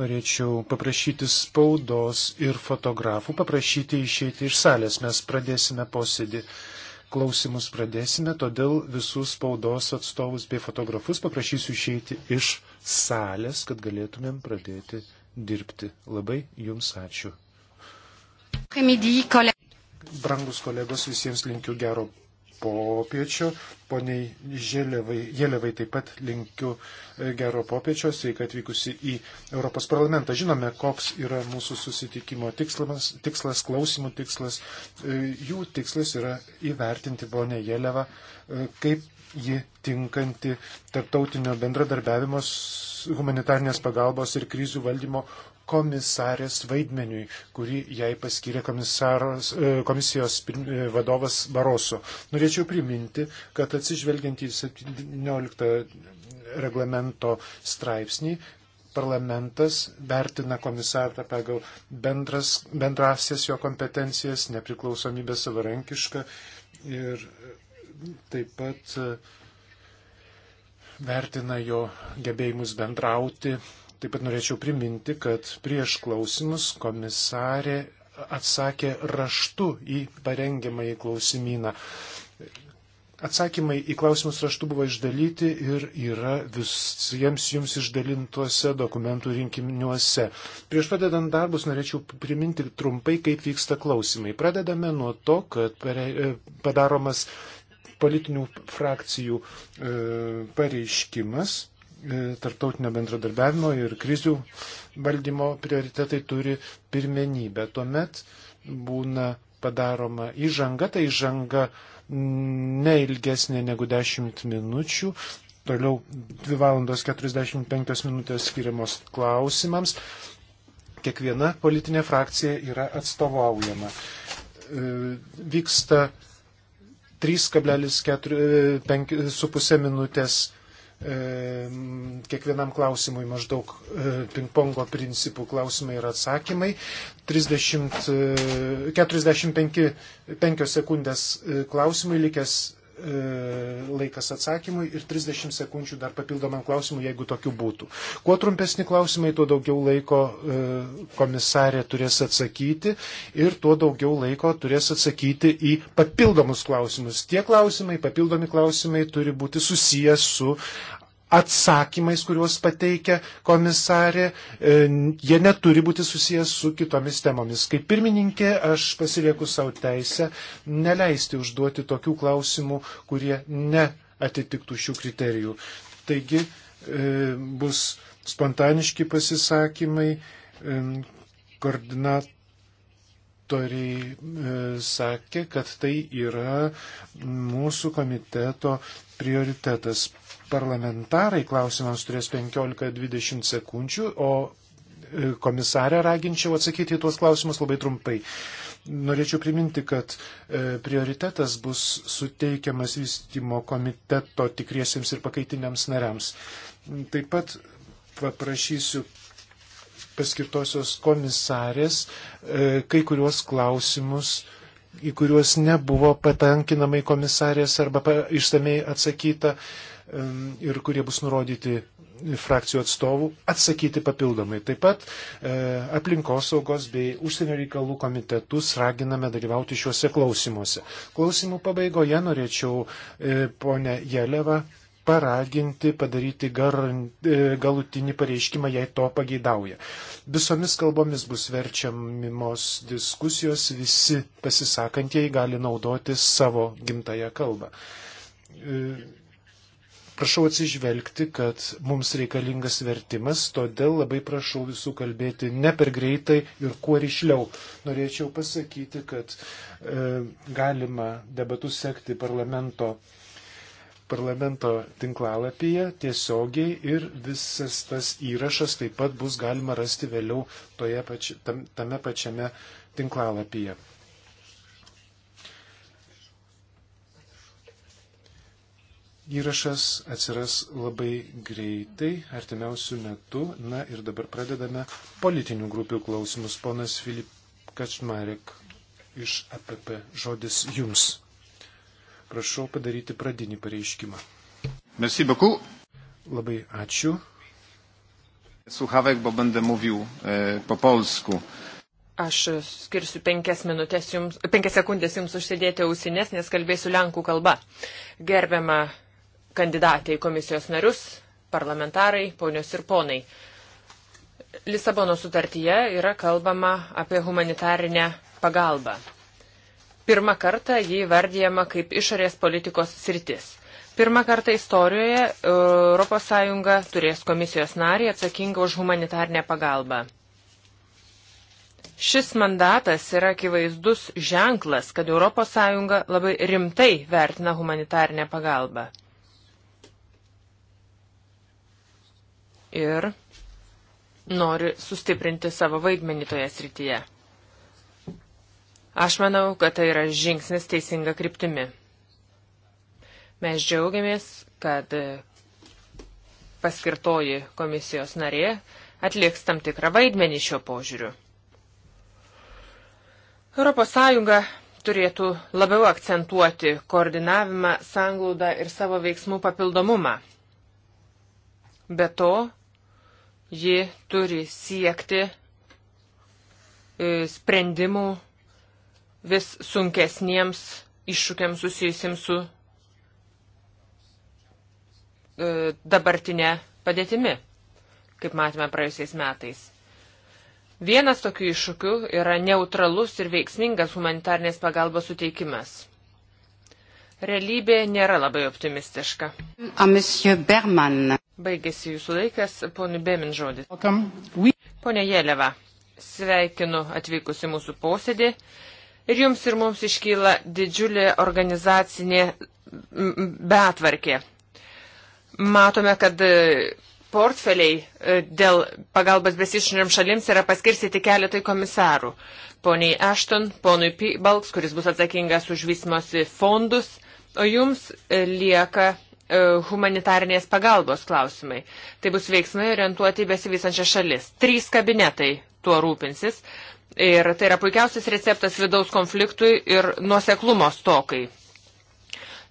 Norėčiau paprašyti spaudos ir fotografų paprašyti išeiti iš salės. Mes pradėsime posėdį. Klausimus pradėsime, todėl visus spaudos atstovus bei fotografus paprašysiu išeiti iš salės, kad galėtumėm pradėti dirbti. Labai jums ačiū. Brangus kolegos, visiems linkiu gero popiečio. Poniai Jėlevai taip pat linkiu e, gero popiečio, sveika atvykusi į Europos parlamentą. Žinome, koks yra mūsų susitikimo tikslas, tikslas klausimų tikslas. E, jų tikslas yra įvertinti ponę Jėlevą, e, kaip ji tinkanti tarptautinio bendradarbiavimo humanitarnės pagalbos ir krizių valdymo komisarės vaidmeniui, kurį jai paskyrė e, komisijos e, vadovas Baroso. Norėčiau priminti, kad atsižvelgiant į 17 reglamento straipsnį, parlamentas vertina komisarą pagal bendras, bendrasias jo kompetencijas, nepriklausomybę savarankišką ir taip pat e, vertina jo gebėjimus bendrauti Taip pat norėčiau priminti, kad prieš klausimus komisarė atsakė raštu į parengiamą į klausimyną. Atsakymai į klausimus raštu buvo išdalyti ir yra visiems jums išdalintuose dokumentų rinkiniuose. Prieš pradedant darbus norėčiau priminti trumpai, kaip vyksta klausimai. Pradedame nuo to, kad e, padaromas politinių frakcijų e, pareiškimas E, tarptautinio bendradarbiavimo ir krizių valdymo prioritetai turi pirmenybę. Tuomet būna padaroma įžanga, tai įžanga neilgesnė negu 10 minučių. Toliau 2 valandos 45 minutės skiriamos klausimams. Kiekviena politinė frakcija yra atstovaujama. E, vyksta 3,5 e, minutės kiekvienam klausimui maždaug e, pingpongo principų klausimai ir atsakymai. 30, 45 e, sekundės e, klausimui likęs E, laikas atsakymui ir 30 sekundžių dar papildomam klausimui, jeigu tokių būtų. Kuo trumpesni klausimai, tuo daugiau laiko e, komisarė turės atsakyti ir tuo daugiau laiko turės atsakyti į papildomus klausimus. Tie klausimai, papildomi klausimai turi būti susijęs su atsakymais, kuriuos pateikia komisarė, e, jie neturi būti susijęs su kitomis temomis. Kaip pirmininkė, aš pasilieku savo teisę neleisti užduoti tokių klausimų, kurie neatitiktų šių kriterijų. Taigi e, bus spontaniški pasisakymai, e, koordinatų autoriai sakė, kad tai yra mūsų komiteto prioritetas parlamentarai klausimams turės 15-20 sekundžių, o e, komisarę raginčiau atsakyti į tuos klausimus labai trumpai. Norėčiau priminti, kad e, prioritetas bus suteikiamas vystimo komiteto tikriesiems ir pakaitiniams nariams. Taip pat paprašysiu paskirtosios komisarės e, kai kuriuos klausimus į kuriuos nebuvo patankinamai komisarės arba išsamei atsakyta. E, ir kurie bus nurodyti frakcijų atstovų, atsakyti papildomai. Taip pat e, aplinkosaugos bei užsienio reikalų komitetus raginame dalyvauti šiuose klausimuose. Klausimų pabaigoje norėčiau e, ponę Jelevą paraginti padaryti gar, e, galutinį pareiškimą, jei to pageidauja. Visomis kalbomis bus verčiamimos diskusijos, visi pasisakantieji gali naudoti savo gimtają kalbą. E, Prašau atsižvelgti, kad mums reikalingas vertimas, todėl labai prašau visų kalbėti ne per greitai ir kuo ryšliau. Norėčiau pasakyti, kad e, galima debatus sekti parlamento, parlamento tinklalapyje tiesiogiai ir visas tas įrašas taip pat bus galima rasti vėliau toje pači, tam, tame pačiame tinklalapyje. Įrašas atsiras labai greitai, artimiausių metų. Na ir dabar pradedame politinių grupių klausimus. Ponas Filip Kačmarek iš APP žodis jums. Prašau padaryti pradinį pareiškimą. Merci beaucoup. Labai ačiū. Słuchawek, bo będę mówił e, po polsku. Aš skirsiu penkias, jums, penkias sekundės jums užsidėti ausinės, nes kalbėsiu lenkų kalba. Gerbiama kandidatai į komisijos narius, parlamentarai, ponios ir ponai. Lisabono sutartyje yra kalbama apie humanitarinę pagalbą. Pirmą kartą jį vardijama kaip išorės politikos sritis. Pirmą kartą istorijoje ES turės komisijos narį atsakingą už humanitarnę pagalbą. Šis mandatas yra akivaizdus ženklas, kad ES labai rimtai vertina humanitarnę pagalbą. ir nori sustiprinti savo vaidmenį toje srityje. Aš manau, kad tai yra žingsnis teisinga kryptimi. Mes džiaugiamės, kad paskirtoji komisijos narė atliks tam tikrą vaidmenį šio požiūriu. Europos Sąjunga turėtų labiau akcentuoti koordinavimą, sanglaudą ir savo veiksmų papildomumą. Be to, Ji turi siekti e, sprendimų vis sunkesniems iššūkiams susijusiems su e, dabartinė padėtimi, kaip matėme praėjusiais metais. Vienas tokių iššūkių yra neutralus ir veiksmingas humanitarnės pagalbos suteikimas. Realybė nėra labai optimistiška. A, Baigėsi jūsų laikas, ponui Bemin žodis. Pone Jeleva, sveikinu atvykusi mūsų posėdį. Ir jums ir mums iškyla didžiulė organizacinė betvarkė. Matome, kad e, portfeliai e, dėl pagalbos besišiniam šalims yra paskirstyti keletai komisarų. Poniai Ashton, ponui P. Balks, kuris bus atsakingas už vysmosi fondus, o jums e, lieka E, humanitarnės pagalbos klausimai. Tai bus veiksmai orientuoti į besivysančią šalis. Trys kabinetai tuo rūpinsis. Ir tai yra puikiausias receptas vidaus konfliktui ir nuoseklumo stokai.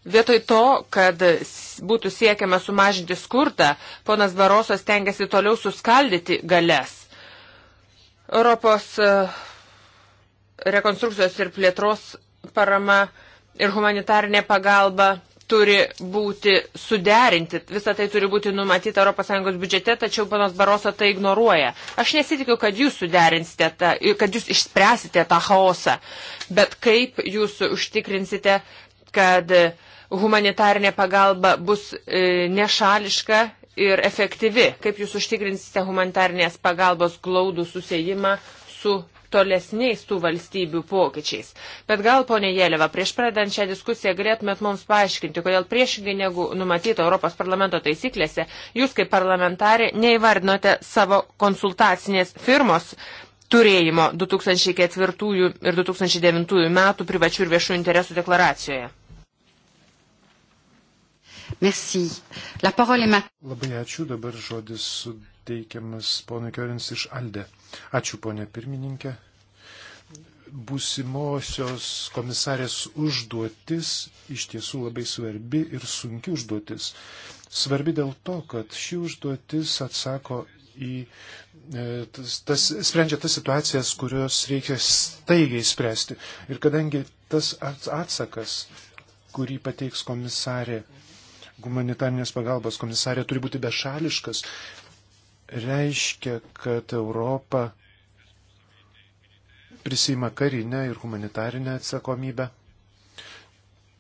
Vietoj to, kad būtų siekiama sumažinti skurdą, ponas Barosas tengiasi toliau suskaldyti galės. Europos e, rekonstrukcijos ir plėtros parama ir humanitarinė pagalba turi būti suderinti, visą tai turi būti numatyta ES biudžete, tačiau panas Baroso tai ignoruoja. Aš nesitikiu, kad jūs suderinsite, tą, kad jūs išspręsite tą chaosą, bet kaip jūs užtikrinsite, kad humanitarinė pagalba bus e, nešališka ir efektyvi, kaip jūs užtikrinsite humanitarinės pagalbos glaudų susijimą su tolesniais tų valstybių pokyčiais. Bet gal, ponė Jėleva, prieš pradant šią diskusiją galėtumėt mums paaiškinti, kodėl priešingai negu numatyta Europos parlamento taisyklėse, jūs kaip parlamentarė neįvardinote savo konsultacinės firmos turėjimo 2004 ir 2009 metų privačių ir viešų interesų deklaracijoje. Merci. La parole est maintenant. Labai ačiū, dabar žodis teikiamas ponui Kiorins iš Alde. Ačiū, ponė pirmininkė. Būsimosios komisarės užduotis iš tiesų labai svarbi ir sunki užduotis. Svarbi dėl to, kad ši užduotis atsako į e, tas, tas, sprendžia tas situacijas, kurios reikia staigiai spręsti. Ir kadangi tas atsakas, kurį pateiks komisarė, humanitarnės pagalbos komisarė, turi būti bešališkas, reiškia, kad Europa prisima karinę ir humanitarinę atsakomybę.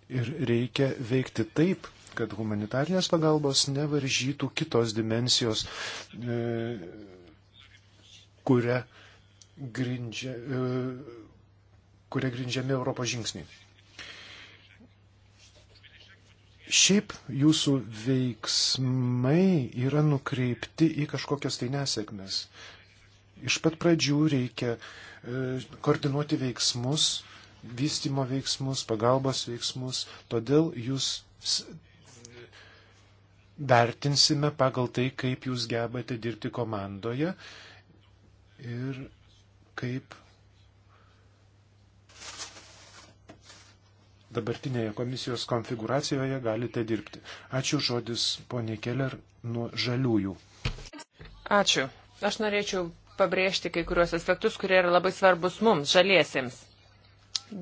Ir reikia veikti taip, kad humanitarnės pagalbos nevaržytų kitos dimensijos, e, kuria, grindžia, e, kuria grindžiami Europos žingsniai. Šiaip jūsų veiksmai yra nukreipti į kažkokias tai nesėkmes. Iš pat pradžių reikia e, koordinuoti veiksmus, vystimo veiksmus, pagalbos veiksmus, todėl jūs vertinsime pagal tai, kaip jūs gebate dirbti komandoje ir kaip dabartinėje komisijos konfiguracijoje galite dirbti. Ačiū žodis ponė Keller nuo žaliųjų. Ačiū. Aš norėčiau pabrėžti kai kuriuos aspektus, kurie yra labai svarbus mums, žaliesiems.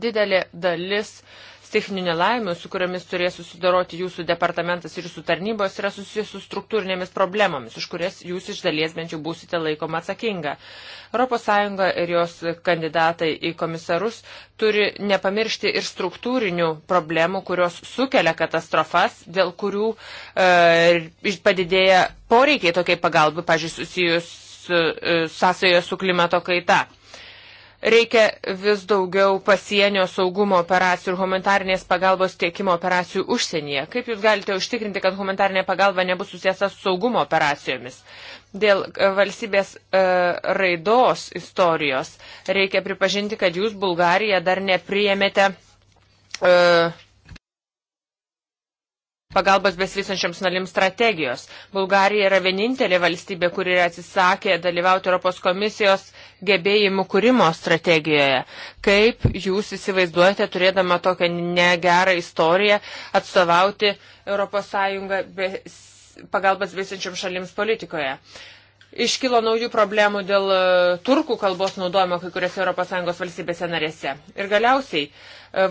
Didelė dalis uh, techninių nelaimių, su kuriamis turės susidoroti jūsų departamentas ir jūsų tarnybos, yra susijęs su struktūrinėmis problemomis, už kurias jūs iš dalies bent jau būsite laikoma atsakinga. ES ir jos kandidatai į komisarus turi nepamiršti ir struktūrinių problemų, kurios sukelia katastrofas, dėl kurių e, padidėja poreikiai tokiai pagalbai, pažiūrėjus, susijus e, sąsajoje su klimato kaita. Reikia vis daugiau pasienio saugumo operacijų ir humanitarnės pagalbos tiekimo operacijų užsienyje. Kaip jūs galite užtikrinti, kad humanitarnė pagalba nebus susijęs su saugumo operacijomis? Dėl e, valstybės e, raidos istorijos reikia pripažinti, kad jūs Bulgariją dar nepriėmėte. E, pagalbos besivysančiams nalims strategijos. Bulgarija yra vienintelė valstybė, kuri atsisakė dalyvauti Europos komisijos gebėjimų kūrimo strategijoje. Kaip jūs įsivaizduojate, turėdama tokią negerą istoriją, atstovauti ES bes, pagalbos besivysančiams šalims politikoje? Iškilo naujų problemų dėl e, turkų kalbos naudojimo kai kuriuose ES valstybėse narėse. Ir galiausiai e,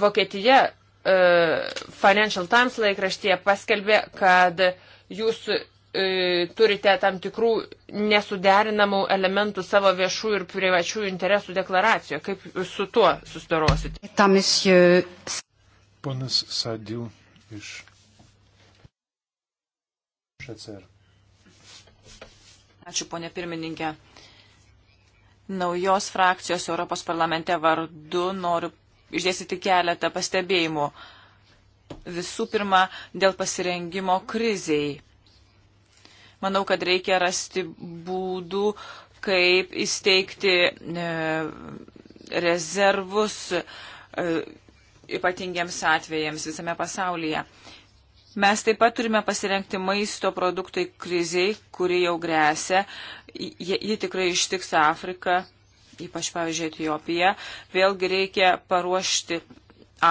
Vokietija E, Financial Times laikraštyje paskelbė, kad jūs e, turite tam tikrų nesuderinamų elementų savo viešų ir privačių interesų deklaracijoje. Kaip su tuo susidarosite? Ponas Sadil iš ŠCR. Ačiū, ponė pirmininkė. Naujos frakcijos Europos parlamente vardu noriu išdėstyti keletą pastebėjimų. Visų pirma, dėl pasirengimo kriziai. Manau, kad reikia rasti būdų, kaip įsteigti e, rezervus e, ypatingiems atvejams visame pasaulyje. Mes taip pat turime pasirenkti maisto produktai kriziai, kuri jau grėsia. Ji tikrai ištiks Afriką ypač, pavyzdžiui, Etijopija, vėlgi reikia paruošti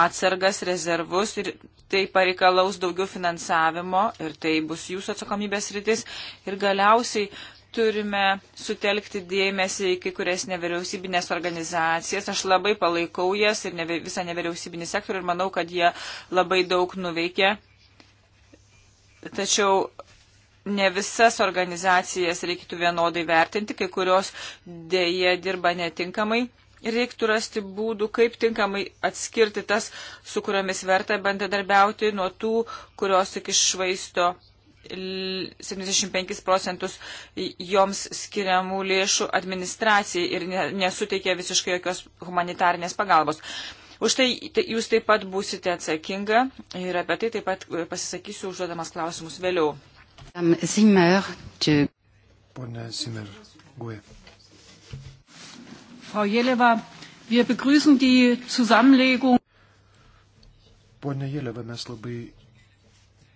atsargas, rezervus ir tai pareikalaus daugiau finansavimo ir tai bus jūsų atsakomybės rytis. Ir galiausiai turime sutelkti dėmesį į kai kurias nevyriausybinės organizacijas. Aš labai palaikau jas ir neve, visą nevyriausybinį sektorių ir manau, kad jie labai daug nuveikė. Tačiau ne visas organizacijas reikėtų vienodai vertinti, kai kurios dėje dirba netinkamai. Reiktų rasti būdų, kaip tinkamai atskirti tas, su kuriomis verta bendradarbiauti, nuo tų, kurios tik išvaisto 75 procentus joms skiriamų lėšų administracijai ir nesuteikia visiškai jokios humanitarnės pagalbos. Už tai, tai jūs taip pat būsite atsakinga ir apie tai taip pat e, pasisakysiu užduodamas klausimus vėliau. Zimmer, čia. Pone Zimmer, Gue. Frau Jeleva, wir begrüßen die Zusammenlegung. Pone Jeleva, mes labai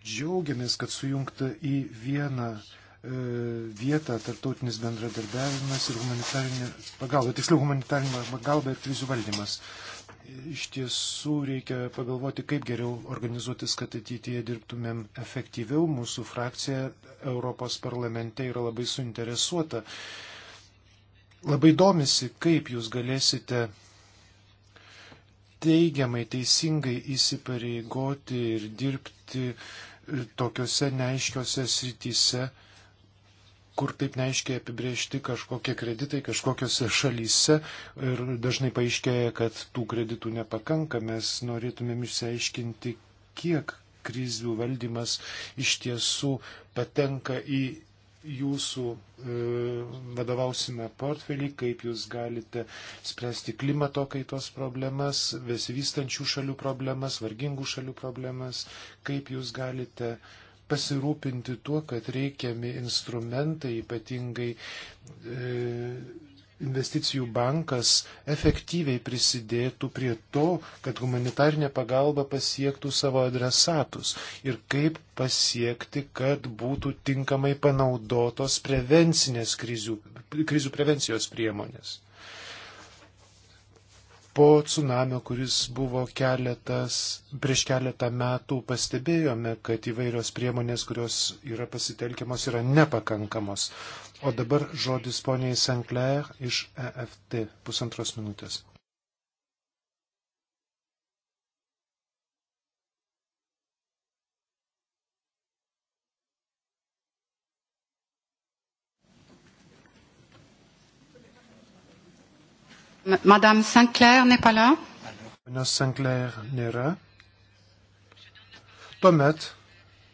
džiaugiamės, kad sujungta į vieną e, vietą tarptautinis bendradarbiavimas ir humanitarinė pagalba, tiksliau humanitarinė pagalba ir krizių valdymas iš tiesų reikia pagalvoti, kaip geriau organizuotis, kad ateityje dirbtumėm efektyviau. Mūsų frakcija Europos parlamente yra labai suinteresuota. Labai domisi, kaip jūs galėsite teigiamai, teisingai įsipareigoti ir dirbti tokiuose neaiškiuose srityse, kur taip neaiškiai apibriežti kažkokie kreditai kažkokiose šalyse ir dažnai paaiškėja, kad tų kreditų nepakanka. Mes norėtumėm išsiaiškinti, kiek krizių valdymas iš tiesų patenka į jūsų e, vadovausime portfelį, kaip jūs galite spręsti klimato kaitos problemas, besivystančių šalių problemas, vargingų šalių problemas, kaip jūs galite uh, pasirūpinti tuo, kad reikiami instrumentai, ypatingai e, investicijų bankas, efektyviai prisidėtų prie to, kad humanitarinė pagalba pasiektų savo adresatus ir kaip pasiekti, kad būtų tinkamai panaudotos prevencinės krizių, krizių prevencijos priemonės. Po tsunamio, kuris buvo keletas, prieš keletą metų pastebėjome, kad įvairios priemonės, kurios yra pasitelkiamos, yra nepakankamos. O dabar žodis poniai Sankler iš EFT pusantros minutės. Madame Sinclair n'est pas là. Ponios Sinclair nėra. Tuomet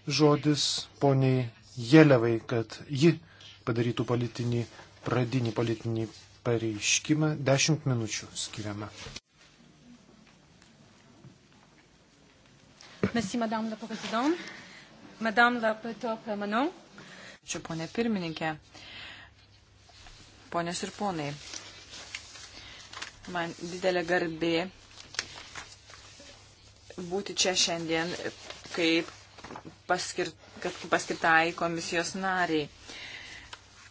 žodis poniai Jelevai, kad ji padarytų politinį, pradinį politinį pareiškimą. Dešimt minučių skiriama. Merci, Madame la Présidente. Madame la Présidente, Ačiū, ponė pirmininkė. Ponės ir ponai, Man didelė garbė būti čia šiandien kaip paskirt, paskirtai komisijos nariai.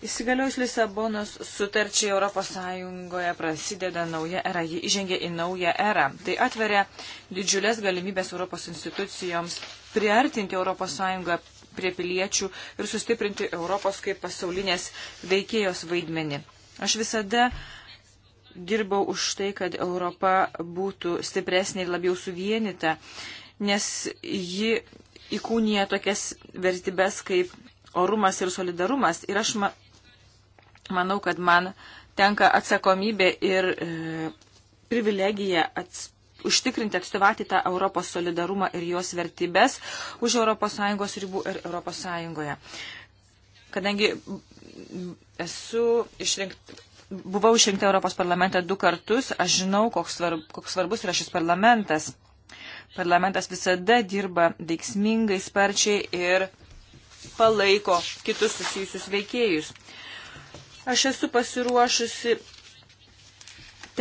Įsigaliojus Lisabonos sutarčiai ES prasideda nauja era, ji įžengia į naują erą. Tai atveria didžiulės galimybės Europos institucijoms priartinti ES prie piliečių ir sustiprinti Europos kaip pasaulinės veikėjos vaidmenį. Aš visada uh, dirbau už tai, kad Europa būtų stipresnė ir labiau suvienita, nes ji įkūnija tokias vertybės kaip orumas ir solidarumas. Ir aš ma manau, kad man tenka atsakomybė ir e, privilegija ats užtikrinti, atstovauti tą Europos solidarumą ir jos vertybės už ES ribų ir ES. Kadangi esu išrinkta buvau išrinkta Europos parlamente du kartus, aš žinau, koks, svarb, koks svarbus yra šis parlamentas. Parlamentas visada dirba veiksmingai, sparčiai ir palaiko kitus susijusius veikėjus. Aš esu pasiruošusi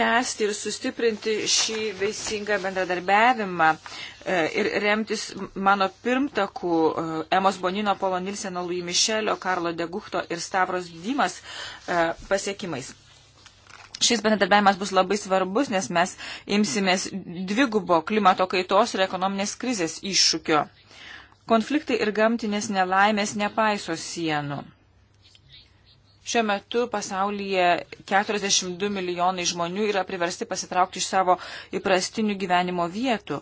tęsti ir sustiprinti šį veisingą bendradarbiavimą e, ir remtis mano pirmtakų e, Emos Bonino, Polo Nilseno, Louis Michelio, Karlo Degukto ir Stavros Dimas e, pasiekimais. Šis bendradarbiavimas bus labai svarbus, nes mes imsimės dvigubo klimato kaitos ir ekonominės krizės iššūkio. Konfliktai ir gamtinės nelaimės nepaiso sienų. Šiuo metu pasaulyje 42 milijonai žmonių yra priversti pasitraukti iš savo įprastinių gyvenimo vietų,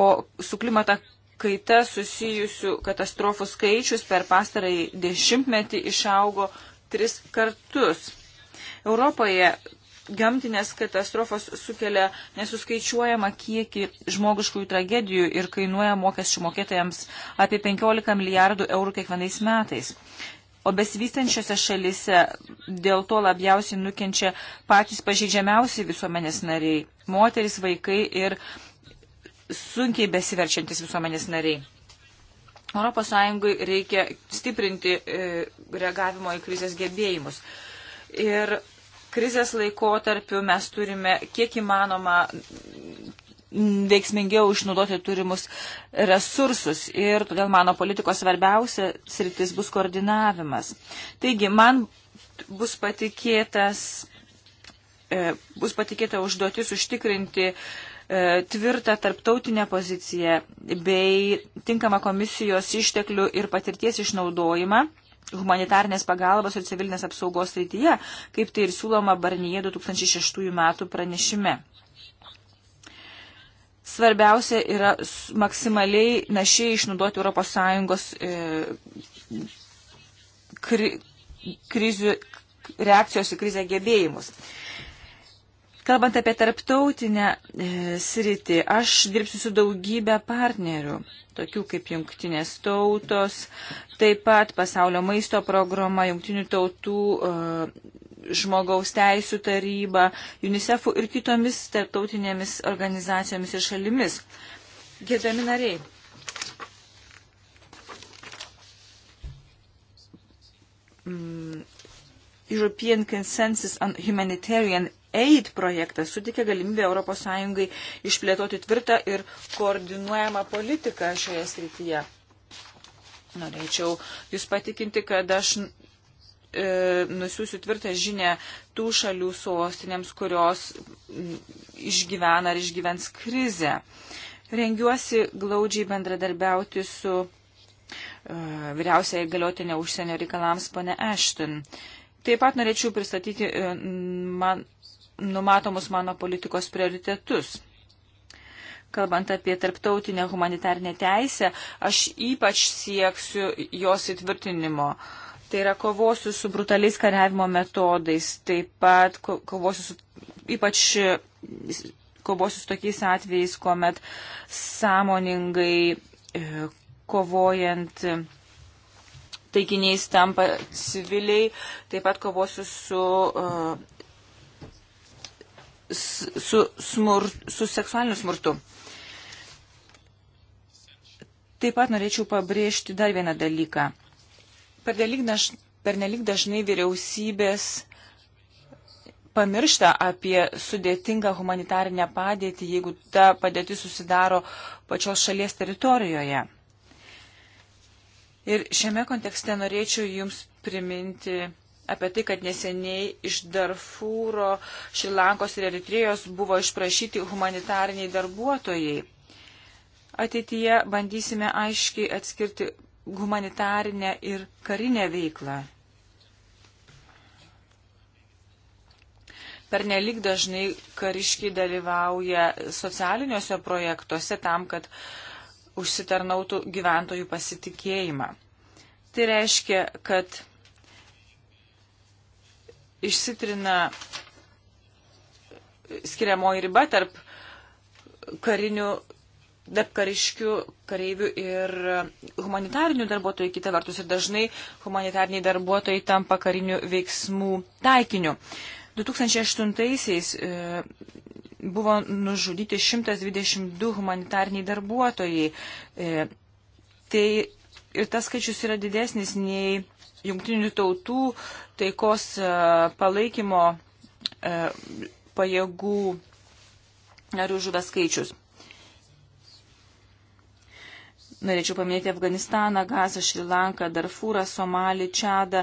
o su klimata kaita susijusių katastrofų skaičius per pastarąjį dešimtmetį išaugo tris kartus. Europoje gamtinės katastrofos sukelia nesuskaičiuojama kiekį žmogiškųjų tragedijų ir kainuoja mokesčių mokėtojams apie 15 milijardų eurų kiekvienais metais. O besivystančiose šalise dėl to labiausiai nukenčia patys pažeidžiamiausi visuomenės nariai - moteris, vaikai ir sunkiai besiverčiantis visuomenės nariai. ES reikia stiprinti e, reagavimo į krizės gebėjimus. Ir krizės laikotarpiu mes turime kiek įmanoma veiksmingiau išnaudoti turimus resursus ir todėl mano politikos svarbiausia sritis bus koordinavimas. Taigi, man bus patikėtas, e, bus patikėta užduotis užtikrinti e, tvirtą tarptautinę poziciją bei tinkamą komisijos išteklių ir patirties išnaudojimą humanitarnės pagalbos ir civilinės apsaugos srityje, kaip tai ir siūloma Barnyje 2006 metų pranešime. Svarbiausia yra maksimaliai našiai išnaudoti ES e, kri, krizių, reakcijos į krizę gebėjimus. Kalbant apie tarptautinę e, sritį, aš dirbsiu su daugybė partnerių, tokių kaip Junktinės tautos, taip pat pasaulio maisto programa, Junktinių tautų e, žmogaus teisų taryba, UNICEF ir kitomis tarptautinėmis organizacijomis ir šalimis. Gėdami nariai. Mm, European Consensus on Humanitarian AID projektas sutikė galimybę ES išplėtoti tvirtą ir koordinuojamą politiką šioje srityje. Norėčiau Jūs patikinti, kad aš e, nusiųsiu tvirtą žinę tų šalių sostinėms, kurios išgyvena ar išgyvens krizę. Rengiuosi glaudžiai bendradarbiauti su e, vyriausiai galiotinė užsienio reikalams pane Ashton. Taip pat norėčiau pristatyti e, man, numatomus mano politikos prioritetus. Kalbant apie tarptautinę humanitarnę teisę, aš ypač sieksiu jos įtvirtinimo. E, Tai yra kovosiu su brutaliais kariavimo metodais, taip pat kovosiu su, ypač kovosiu su tokiais atvejais, kuomet sąmoningai e, kovojant taikiniais tampa civiliai, taip pat kovosiu e, su, su, smur, su seksualiniu smurtu. Taip pat norėčiau pabrėžti dar vieną dalyką pernelyg daž, per dažnai vyriausybės pamiršta apie sudėtingą humanitarinę padėtį, jeigu ta padėtis susidaro pačios šalies teritorijoje. Ir šiame kontekste norėčiau Jums priminti apie tai, kad neseniai iš Darfūro, Šilankos ir Eritrėjos buvo išprašyti humanitariniai darbuotojai. Ateityje bandysime aiškiai atskirti humanitarinę ir karinę veiklą. Per nelik dažnai kariškiai dalyvauja socialiniuose projektuose tam, kad užsitarnautų gyventojų pasitikėjimą. Tai reiškia, kad išsitrina skiriamoji riba tarp karinių darbkariškių kareivių ir humanitarinių darbuotojų kita vertus ir dažnai humanitariniai darbuotojai tampa karinių veiksmų taikiniu. 2008-aisiais e, buvo nužudyti 122 humanitariniai darbuotojai. E, tai ir tas skaičius yra didesnis nei jungtinių tautų taikos e, palaikymo e, pajėgų narių žuvęs skaičius. Norėčiau paminėti Afganistaną, Gazą, Šrilanką, Darfūrą, Somalį, Čadą,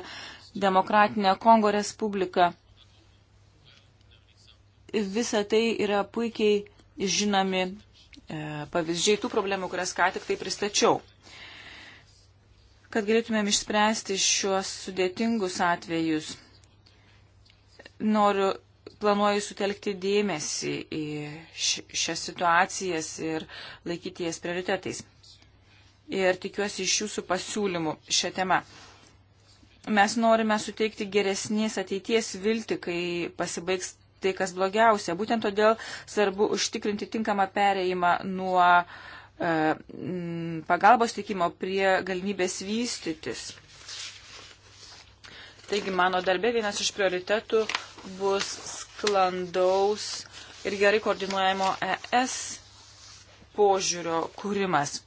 Demokratinę Kongo Respubliką. Visa tai yra puikiai žinomi e, pavyzdžiai tų problemų, kurias ką tik tai pristačiau. Kad galėtumėm išspręsti šiuos sudėtingus atvejus, noriu, planuoju sutelkti dėmesį į šias situacijas ir laikyti jas prioritetais ir tikiuosi iš jūsų pasiūlymų šią temą. Mes norime suteikti geresnės ateities vilti, kai pasibaigs tai, kas blogiausia. Būtent todėl svarbu užtikrinti tinkamą pereimą nuo e, pagalbos teikimo prie galimybės vystytis. Taigi mano darbė vienas iš prioritetų bus sklandaus ir gerai koordinuojamo ES požiūrio kūrimas.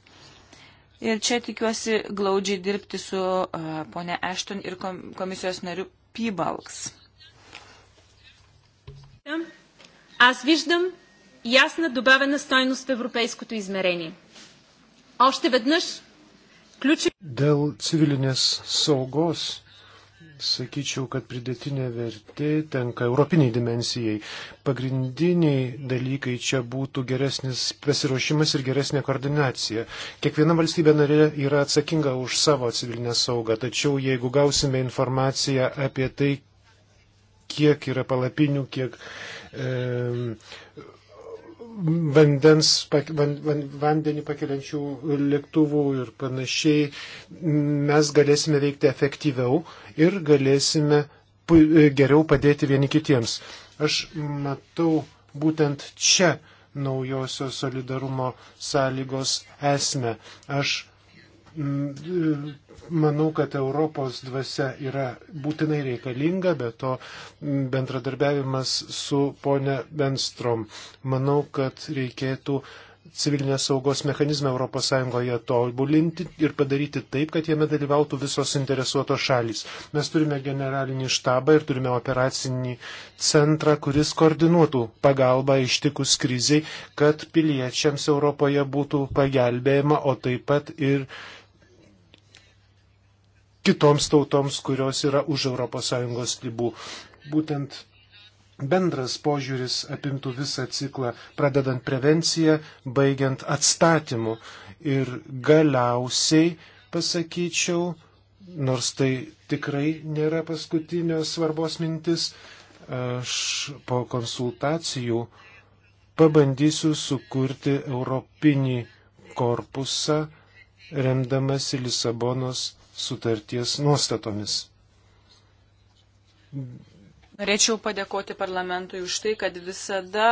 Ir čia tikiuosi glaudžiai dirbti su uh, ponia Ashton ir kom komisijos nariu Pybalks. Аз виждам ясна добавена стойност в европейското измерение. Още веднъж ключи... Dėl civilinės saugos Sakyčiau, kad pridėtinė vertė tenka europiniai dimensijai. Pagrindiniai dalykai čia būtų geresnis pasiruošimas ir geresnė koordinacija. Kiekviena valstybė narė yra atsakinga už savo civilinę saugą, tačiau jeigu gausime informaciją apie tai, kiek yra palapinių, kiek e, vandens, van, van, vandenį pakeliančių lėktuvų ir panašiai, mes galėsime veikti efektyviau ir galėsime geriau padėti vieni kitiems. Aš matau būtent čia naujosios solidarumo sąlygos esmę. Aš Mm, manau, kad Europos dvasia yra būtinai reikalinga, bet to mm, bendradarbiavimas su ponė Benstrom. Manau, kad reikėtų civilinės saugos mechanizmą ES tobulinti ir padaryti taip, kad jame dalyvautų visos interesuotos šalys. Mes turime generalinį štabą ir turime operacinį centrą, kuris koordinuotų pagalbą ištikus kriziai, kad piliečiams Europoje būtų pagelbėjama, o taip pat ir kitoms tautoms, kurios yra už ES ribų. Būtent bendras požiūris apimtų visą ciklą, pradedant prevenciją, baigiant atstatymu. Ir galiausiai pasakyčiau, nors tai tikrai nėra paskutinio svarbos mintis, aš po konsultacijų pabandysiu sukurti europinį korpusą, remdamasi Lisabonos sutarties nuostatomis. Norėčiau padėkoti parlamentui už tai, kad visada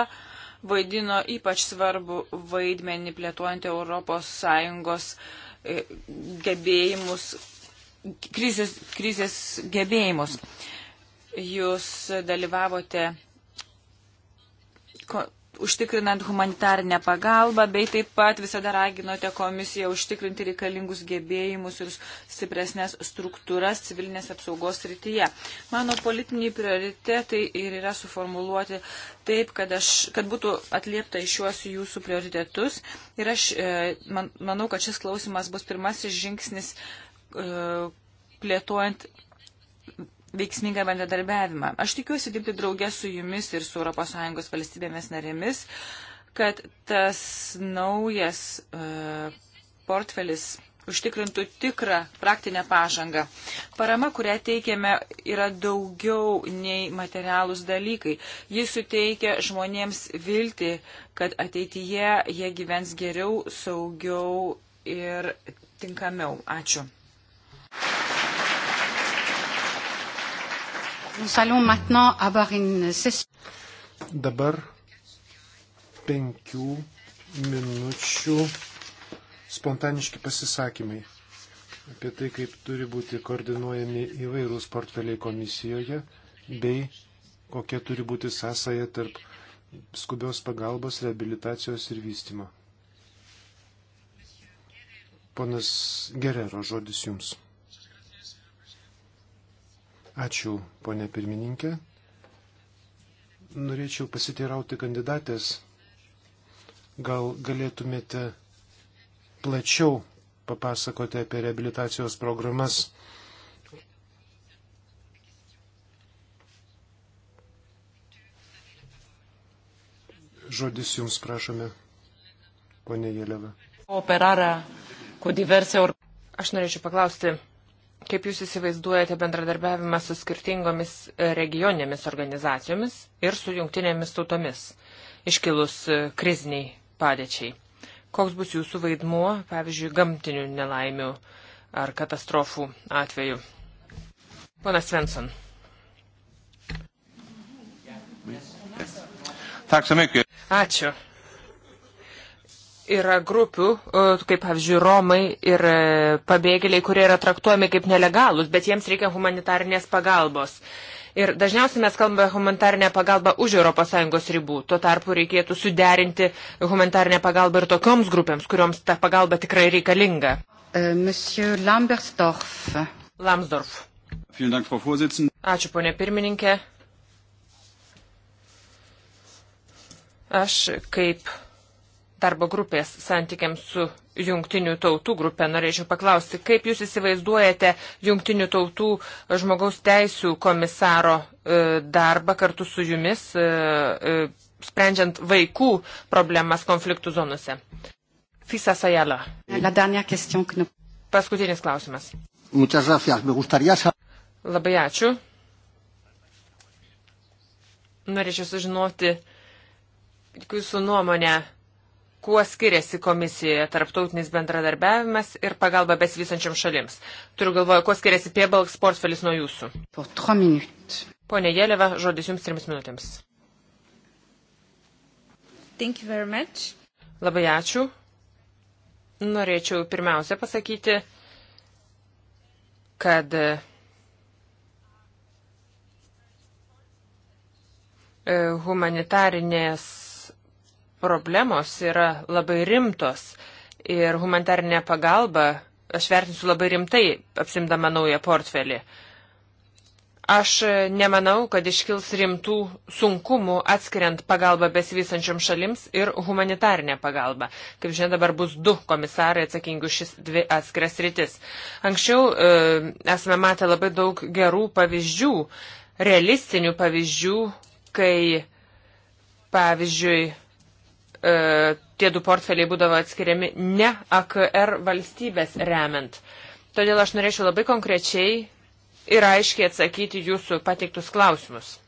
vaidino ypač svarbu vaidmenį plėtuojant ES e, gebėjimus, krizės, krizės gebėjimus. Jūs dalyvavote užtikrinant humanitarinę pagalbą, bei taip pat visada raginote komisiją užtikrinti reikalingus gebėjimus ir stipresnės struktūras civilinės apsaugos rytyje. Mano politiniai prioritetai ir yra suformuluoti taip, kad, aš, kad būtų atliepta iš juos jūsų prioritetus. Ir aš e, man, manau, kad šis klausimas bus pirmasis žingsnis e, plėtojant veiksmingą bendradarbiavimą. Aš tikiuosi dirbti draugę su jumis ir su ES valstybėmis narėmis, kad tas naujas e, portfelis užtikrintų tikrą praktinę pažangą. Parama, kurią teikiame, yra daugiau nei materialūs dalykai. Ji suteikia žmonėms vilti, kad ateityje jie gyvens geriau, saugiau ir tinkamiau. Ačiū. Dabar penkių minučių spontaniški pasisakymai apie tai, kaip turi būti koordinuojami įvairūs portfeliai komisijoje bei kokia turi būti sąsaja tarp skubios pagalbos, rehabilitacijos ir vystimo. Ponas Gerero, žodis jums. Ačiū, ponė pirmininkė. Norėčiau pasiteirauti kandidatės. Gal galėtumėte plačiau papasakoti apie reabilitacijos programas? Žodis jums prašome, ponė Jeleva. Operara, kodėl versija. Aš norėčiau paklausti Kaip Jūs įsivaizduojate bendradarbiavimą su skirtingomis e, regioninėmis organizacijomis ir su jungtinėmis tautomis iškilus e, kriziniai padėčiai? Koks bus Jūsų vaidmuo, pavyzdžiui, gamtinių nelaimių ar katastrofų atveju? Ponas Svensson. Ačiū yra grupių, e, kaip pavyzdžiui, Romai ir e, pabėgėliai, kurie yra traktuojami kaip nelegalus, bet jiems reikia humanitarnės pagalbos. Ir dažniausiai mes kalbame humanitarinę pagalbą už ES ribų. Tuo tarpu reikėtų suderinti humanitarinę pagalbą ir tokioms grupėms, kurioms ta pagalba tikrai reikalinga. E, monsieur Lambersdorf. Lamsdorf. Ačiū, ponė pirmininkė. Aš kaip darbo grupės santykiams su jungtinių tautų grupė. Norėčiau paklausti, kaip jūs įsivaizduojate jungtinių tautų žmogaus teisų komisaro e, darbą kartu su jumis, e, e, sprendžiant vaikų problemas konfliktų zonose? Fisa Sajala. Paskutinis klausimas. Labai ačiū. Norėčiau sužinoti jūsų nuomonę kuo skiriasi komisijoje tarptautinis bendradarbiavimas ir pagalba besivysančiam šalims. Turiu galvoje, kuo skiriasi Piebalks portfelis nuo jūsų. Po Pone Jėleva, žodis jums trims minutėms. Labai ačiū. Norėčiau pirmiausia pasakyti, kad e, humanitarinės problemos yra labai rimtos ir humanitarinė pagalba aš vertinsiu labai rimtai, apsimdama naują portfelį. Aš nemanau, kad iškils rimtų sunkumų atskiriant pagalbą besivysančiom šalims ir humanitarinę pagalbą. Kaip žinia, dabar bus du komisarai atsakingi už šis dvi atskiras rytis. Anksčiau e, esame matę labai daug gerų pavyzdžių, realistinių pavyzdžių, kai, pavyzdžiui, E, tie du portfeliai būdavo atskiriami ne AKR valstybės remiant. Todėl aš norėčiau labai konkrečiai ir aiškiai atsakyti jūsų pateiktus klausimus.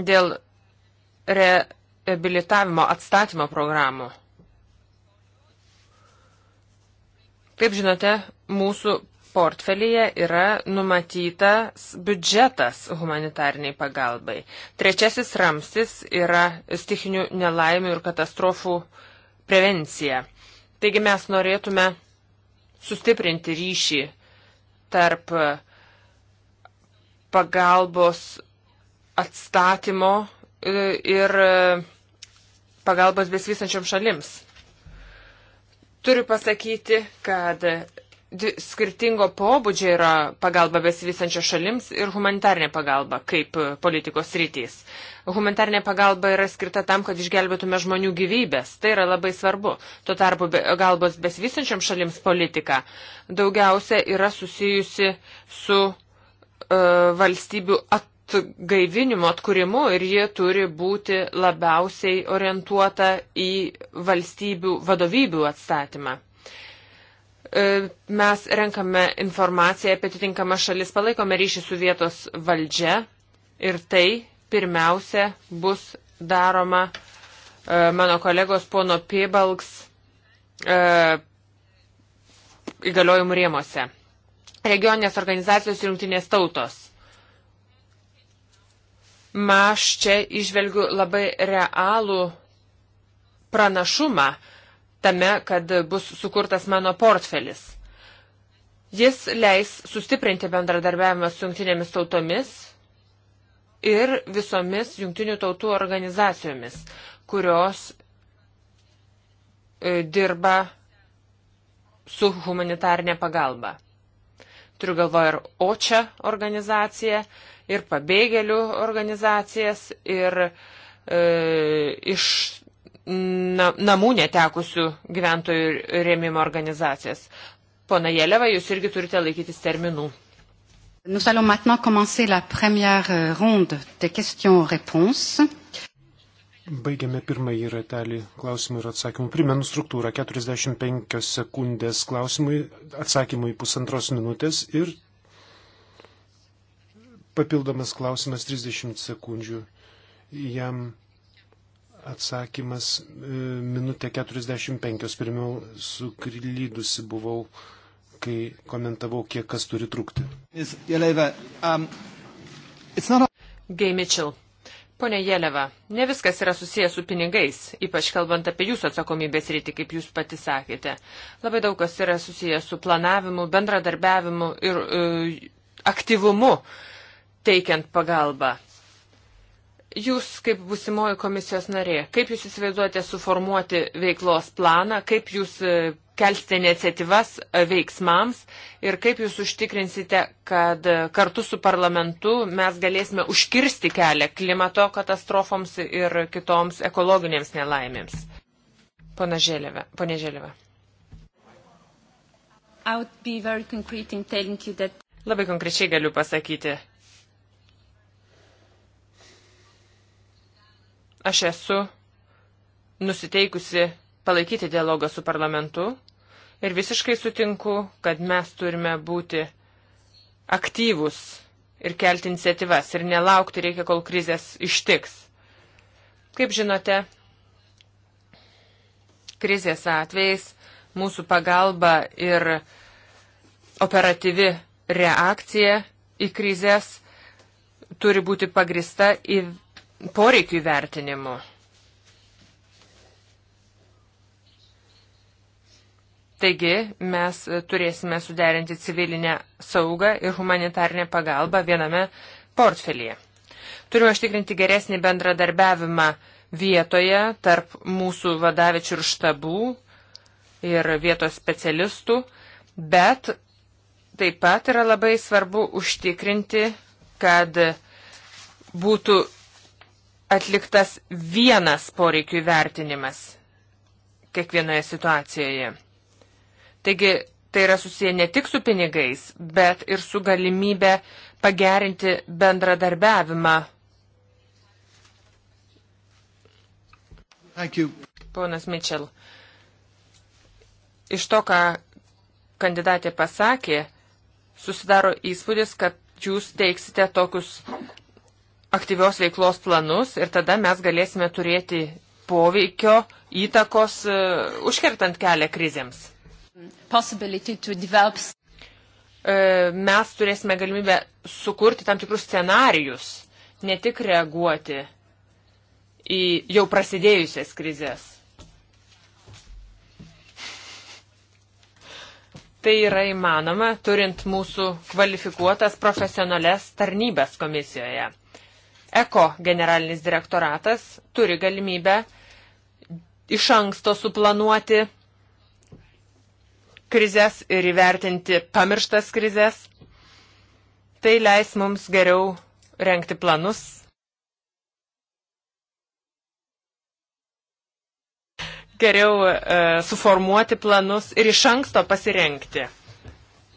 Dėl reabilitavimo atstatymo programų. Kaip žinote, mūsų portfelyje yra numatytas biudžetas humanitariniai pagalbai. Trečiasis ramstis yra stichinių nelaimių ir katastrofų prevencija. Taigi mes norėtume sustiprinti ryšį tarp pagalbos atstatymo ir pagalbos besvysančiom šalims. Turiu pasakyti, kad skirtingo pobūdžio yra pagalba besivysančio šalims ir humanitarnė pagalba kaip e, politikos rytys. Humanitarnė pagalba yra skirta tam, kad išgelbėtume žmonių gyvybės. Tai yra labai svarbu. Tuo tarpu galbos besivysančiam šalims politika daugiausia yra susijusi su uh, valstybių atgaivinimu, atkūrimu ir ji turi būti labiausiai orientuota į valstybių vadovybių atstatymą. E, mes renkame informaciją apie atitinkamą šalis, palaikome ryšį su vietos valdžia ir tai pirmiausia bus daroma e, mano kolegos pono Piebalgs e, įgaliojimų rėmose. Regioninės organizacijos ir jungtinės tautos. Aš čia išvelgiu labai realų pranašumą, uh, tame, kad bus sukurtas mano portfelis. Jis leis sustiprinti bendradarbiavimą su jungtinėmis tautomis ir visomis jungtinių tautų organizacijomis, kurios e, dirba su humanitarnė pagalba. Turiu galvoje ir OČA organizaciją, ir pabėgėlių organizacijas, ir e, iš na, namų netekusių gyventojų rėmimo organizacijas. Pona Jeleva, jūs irgi turite laikytis terminų. Nous allons maintenant commencer la première euh, ronde des questions-réponses. Baigiame pirmąjį ratelį klausimų ir atsakymų. Primenu struktūrą 45 sekundės klausimui, atsakymui pusantros minutės ir papildomas klausimas 30 sekundžių. Jam Atsakymas e, minutė 45. Pirmiau suklydusi buvau, kai komentavau, kiek kas turi trukti. Um, Gay Mitchell. Pone Jeleva, ne viskas yra susijęs su pinigais, ypač kalbant apie jūsų atsakomybės rytį, kaip jūs pati sakėte. Labai daug kas yra susijęs su planavimu, bendradarbiavimu ir e, aktyvumu teikiant pagalbą. Jūs kaip busimoji komisijos narė, kaip jūs įsivaizduojate suformuoti veiklos planą, kaip jūs e, kelsite iniciatyvas e, veiksmams ir kaip jūs užtikrinsite, kad e, kartu su parlamentu mes galėsime užkirsti kelią klimato katastrofoms ir kitoms ekologinėms nelaimėms. Pone Žėlėve. That... Labai konkrečiai galiu pasakyti, Aš esu nusiteikusi palaikyti dialogą su parlamentu ir visiškai sutinku, kad mes turime būti aktyvus ir kelti iniciatyvas ir nelaukti reikia, kol krizės ištiks. Kaip žinote, krizės atvejais mūsų pagalba ir operatyvi reakcija į krizės turi būti pagrista į poreikių vertinimu. Taigi mes turėsime suderinti civilinę saugą ir humanitarinę pagalbą viename portfelyje. Turiu užtikrinti geresnį bendradarbiavimą vietoje tarp mūsų vadavičių ir štabų ir vietos specialistų, bet taip pat yra labai svarbu užtikrinti, kad būtų atliktas vienas poreikių vertinimas kiekvienoje situacijoje. Taigi tai yra susiję ne tik su pinigais, bet ir su galimybė pagerinti bendradarbiavimą. Ponas Mitchell, iš to, ką kandidatė pasakė, susidaro įspūdis, kad jūs teiksite tokius aktyvios veiklos planus ir tada mes galėsime turėti poveikio įtakos uh, užkertant kelią krizėms. Develop... Uh, mes turėsime galimybę sukurti tam tikrus scenarius, ne tik reaguoti į jau prasidėjusias krizės. Tai yra įmanoma, turint mūsų kvalifikuotas profesionales tarnybės komisijoje. Eko generalinis direktoratas turi galimybę iš anksto suplanuoti krizės ir įvertinti pamirštas krizės. Tai leis mums geriau renkti planus. Geriau e, suformuoti planus ir iš anksto pasirenkti,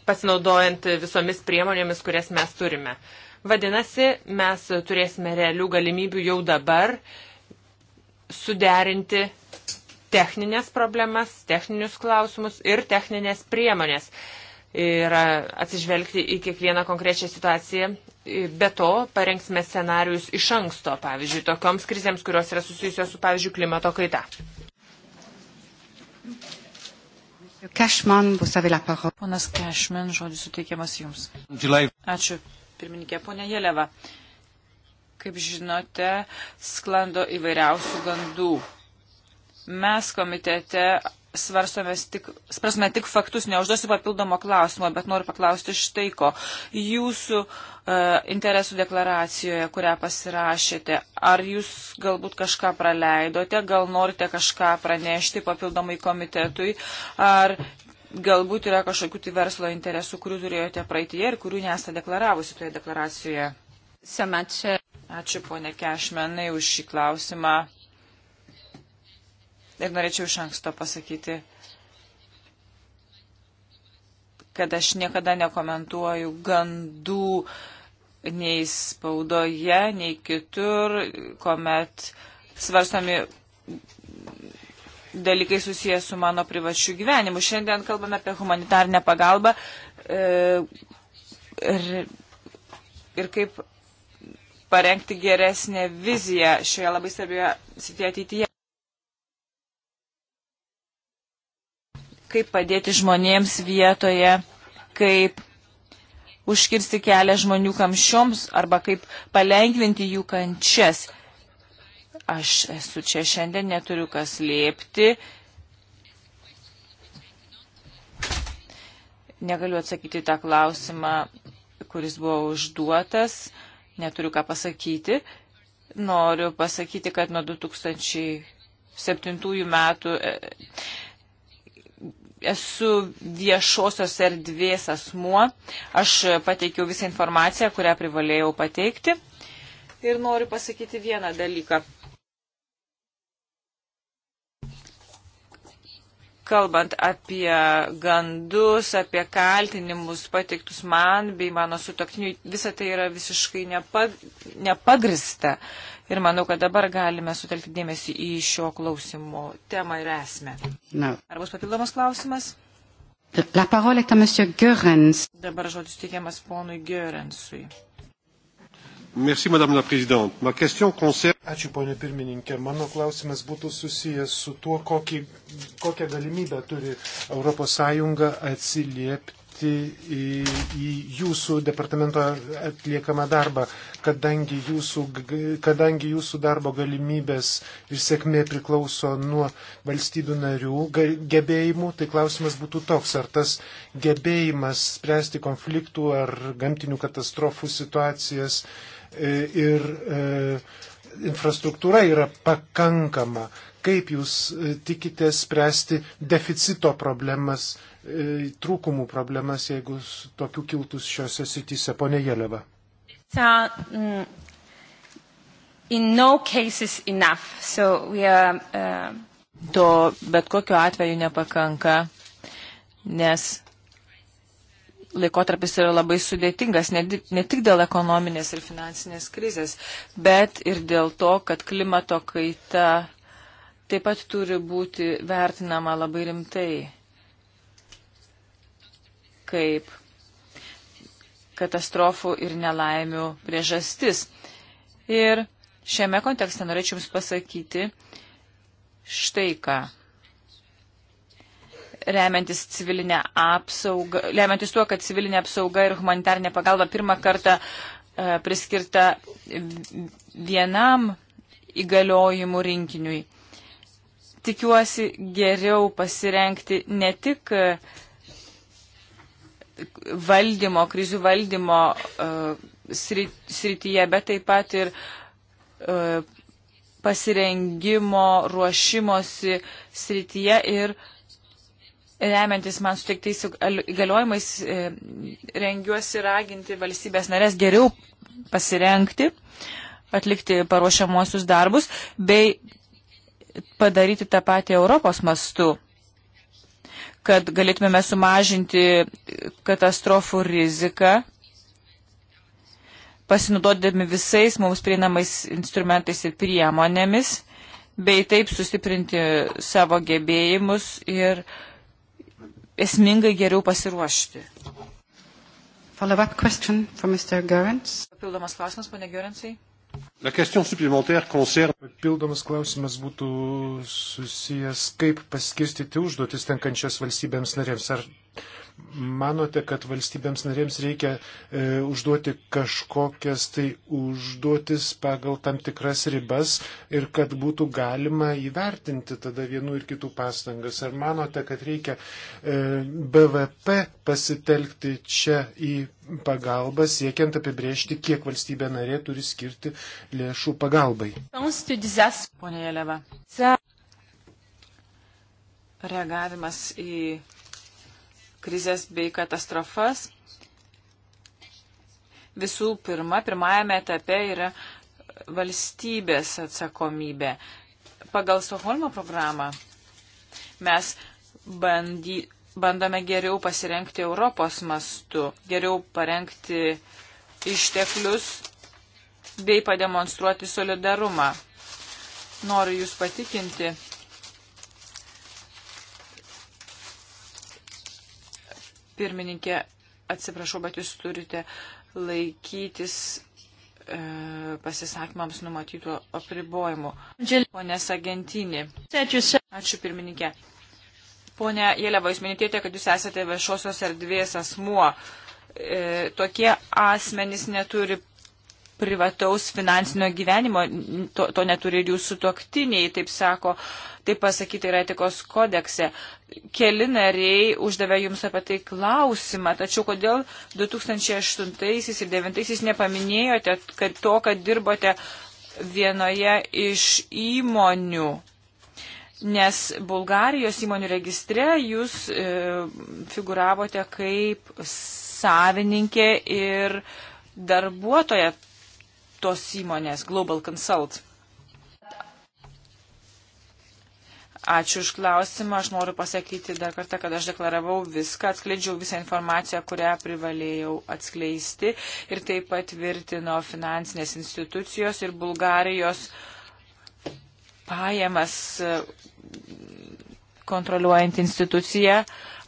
pasinaudojant visomis priemonėmis, kurias mes turime. Vadinasi, mes turėsime realių galimybių jau dabar suderinti techninės problemas, techninius klausimus ir techninės priemonės. Ir atsižvelgti į kiekvieną konkrečią situaciją. Be to, parengsime scenarius iš anksto, pavyzdžiui, tokioms krizėms, kurios yra susijusios su, pavyzdžiui, klimato kaita. Cashman, Ponas Cashman, žodis suteikiamas Jums. Ačiū, pirmininkė. Pone Jeleva, kaip žinote, sklando įvairiausių gandų. Mes komitete svarstome tik, svarstome tik faktus, neužduosiu papildomo klausimo, bet noriu paklausti štai ko. Jūsų uh, interesų deklaracijoje, kurią pasirašėte, ar jūs galbūt kažką praleidote, gal norite kažką pranešti papildomai komitetui, ar galbūt yra kažkokių tai verslo interesų, kurių turėjote praeitie ir kurių nesate deklaravusi toje deklaracijoje. Semačia. Uh, Ačiū ponė Kešmenai už šį klausimą. Ir norėčiau iš anksto pasakyti, kad aš niekada nekomentuoju gandų nei spaudoje, nei kitur, kuomet svarstami dalykai susijęs su mano privačiu gyvenimu. Šiandien kalbame apie humanitarnę pagalbą e, ir, ir kaip parengti geresnę viziją šioje labai svarbioje srityje ateityje. Kaip padėti žmonėms vietoje, kaip užkirsti kelią žmonių kamščioms arba kaip palengvinti jų kančias aš esu čia šiandien, neturiu kas lėpti. Negaliu atsakyti tą klausimą, kuris buvo užduotas, neturiu ką pasakyti. Noriu pasakyti, kad nuo 2007 metų e, esu viešosios erdvės asmuo. Aš pateikiau visą informaciją, kurią privalėjau pateikti. Ir noriu pasakyti vieną dalyką. kalbant apie gandus, apie kaltinimus pateiktus man bei mano sutoktiniui, visa tai yra visiškai nepag, nepagrista. Ir manau, kad dabar galime sutelkti dėmesį į šio klausimo temą ir esmę. No. Ar bus papildomas klausimas? La parole est à monsieur Görens. Dabar žodis teikiamas ponui Görensui. Merci, Madame la Présidente. Ma question concerne. Ačiū, ponė pirmininkė. Mano klausimas būtų susijęs su tuo, kokį, kokią galimybę turi ES atsiliepti į, į jūsų departamento atliekamą darbą, kadangi jūsų, kadangi jūsų darbo galimybės ir sėkmė priklauso nuo valstybių narių gebėjimų, tai klausimas būtų toks, ar tas gebėjimas spręsti konfliktų ar gamtinių katastrofų situacijas E, ir e, infrastruktūra yra pakankama. Kaip jūs e, tikite spręsti deficito problemas, trūkumų problemas, jeigu tokių kiltus šiuose sityse, ponė Jeleva? Uh, mm, uh, to bet kokiu atveju nepakanka, nes laikotarpis yra labai sudėtingas, ne, ne tik dėl ekonominės ir finansinės krizės, bet ir dėl to, kad klimato kaita taip pat turi būti vertinama labai rimtai, kaip katastrofų ir nelaimių priežastis. Ir šiame kontekste norėčiau Jums pasakyti štai ką remiantis civilinę apsaugą, remiantis tuo, kad civilinė apsauga ir humanitarnė pagalba pirmą kartą e, priskirta vienam įgaliojimų rinkiniui. Tikiuosi geriau pasirenkti ne tik e, valdymo, krizių valdymo e, srityje, bet taip pat ir pasirengimo, ruošimosi srityje ir uh, remiantis man sutiktais įgaliojimais, e, rengiuosi raginti valstybės narės geriau pasirenkti, atlikti paruošiamuosius darbus, bei padaryti tą patį Europos mastu kad galėtumėme sumažinti katastrofų riziką, pasinaudodami visais mums prieinamais instrumentais ir priemonėmis, bei taip sustiprinti savo gebėjimus ir uh, esmingai geriau pasiruošti. Papildomas klausimas, pane Gerensai. Papildomas klausimas būtų susijęs, kaip paskirstyti užduotis tenkančias valstybėms narėms. Ar manote, kad valstybėms narėms reikia e, užduoti kažkokias tai užduotis pagal tam tikras ribas ir kad būtų galima įvertinti tada vienų ir kitų pastangas? Ar manote, kad reikia e, BVP pasitelkti čia į pagalbą, siekiant apibriežti, kiek valstybė narė turi skirti lėšų pagalbai? Reagavimas į krizės bei katastrofas. Visų pirma, pirmajame etape yra valstybės atsakomybė. Pagal Stokholmo programą mes bandy, bandome geriau pasirenkti Europos mastu, geriau parengti išteklius bei pademonstruoti solidarumą. Noriu Jūs patikinti, Pirmininkė, atsiprašau, bet jūs turite laikytis e, pasisakymams numatytų apribojimų. Pone Sagentinį. Ačiū pirmininkė. Pone Jėleva, jūs minėtėte, kad jūs esate viešosios erdvės asmuo. E, tokie asmenys neturi privataus finansinio gyvenimo, to, to neturi ir jūsų toktiniai, taip sako, taip pasakyti yra etikos kodekse. Keli nariai uždavė jums apie tai klausimą, tačiau kodėl 2008 ir 2009 nepaminėjote kad to, kad dirbote vienoje iš įmonių? Nes Bulgarijos įmonių registre jūs e, figuravote kaip savininkė ir darbuotoja tos įmonės Global Consult. Ačiū už klausimą. Aš noriu pasakyti dar kartą, kad aš deklaravau viską, atskleidžiau visą informaciją, kurią privalėjau atskleisti ir tai patvirtino finansinės institucijos ir Bulgarijos pajamas e, kontroliuojant instituciją.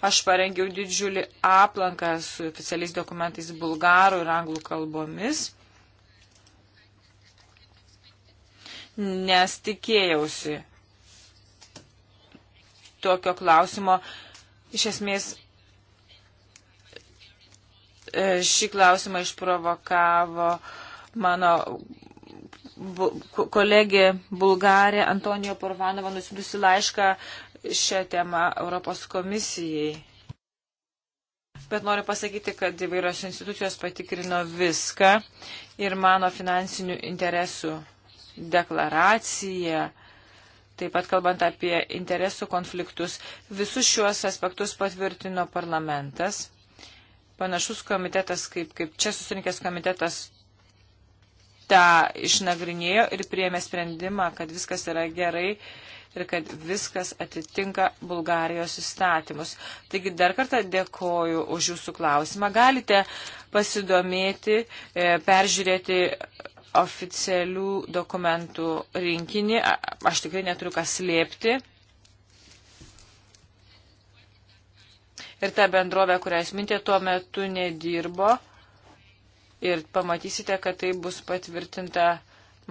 Aš parengiau didžiulį aplanką su oficialiais dokumentais bulgarų ir anglų kalbomis. nes tikėjausi tokio klausimo. Iš esmės, e, šį klausimą išprovokavo mano bu kolegė Bulgarė Antonijo Porvanova nusidusi laišką šią temą Europos komisijai. Bet noriu pasakyti, kad įvairios institucijos patikrino viską ir mano finansinių interesų deklaraciją, taip pat kalbant apie interesų konfliktus. Visus šiuos aspektus patvirtino parlamentas. Panašus komitetas, kaip, kaip čia susirinkęs komitetas, tą išnagrinėjo ir priėmė sprendimą, kad viskas yra gerai ir kad viskas atitinka Bulgarijos įstatymus. Taigi dar kartą dėkoju už jūsų klausimą. Galite pasidomėti, e, peržiūrėti oficialių dokumentų rinkinį. Aš tikrai neturiu kas slėpti. Ir ta bendrovė, kurią jūs mintė, tuo metu nedirbo. Ir pamatysite, kad tai bus patvirtinta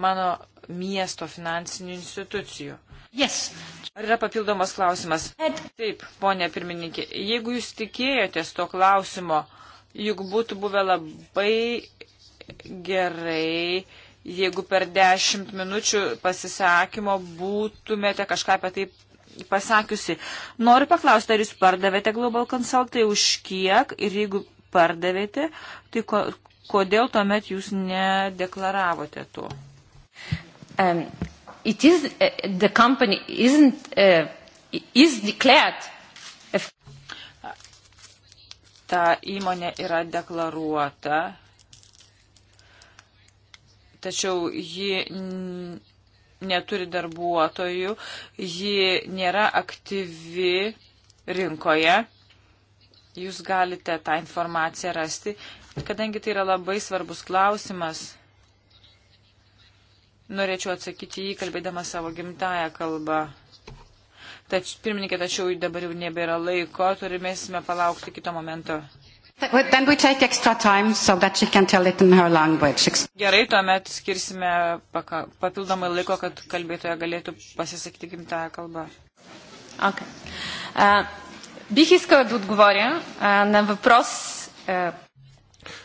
mano miesto finansinių institucijų. Yes. Ar yra papildomas klausimas? Ed. Taip, ponė pirmininkė, jeigu jūs tikėjotės to klausimo, juk būtų buvę labai gerai, jeigu per dešimt minučių pasisakymo būtumėte kažką apie tai pasakiusi. Noriu paklausti, ar jūs pardavėte Global Consultai už kiek ir jeigu pardavėte, tai ko, kodėl tuomet jūs nedeklaravote to? Um, it is, uh, the company isn't, uh, is declared. Ta įmonė yra deklaruota tačiau ji neturi darbuotojų, ji nėra aktyvi rinkoje. Jūs galite tą informaciją rasti, kadangi tai yra labai svarbus klausimas. Norėčiau atsakyti jį, kalbėdama savo gimtają kalbą. Tač, pirmininkė, tačiau dabar jau nebėra laiko, turime palaukti kito momento. Then we take extra time so that she can tell it in her language. Gerai, tuomet skirsime papildomai laiko, kad kalbėtoja galėtų pasisakyti gimtąją kalbą. Okay. Uh, бих искала да отговоря uh, на въпрос. Uh...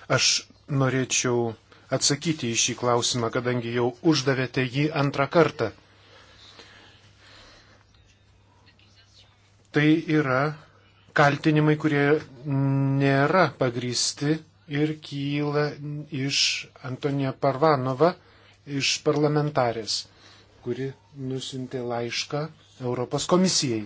Aš norėčiau atsakyti į šį klausimą, kadangi jau uždavėte jį antrą kartą. Tai yra kaltinimai, kurie nėra pagristi ir kyla iš Antonija Parvanova, iš parlamentarės, kuri nusintė laišką Europos komisijai.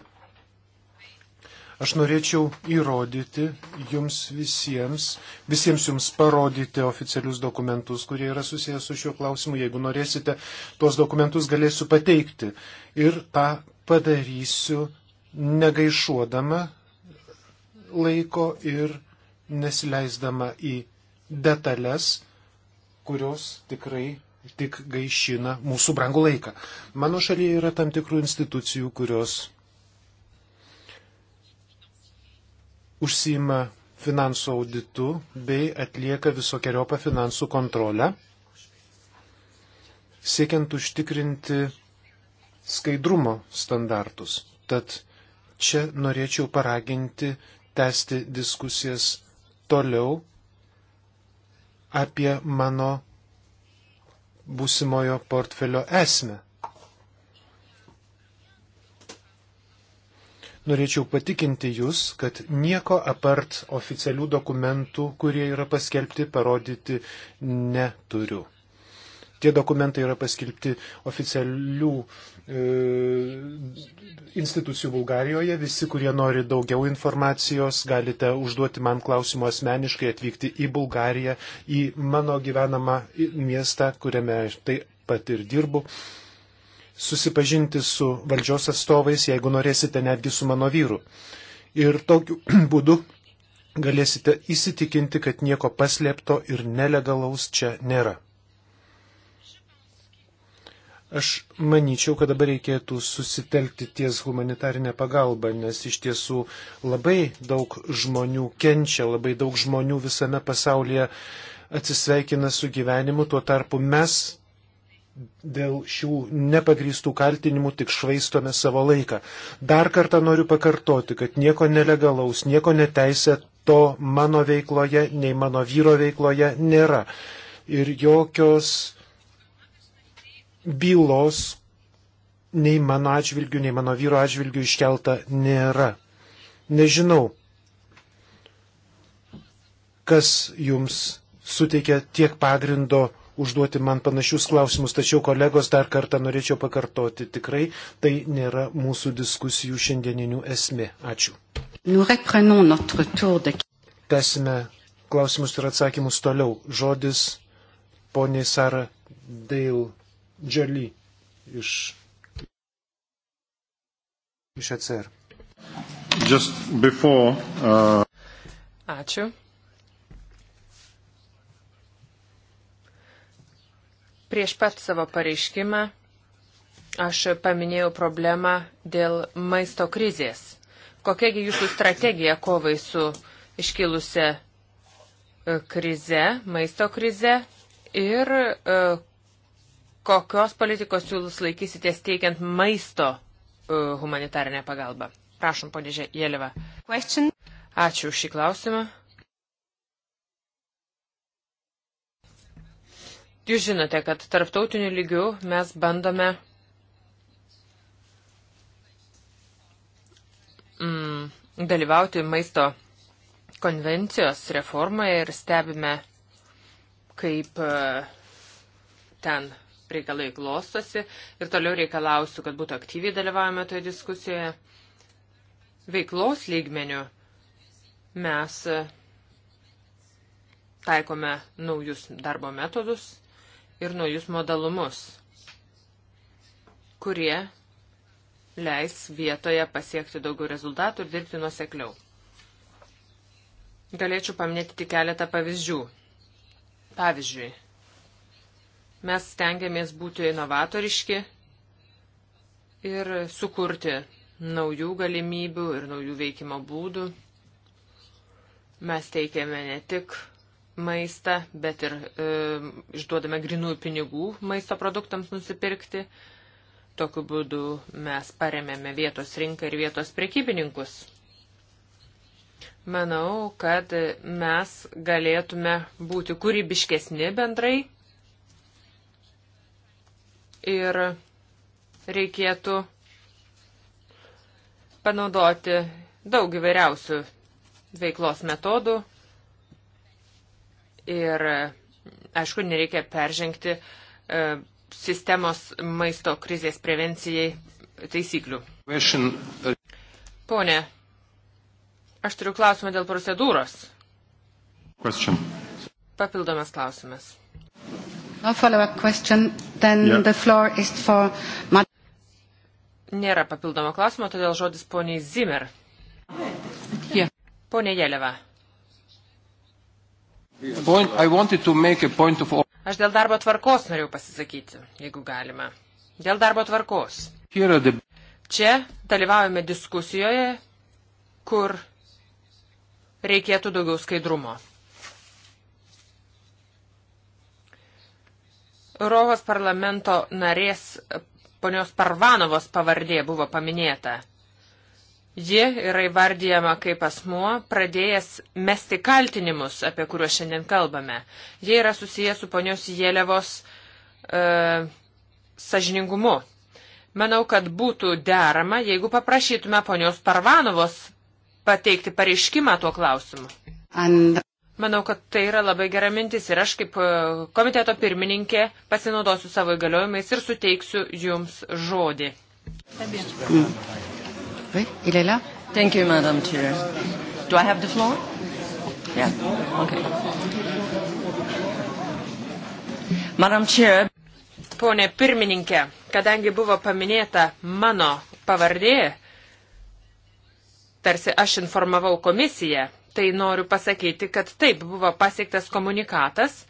Aš norėčiau įrodyti jums visiems, visiems jums parodyti oficialius dokumentus, kurie yra susijęs su šiuo klausimu. Jeigu norėsite, tuos dokumentus galėsiu pateikti. Ir tą padarysiu negaišuodama laiko ir nesileisdama į detalės, kurios tikrai tik gaišina mūsų brangų laiką. Mano šalyje yra tam tikrų institucijų, kurios užsima finansų auditu bei atlieka visokiojopą finansų kontrolę, siekiant užtikrinti skaidrumo standartus. Tad čia norėčiau paraginti tęsti diskusijas toliau apie mano būsimojo portfelio esmę. Norėčiau patikinti Jūs, kad nieko apart oficialių dokumentų, kurie yra paskelbti, parodyti neturiu tie dokumentai yra paskelbti oficialių e, institucijų Bulgarijoje. Visi, kurie nori daugiau informacijos, galite užduoti man klausimą asmeniškai, atvykti į Bulgariją, į mano gyvenamą miestą, kuriame taip pat ir dirbu. Susipažinti su valdžios atstovais, jeigu norėsite, netgi su mano vyru. Ir tokiu būdu galėsite įsitikinti, kad nieko paslėpto ir nelegalaus čia nėra. Aš manyčiau, kad dabar reikėtų susitelkti ties humanitarinę pagalbą, nes iš tiesų labai daug žmonių kenčia, labai daug žmonių visame pasaulyje atsisveikina su gyvenimu, tuo tarpu mes dėl šių nepagrįstų kaltinimų tik švaistome savo laiką. Dar kartą noriu pakartoti, kad nieko nelegalaus, nieko neteisė to mano veikloje, nei mano vyro veikloje nėra. Ir jokios bylos nei mano atžvilgių, nei mano vyro atžvilgių iškelta nėra. Nežinau, kas jums suteikia tiek pagrindo užduoti man panašius klausimus, tačiau kolegos dar kartą norėčiau pakartoti, tikrai tai nėra mūsų diskusijų šiandieninių esmė. Ačiū. Tęsime klausimus ir atsakymus toliau. Žodis poniai Sara Dale. Džerly iš, iš ECR. Just before. Uh... Ačiū. Prieš pat savo pareiškimą aš paminėjau problemą dėl maisto krizės. Kokiagi jūsų strategija kovai su iškilusią e, krize, maisto krize ir e, kokios politikos jūs laikysitės teikiant maisto uh, humanitarinę pagalbą? Prašom, ponė Jėleva. Question. Ačiū už šį klausimą. Jūs žinote, kad tarptautiniu lygiu mes bandome mm, dalyvauti maisto konvencijos reformoje ir stebime, kaip e, ten reikalai klostosi ir toliau reikalausiu, kad būtų aktyviai dalyvavome toje diskusijoje. Veiklos lygmenių mes e, taikome naujus darbo metodus ir naujus modalumus, kurie leis vietoje pasiekti daugiau rezultatų ir dirbti nuosekliau. Galėčiau paminėti tik keletą pavyzdžių. Pavyzdžiui, Mes stengiamės būti inovatoriški ir sukurti naujų galimybių ir naujų veikimo būdų. Mes teikiame ne tik maistą, bet ir e, išduodame grinųjų pinigų maisto produktams nusipirkti. Tokiu būdu mes paremėme vietos rinką ir vietos prekybininkus. Manau, kad mes galėtume būti kūrybiškesni bendrai ir reikėtų panaudoti daug įvairiausių veiklos metodų ir, aišku, nereikia peržengti e, sistemos maisto krizės prevencijai taisyklių. Pone, aš turiu klausimą dėl procedūros. Question. Papildomas klausimas. A follow-up question then yeah. the floor is for... Nėra papildomo klausimo, todėl žodis poniai Zimmer. Yeah. Pone Jeleva. Point, of... Aš dėl darbo tvarkos norėjau pasisakyti, jeigu galima. Dėl darbo tvarkos. The... Čia dalyvaujame diskusijoje, kur reikėtų daugiau skaidrumo. Europos parlamento narės ponios Parvanovos pavardė buvo paminėta. Ji yra įvardyjama kaip asmuo, pradėjęs mesti kaltinimus, apie kuriuos šiandien kalbame. Jie yra susiję su ponios Jėlevos e, sažiningumu. Manau, kad būtų derama, jeigu paprašytume ponios Parvanovos pateikti pareiškimą tuo klausimu. And... Manau, kad tai yra labai gera mintis ir aš kaip e, komiteto pirmininkė pasinaudosiu savo įgaliojimais ir suteiksiu jums žodį. Thank you, Madam Chair. Do I have the floor? Yeah. Okay. Madam Chair. Pone pirmininkė, kadangi buvo paminėta mano pavardė, tarsi aš informavau komisiją, tai noriu pasakyti, kad taip buvo pasiektas komunikatas,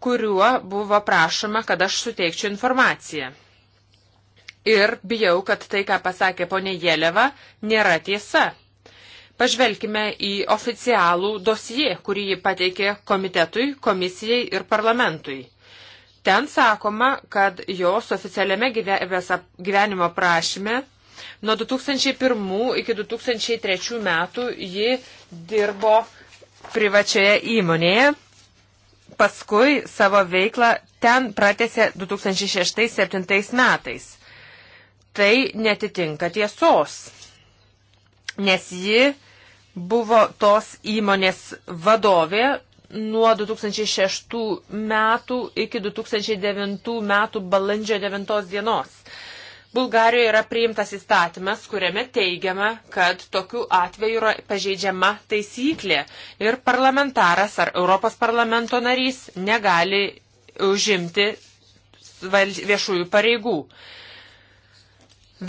kuriuo buvo prašoma, kad aš suteikčiau informaciją. Ir bijau, kad tai, ką pasakė ponė Jeleva, nėra tiesa. Pažvelkime į oficialų dosiją, kurį ji pateikė komitetui, komisijai ir parlamentui. Ten sakoma, kad jos oficialiame gyvenimo prašyme Nuo 2001 iki 2003 metų ji dirbo privačioje įmonėje, paskui savo veiklą ten pratėsi 2006-2007 metais. Tai netitinka tiesos, nes ji buvo tos įmonės vadovė nuo 2006 metų iki 2009 metų balandžio 9 dienos. Bulgarijoje yra priimtas įstatymas, kuriame teigiama, kad tokiu atveju yra pažeidžiama taisyklė ir parlamentaras ar Europos parlamento narys negali užimti viešųjų pareigų.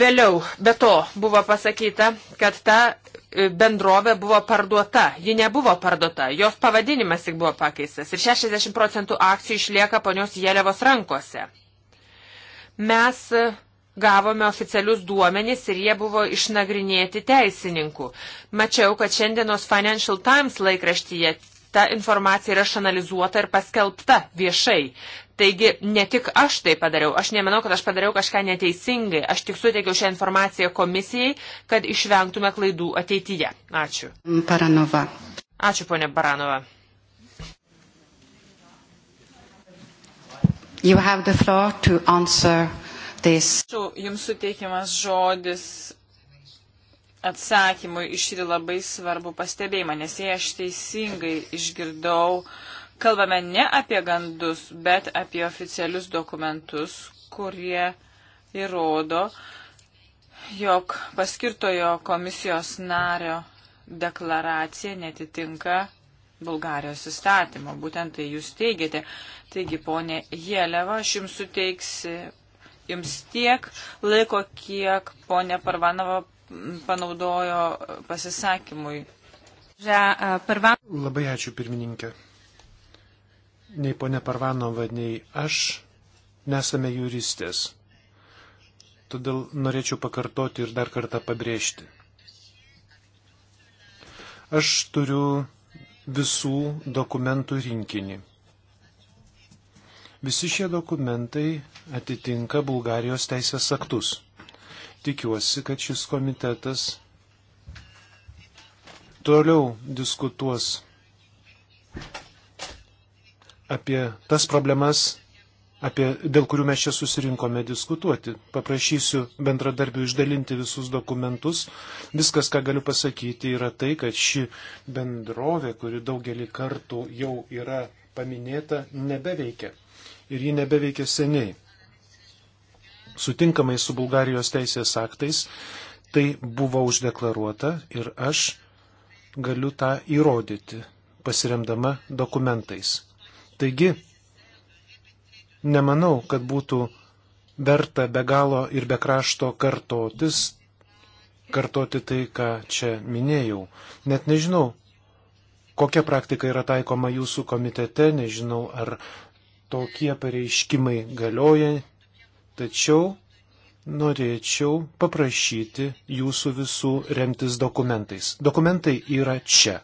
Vėliau, be to, buvo pasakyta, kad ta e, bendrovė buvo parduota. Ji nebuvo parduota, jos pavadinimas tik buvo pakeistas ir 60 procentų akcijų išlieka ponios Jėlevos rankose. Mes e, gavome oficialius duomenys ir jie buvo išnagrinėti teisininkų. Mačiau, kad šiandienos Financial Times laikraštyje ta informacija yra išanalizuota ir paskelbta viešai. Taigi ne tik aš tai padariau, aš nemanau, kad aš padariau kažką neteisingai, aš tik suteikiau šią informaciją komisijai, kad išvengtume klaidų ateityje. Ačiū. Paranova. Ačiū, ponė Baranova. You have the floor to answer this. Jums suteikiamas žodis atsakymui iš šį labai svarbu pastebėjimą, nes jei aš teisingai išgirdau, kalbame ne apie gandus, bet apie oficialius dokumentus, kurie įrodo, jog paskirtojo komisijos nario deklaracija netitinka Bulgarijos įstatymo. Būtent tai jūs teigiate. Taigi, ponė Jėleva, aš jums suteiksiu jums tiek laiko, kiek ponė Parvanova panaudojo pasisakymui. E, Labai ačiū pirmininkė. Nei ponė Parvanova, nei aš nesame juristės. Todėl norėčiau pakartoti ir dar kartą pabrėžti. Aš turiu visų dokumentų rinkinį. Visi šie dokumentai atitinka Bulgarijos teisės aktus. Tikiuosi, kad šis komitetas toliau diskutuos apie tas problemas, apie, dėl kurių mes čia susirinkome diskutuoti. Paprašysiu bendradarbių išdalinti visus dokumentus. Viskas, ką galiu pasakyti, yra tai, kad ši bendrovė, kuri daugelį kartų jau yra paminėta, nebeveikia ir ji nebeveikia seniai. Sutinkamai su Bulgarijos teisės aktais tai buvo uždeklaruota ir aš galiu tą įrodyti, pasiremdama dokumentais. Taigi, nemanau, kad būtų verta be galo ir be krašto kartotis, kartoti tai, ką čia minėjau. Net nežinau, kokia praktika yra taikoma jūsų komitete, nežinau, ar tokie pareiškimai galioja, tačiau norėčiau paprašyti jūsų visų remtis dokumentais. Dokumentai yra čia.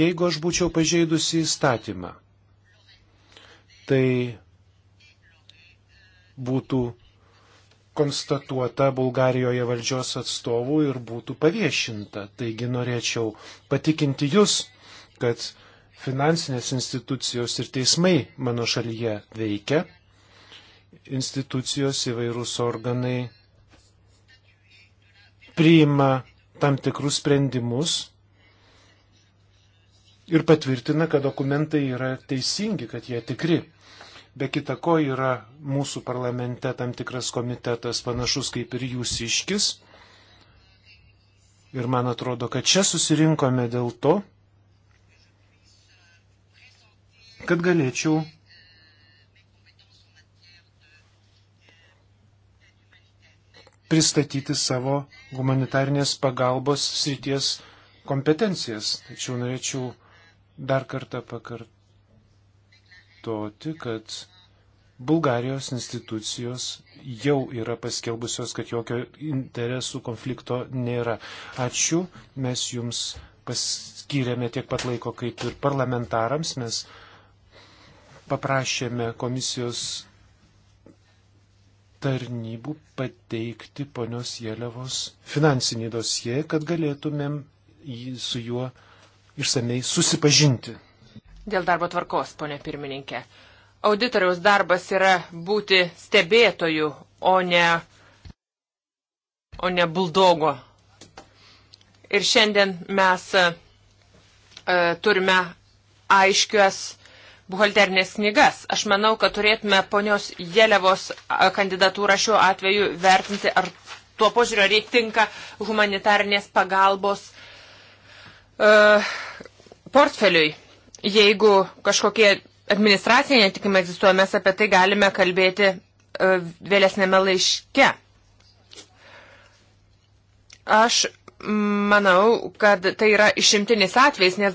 Jeigu aš būčiau pažeidusi įstatymą, tai būtų konstatuota Bulgarijoje valdžios atstovų ir būtų paviešinta. Taigi norėčiau patikinti jūs, kad Finansinės institucijos ir teismai mano šalyje veikia, institucijos įvairūs organai priima tam tikrus sprendimus ir patvirtina, kad dokumentai yra teisingi, kad jie tikri. Be kita ko yra mūsų parlamente tam tikras komitetas panašus kaip ir jūsiškis. Ir man atrodo, kad čia susirinkome dėl to, kad galėčiau pristatyti savo humanitarnės pagalbos srities kompetencijas. Tačiau norėčiau dar kartą pakartoti, kad Bulgarijos institucijos jau yra paskelbusios, kad jokio interesų konflikto nėra. Ačiū, mes jums paskyrėme tiek pat laiko kaip ir parlamentarams, mes paprašėme komisijos tarnybų pateikti ponios Jėlevos finansinį dosiją, kad galėtumėm jį su juo išsamei susipažinti. Dėl darbo tvarkos, ponė pirmininkė. Auditoriaus darbas yra būti stebėtoju, o ne, o ne buldogo. Ir šiandien mes e, turime aiškias buhalternės knygas. Aš manau, kad turėtume ponios Jelevos kandidatūrą šiuo atveju vertinti, ar tuo požiūriu, ar jie tinka humanitarnės pagalbos uh, portfeliui. Jeigu kažkokie administraciniai netikimai egzistuoja, mes apie tai galime kalbėti uh, e, vėlesnėme laiške. Aš Manau, kad tai yra išimtinis atvejs, nes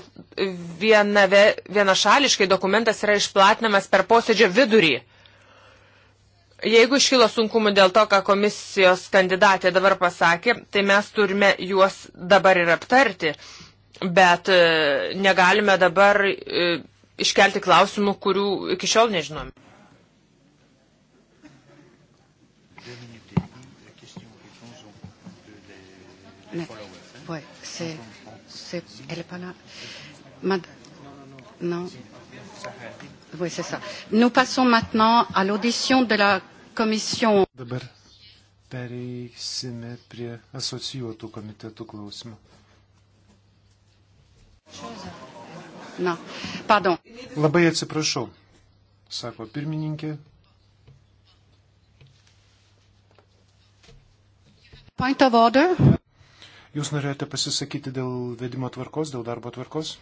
viena, vienašališkai dokumentas yra išplatinamas per posėdžio vidurį. Jeigu iškilo sunkumų dėl to, ką komisijos kandidatė dabar pasakė, tai mes turime juos dabar ir aptarti, bet e, negalime dabar e, iškelti klausimų, kurių iki šiol nežinome. Ne. Ouais, c'est, c'est, elle est pas là. Mad... Non. Oui, c'est ça. Nous passons maintenant à l'audition de la commission. Dabar pereisime prie asocijuotų komitetų klausimų. Na, pardon. Labai atsiprašau, sako pirmininkė. Point of order. Jūs norėjote pasisakyti dėl vedimo tvarkos, dėl darbo tvarkos?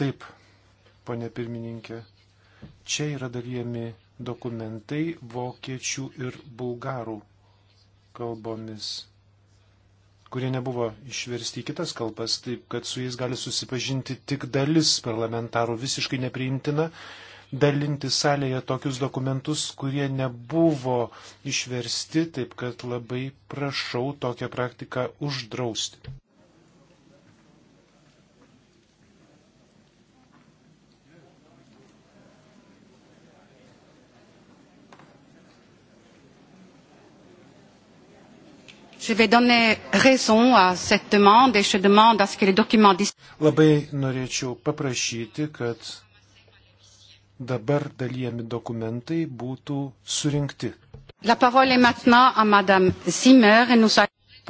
Taip, ponė pirmininkė. Čia yra dalyjami dokumentai vokiečių ir bulgarų kalbomis, kurie nebuvo išversti į kitas kalbas, taip kad su jais gali susipažinti tik dalis parlamentarų visiškai nepriimtina dalinti salėje tokius dokumentus, kurie nebuvo išversti, taip kad labai prašau tokią praktiką uždrausti. Je vais donner raison à cette demande et je demande à ce que les documents Labai norėčiau paprašyti, kad dabar dalyjami dokumentai būtų surinkti.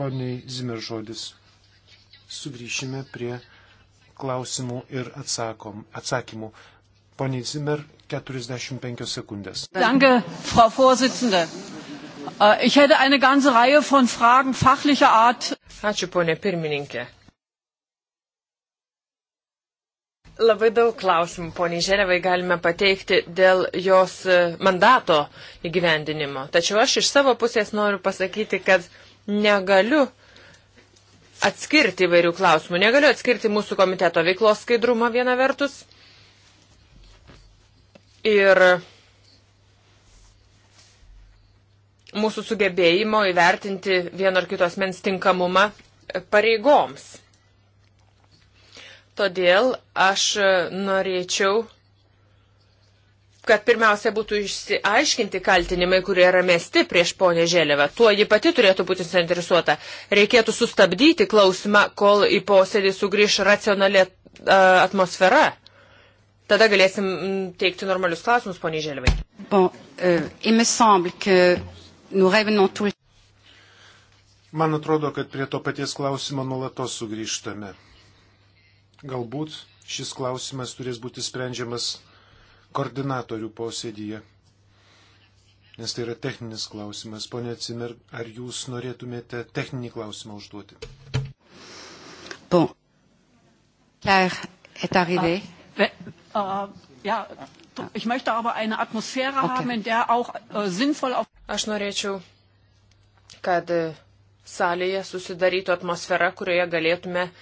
Poniai Zimmer žodis. Sugrįšime prie klausimų ir atsakom, atsakymų. Poniai Zimmer, 45 sekundės. Danke, Frau Vorsitzende. Äh, ich hätte eine ganze Reihe von Fragen fachlicher Art. Ačiū, ponė pirmininkė. Labai daug klausimų, poniai Žerevai, galime pateikti dėl jos e, mandato įgyvendinimo. Tačiau aš iš savo pusės noriu pasakyti, kad negaliu atskirti įvairių klausimų. Negaliu atskirti mūsų komiteto veiklos skaidrumo viena vertus. Ir mūsų sugebėjimo įvertinti vieno ar kitos mens tinkamumą pareigoms. Todėl aš e, norėčiau, kad pirmiausia būtų išsiaiškinti kaltinimai, kurie yra mesti prieš ponę Želevą. Tuo ji pati turėtų būti suinteresuota. Reikėtų sustabdyti klausimą, kol į posėdį sugrįž racionalė e, atmosfera. Tada galėsim teikti normalius klausimus, poniai Želvai. Bon, euh, Man atrodo, kad prie to paties klausimo nulatos sugrįžtame. Galbūt šis klausimas turės būti sprendžiamas koordinatorių posėdyje, nes tai yra techninis klausimas. Pone Cimer, ar jūs norėtumėte techninį klausimą užduoti? Bon. Claire est arrivée. Ah, uh, ja, ich möchte aber eine Atmosphäre okay. haben, in der auch uh, sinnvoll auf. Aš norėčiau, kad äh, salėje susidarytų atmosfera, kurioje galėtume uh,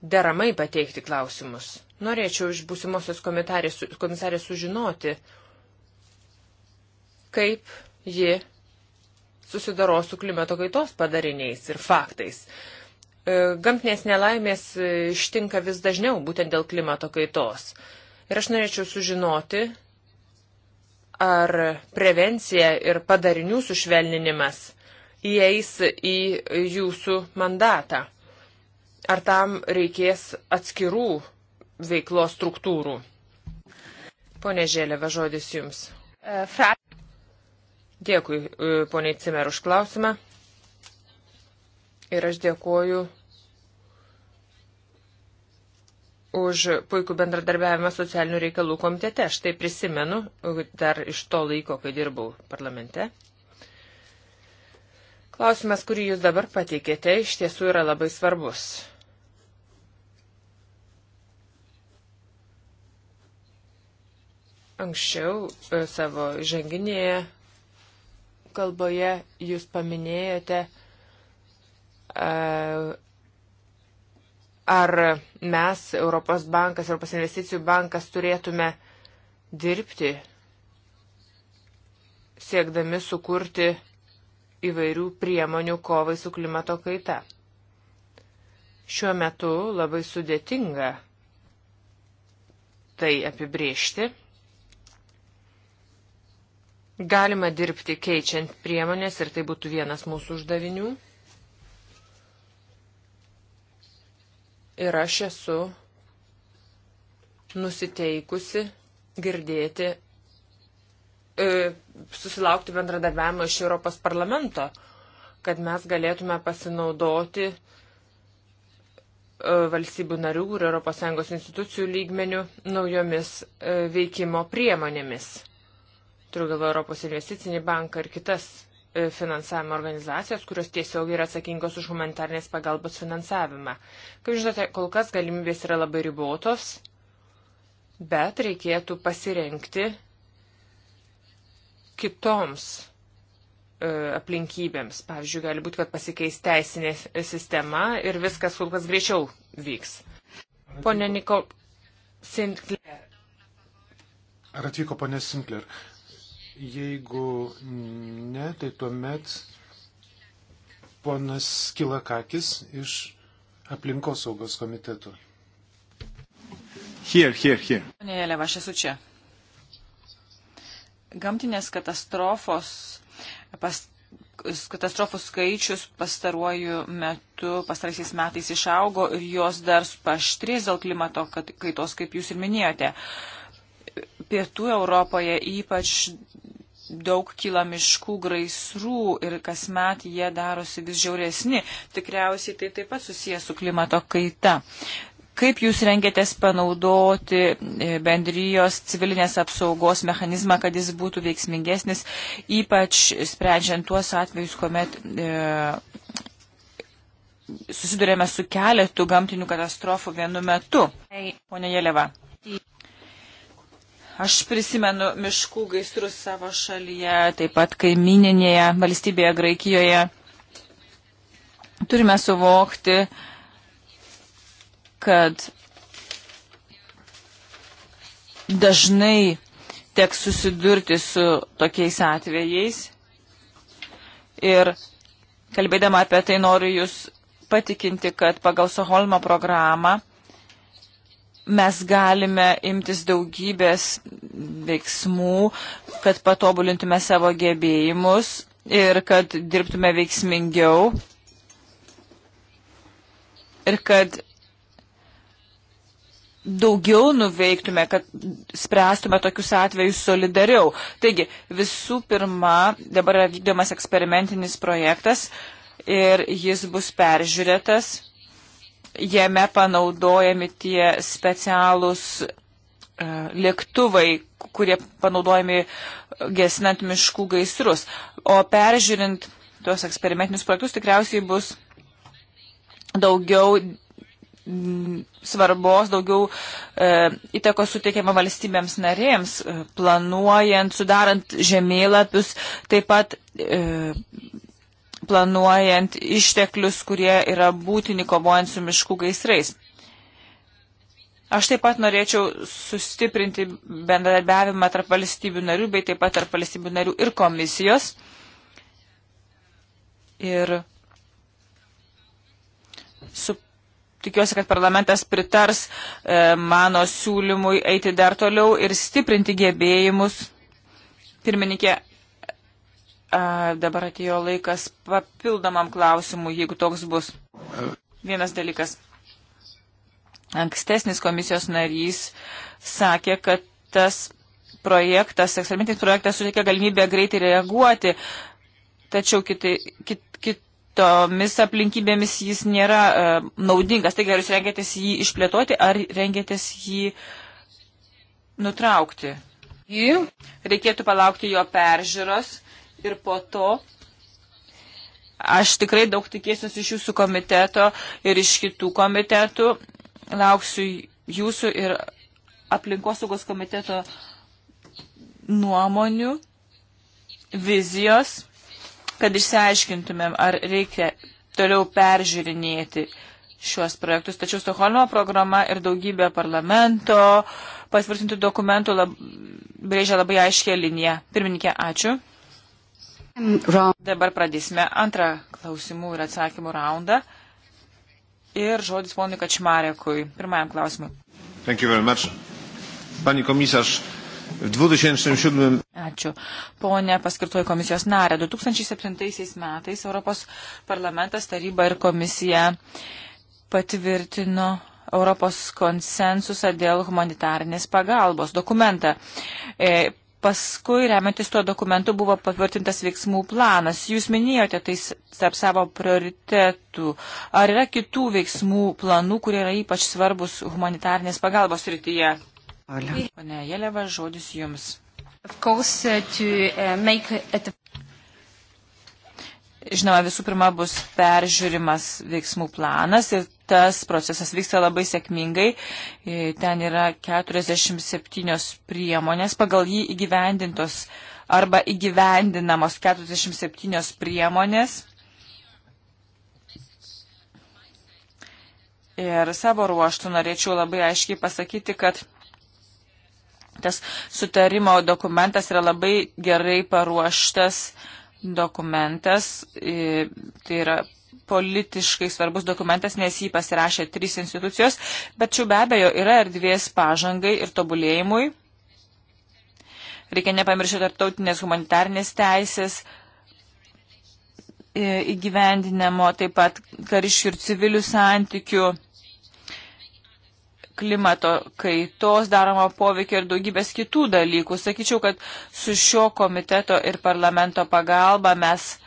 deramai pateikti klausimus. Norėčiau iš būsimosios komisarės sužinoti, kaip ji susidaro su klimato kaitos padariniais ir faktais. E, gamtinės nelaimės e, ištinka vis dažniau būtent dėl klimato kaitos. Ir aš norėčiau sužinoti, ar prevencija ir padarinių sušvelninimas įeis į jūsų mandatą. Ar tam reikės atskirų veiklos struktūrų? Pone Žėlėva, žodis Jums. Dėkui, e, poniai Cimer, už klausimą. Ir aš dėkoju už puikų bendradarbiavimą socialinių reikalų komitete. Aš tai prisimenu dar iš to laiko, kai dirbau parlamente. Klausimas, kurį jūs dabar pateikėte, iš tiesų yra labai svarbus. Anksčiau e, savo žanginėje kalboje jūs paminėjote, e, ar mes, Europos bankas, Europos investicijų bankas, turėtume dirbti siekdami sukurti įvairių priemonių kovai su klimato kaita. Šiuo metu labai sudėtinga tai apibriežti, Galima dirbti keičiant priemonės ir tai būtų vienas mūsų uždavinių. Ir aš esu nusiteikusi girdėti, e, susilaukti bendradarbiavimo iš Europos parlamento, kad mes galėtume pasinaudoti e, valstybių narių ir ES institucijų lygmenių naujomis e, veikimo priemonėmis turiu galvoje Europos investicinį banką ir kitas e, finansavimo organizacijos, kurios tiesiog yra atsakingos už humanitarnės pagalbos finansavimą. Kaip žinote, kol kas galimybės yra labai ribotos, bet reikėtų pasirenkti kitoms e, aplinkybėms. Pavyzdžiui, gali būti, kad pasikeis teisinė sistema ir viskas kol kas greičiau vyks. Pone Nikol Sinclair. Ar atvyko ponė Sinclair? Jeigu ne, tai tuomet ponas Kilakakis iš aplinkosaugos komiteto. Here, here, here. Pane Jeleva, aš esu čia. Gamtinės katastrofos, pas, katastrofų skaičius pastaruoju metu, pastaraisiais metais išaugo ir jos dar paštrės dėl klimato kaitos, kaip jūs ir minėjote. Uh, pietų Europoje ypač daug kyla miškų gaisrų ir kasmet jie darosi vis žiauresni. Tikriausiai tai taip pat susijęs su klimato kaita. Kaip jūs rengėtės panaudoti e, bendrijos civilinės apsaugos mechanizmą, kad jis būtų veiksmingesnis, ypač sprendžiant tuos atvejus, kuomet e, susidurėme su keletu gamtinių katastrofų vienu metu? Pone Jeleva. Aš prisimenu miškų gaisrus savo šalyje, taip pat kaimininėje valstybėje Graikijoje. Turime suvokti, kad dažnai teks susidurti su tokiais atvejais. Ir kalbėdama apie tai noriu Jūs patikinti, kad pagal Soholmo programą mes galime imtis daugybės veiksmų, kad patobulintume savo gebėjimus ir kad dirbtume veiksmingiau ir kad daugiau nuveiktume, kad spręstume tokius atvejus solidariau. Taigi, visų pirma, dabar yra vykdomas eksperimentinis projektas ir jis bus peržiūrėtas jame panaudojami tie specialūs e, lėktuvai, kurie panaudojami gesinant miškų gaisrus. O peržiūrint tuos eksperimentinius projektus tikriausiai bus daugiau svarbos, daugiau e, įtakos suteikiama valstybėms narėms, e, planuojant, sudarant žemėlapius, taip pat e, planuojant išteklius, kurie yra būtini kovojant su miškų gaisrais. Aš taip pat norėčiau sustiprinti bendradarbiavimą tarp valstybių narių, bei taip pat tarp valstybių narių ir komisijos. Ir su, tikiuosi, kad parlamentas pritars e, mano siūlymui eiti dar toliau ir stiprinti gebėjimus. Pirmininkė, dabar atėjo laikas papildomam klausimui, jeigu toks bus. Vienas dalykas. Ankstesnis komisijos narys sakė, kad tas projektas, eksperimentinis projektas suteikia galimybę greitai reaguoti, tačiau kitai, kit, kitomis aplinkybėmis jis nėra uh, naudingas. Taigi, ar jūs rengėtės jį išplėtoti, ar rengėtės jį nutraukti? Jį reikėtų palaukti jo peržiūros ir po to aš tikrai daug tikėsiuosi iš jūsų komiteto ir iš kitų komitetų. Lauksiu jūsų ir aplinkosaugos komiteto nuomonių, vizijos, kad išsiaiškintumėm, ar reikia toliau peržiūrinėti šiuos projektus. Tačiau Stokholmo programa ir daugybė parlamento patvirtintų dokumentų lab, brėžia labai aiškę liniją. Pirmininkė, ačiū. Dabar pradėsime antrą klausimų ir atsakymų raundą. Ir žodis ponui Kačmarekui. Pirmajam klausimui. Pani komisarz, w 2007... Ačiū. Pone paskirtoji komisijos narė, 2007 metais Europos parlamentas, taryba ir komisija patvirtino Europos konsensusą dėl humanitarnės pagalbos dokumentą. E, paskui, remiantis tuo dokumentu, buvo patvirtintas veiksmų planas. Jūs minėjote tai tarp savo prioritetų. Ar yra kitų veiksmų planų, kurie yra ypač svarbus humanitarnės pagalbos rytyje? Pane Jeleva, žodis jums. Course, uh, uh, a... Žinoma, visų pirma bus peržiūrimas veiksmų planas ir tas procesas vyksta labai sėkmingai. E, ten yra 47 priemonės, pagal jį įgyvendintos arba įgyvendinamos 47 priemonės. Ir savo ruoštų norėčiau labai aiškiai pasakyti, kad tas sutarimo dokumentas yra labai gerai paruoštas dokumentas. E, tai yra politiškai svarbus dokumentas, nes jį pasirašė trys institucijos, bet čia be abejo yra erdvės pažangai ir tobulėjimui. Reikia nepamiršti tarptautinės humanitarnės teisės e, įgyvendinimo, taip pat kariškių ir civilių santykių klimato kaitos daromo poveikio ir daugybės kitų dalykų. Sakyčiau, kad su šio komiteto ir parlamento pagalba mes uh,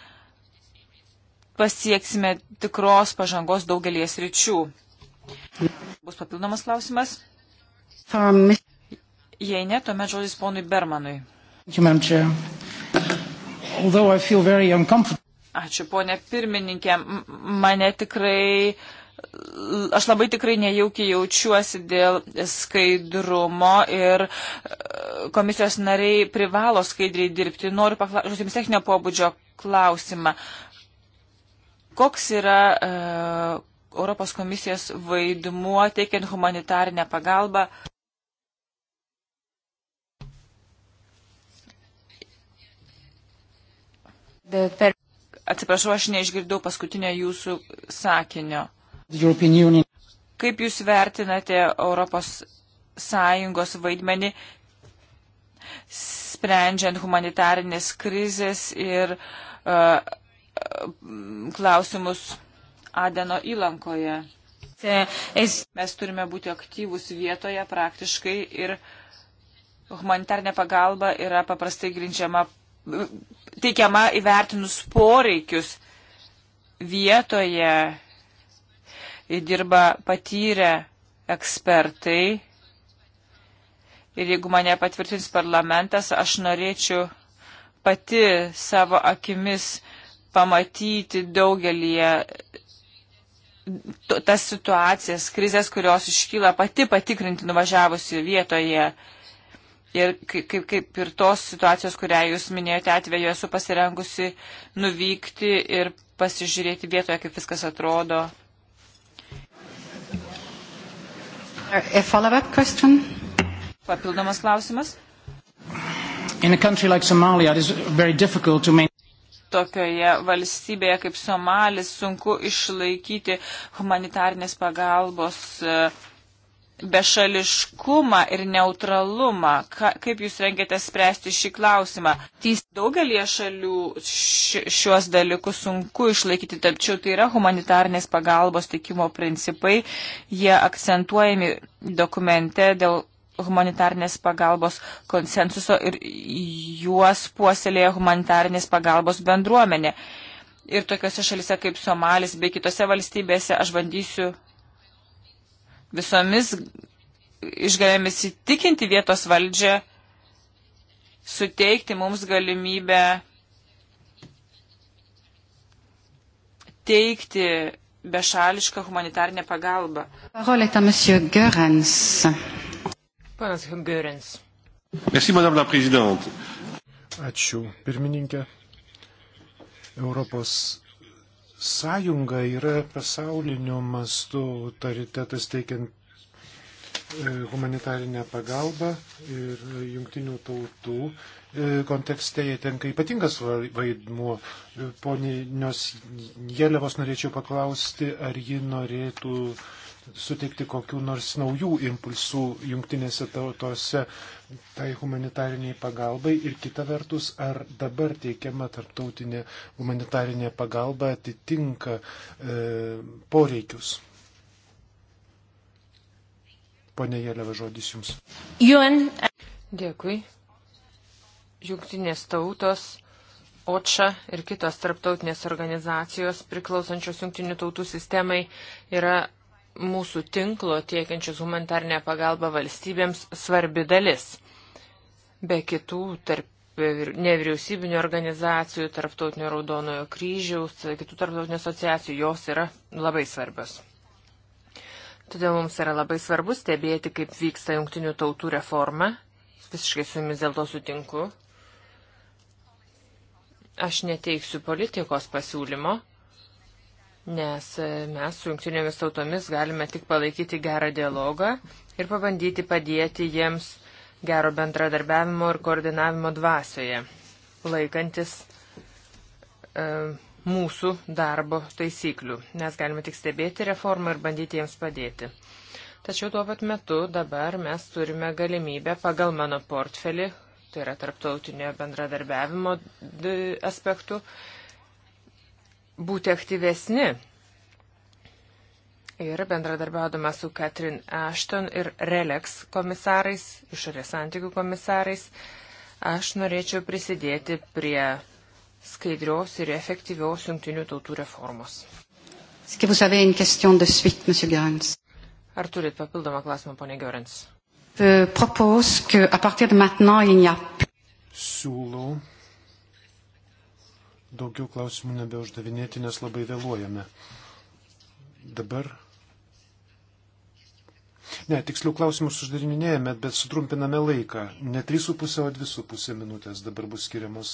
pasieksime tikros pažangos daugelies ryčių. Bus papildomas klausimas? Jei ne, tuomet žodis ponui Bermanui. Ačiū, ponė pirmininkė. Mane tikrai, aš labai tikrai nejaukiai jaučiuosi dėl skaidrumo ir e, komisijos nariai privalo skaidriai dirbti. Noriu paklausyti jums techninio pobūdžio klausimą koks yra e, Europos komisijos vaidmuo teikiant humanitarinę pagalbą. Per... Atsiprašau, aš neišgirdau paskutinio jūsų sakinio. Kaip jūs vertinate Europos Sąjungos vaidmenį sprendžiant humanitarinės krizės ir uh, klausimus Adeno įlankoje. Mes turime būti aktyvus vietoje praktiškai ir humanitarnė pagalba yra paprastai grindžiama, teikiama įvertinus poreikius vietoje. Dirba patyrę ekspertai. Ir jeigu mane patvirtins parlamentas, aš norėčiau pati savo akimis pamatyti daugelį tas situacijas, krizės, kurios iškyla pati patikrinti nuvažiavusi vietoje. Ir kaip, kaip ir tos situacijos, kurią jūs minėjote atveju, esu pasirengusi nuvykti ir pasižiūrėti vietoje, kaip viskas atrodo. Papildomas klausimas. Like Somalia, make tokioje valstybėje kaip Somalis sunku išlaikyti humanitarnės pagalbos e, bešališkumą ir neutralumą. Ka, kaip jūs rengėte spręsti šį klausimą? Daugelie šalių š, šiuos dalykus sunku išlaikyti, tačiau tai yra humanitarnės pagalbos teikimo principai. Jie akcentuojami dokumente dėl humanitarnės pagalbos konsensuso ir juos puoselėja humanitarnės pagalbos bendruomenė. Ir tokiuose šalise kaip Somalis bei kitose valstybėse aš bandysiu visomis išgalėmis įtikinti vietos valdžią, suteikti mums galimybę teikti bešališką humanitarnę pagalbą. Parolė ta, monsieur Görens. Panas Hungerins. Merci, madame la présidente. Ačiū, pirmininkė. Europos sąjunga yra pasauliniu mastu autoritetas teikiant e, humanitarinę pagalbą ir jungtinių tautų e, kontekste jie tenka ypatingas vaidmuo. E, ponios Jėlevos norėčiau paklausti, ar ji norėtų suteikti kokių nors naujų impulsų jungtinėse tautose tai humanitariniai pagalbai ir kita vertus, ar dabar teikiama tarptautinė humanitarinė pagalba atitinka e, poreikius. Pone Jėleva, žodis Jums. UN. Dėkui. Jungtinės tautos OČA ir kitos tarptautinės organizacijos priklausančios jungtinių tautų sistemai yra mūsų tinklo tiekiančius humanitarnę pagalbą valstybėms svarbi dalis. Be kitų, tarp nevyriausybinio organizacijų, tarptautinio raudonojo kryžiaus, kitų tarptautinių asociacijų, jos yra labai svarbios. Todėl mums yra labai svarbu stebėti, kaip vyksta jungtinių tautų reforma. Visiškai su jumis dėl to sutinku. Aš neteiksiu politikos pasiūlymo, nes e, mes su jungtinėmis tautomis galime tik palaikyti gerą dialogą ir pabandyti padėti jiems gero bendradarbiavimo ir koordinavimo dvasioje, laikantis e, mūsų darbo taisyklių. Mes galime tik stebėti reformą ir bandyti jiems padėti. Tačiau tuo pat metu dabar mes turime galimybę pagal mano portfelį, tai yra tarptautinio bendradarbiavimo aspektų, būti aktyvesni. Ir bendradarbiaudama su Katrin Ashton ir Relex komisarais, išorės santykių komisarais, aš norėčiau prisidėti prie skaidrios ir efektyviaus jungtinių tautų reformos. Ar turit papildomą klausimą, ponė Gerens? Euh, Siūlau daugiau klausimų nebeuždavinėti, nes labai vėluojame. Dabar. Ne, tiksliau klausimus uždavinėjame, bet sutrumpiname laiką. Ne 3,5, o 2,5 minutės dabar bus skiriamos.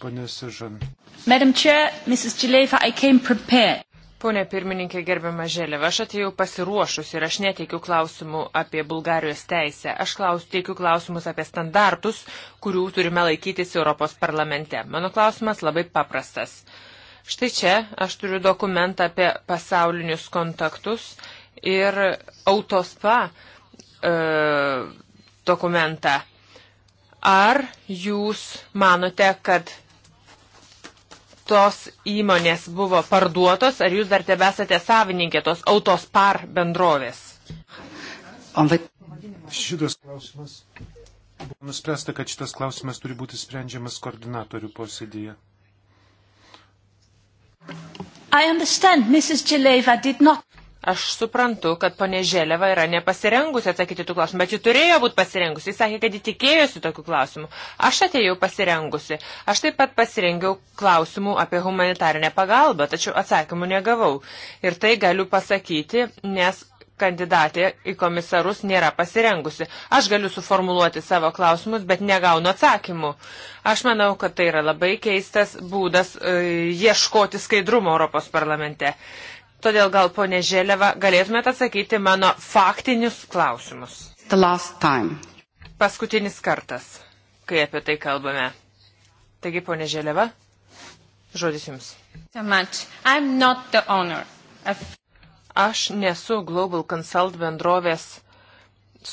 Pane Sižan. Madam Chair, Mrs. Gilefa, I came prepared. Pone pirmininkė, gerbiama Želėva, aš atėjau pasiruošus ir aš neteikiu klausimų apie Bulgarijos teisę. Aš klaus, teikiu klausimus apie standartus, kurių turime laikytis Europos parlamente. Mano klausimas labai paprastas. Štai čia aš turiu dokumentą apie pasaulinius kontaktus ir autospa e, dokumentą. Ar jūs manote, kad tos įmonės buvo parduotos, ar jūs dar tebesate savininkė tos autospar bendrovės? Šitas klausimas. Buvo nuspręsta, kad šitas klausimas turi būti sprendžiamas koordinatorių posėdėje. Not... Aš suprantu, kad ponė Želeva yra nepasirengusi atsakyti tų klausimų, bet ji turėjo būti pasirengusi. Jis sakė, kad ji tikėjosi tokių klausimų. Aš atėjau pasirengusi. Aš taip pat pasirengiau klausimų apie humanitarinę pagalbą, tačiau atsakymų negavau. Ir tai galiu pasakyti, nes kandidatė į komisarus nėra pasirengusi. Aš galiu suformuluoti savo klausimus, bet negaunu atsakymų. Aš manau, kad tai yra labai keistas būdas e, ieškoti skaidrumo Europos parlamente. Todėl gal, ponė Želeva, galėtumėte atsakyti mano faktinius klausimus. Paskutinis kartas, kai apie tai kalbame. Taigi, ponė Želeva, žodis jums. Aš nesu Global Consult bendrovės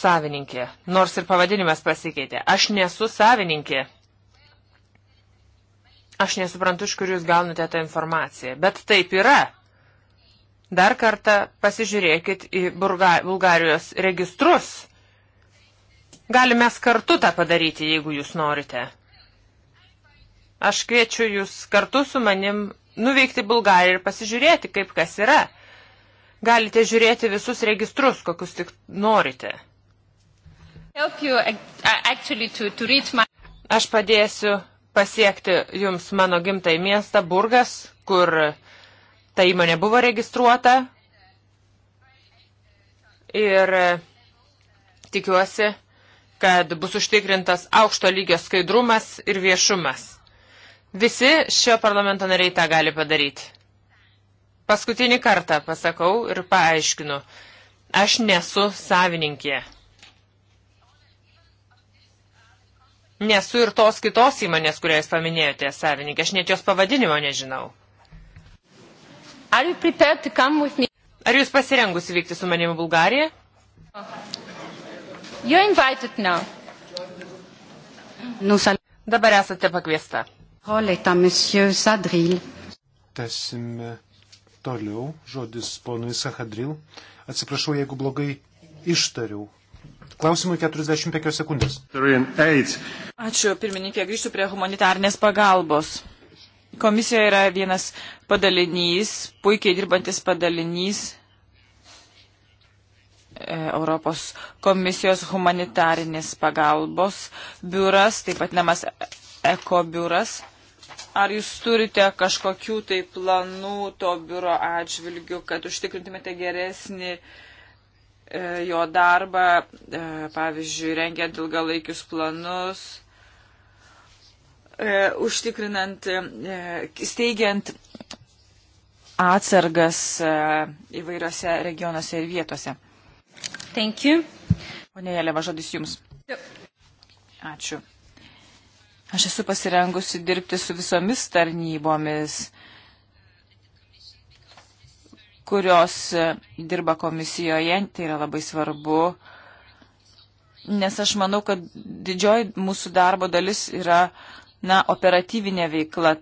savininkė, nors ir pavadinimas pasikeitė. Aš nesu savininkė. Aš nesuprantu, iš kur jūs gaunate tą informaciją, bet taip yra. Dar kartą pasižiūrėkit į Burga, Bulgarijos registrus. Galime kartu tą padaryti, jeigu jūs norite. Aš kviečiu jūs kartu su manim nuvykti Bulgariją ir pasižiūrėti, kaip kas yra. Galite žiūrėti visus registrus, kokius tik norite. Aš padėsiu pasiekti jums mano gimtai miestą Burgas, kur ta įmonė buvo registruota ir e, tikiuosi, kad bus užtikrintas aukšto lygio skaidrumas ir viešumas. Visi šio parlamento nariai tą gali padaryti. Paskutinį kartą pasakau ir paaiškinu, aš nesu savininkė. Nesu ir tos kitos įmonės, kurią jūs paminėjote, savininkė, aš net jos pavadinimo nežinau. Are you prepared to come with me? Ar jūs pasirengusi vykti su manimi Bulgariją? You're invited now. Nous allons... Dabar esate pakviesta. Roleta, monsieur Sadril. Tesime toliau. Žodis ponui Sahadril. Atsiprašau, jeigu blogai ištariau. Klausimui 45 sekundės. Ačiū, pirmininkė, grįžtu prie humanitarnės pagalbos komisijoje yra vienas padalinys, puikiai dirbantis padalinys e, Europos komisijos humanitarinis pagalbos biuras, taip pat namas Eko biuras. Ar jūs turite kažkokių tai planų to biuro atžvilgių, kad užtikrintumėte geresnį e, jo darbą, e, pavyzdžiui, rengiant ilgalaikius planus? E, užtikrinant, e, steigiant atsargas e, įvairiose regionuose ir vietose. Thank you. Pone Jeleva, žodis Jums. Ačiū. Aš esu pasirengusi dirbti su visomis tarnybomis, kurios dirba komisijoje, tai yra labai svarbu, nes aš manau, kad didžioji mūsų darbo dalis yra uh, na, operatyvinė veikla,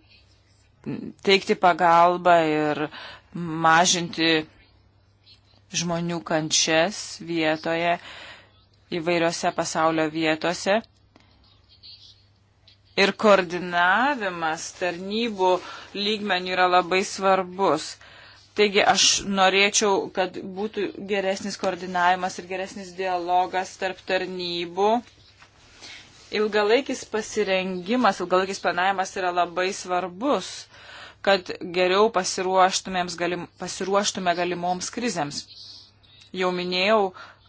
teikti pagalbą ir mažinti žmonių kančias vietoje, įvairiose pasaulio vietose. Ir koordinavimas tarnybų lygmenių yra labai svarbus. Taigi aš norėčiau, kad būtų geresnis koordinavimas ir geresnis dialogas tarp tarnybų Ilgalaikis pasirengimas, ilgalaikis planavimas yra labai svarbus, kad geriau galim, pasiruoštume galimoms krizėms. Jau minėjau,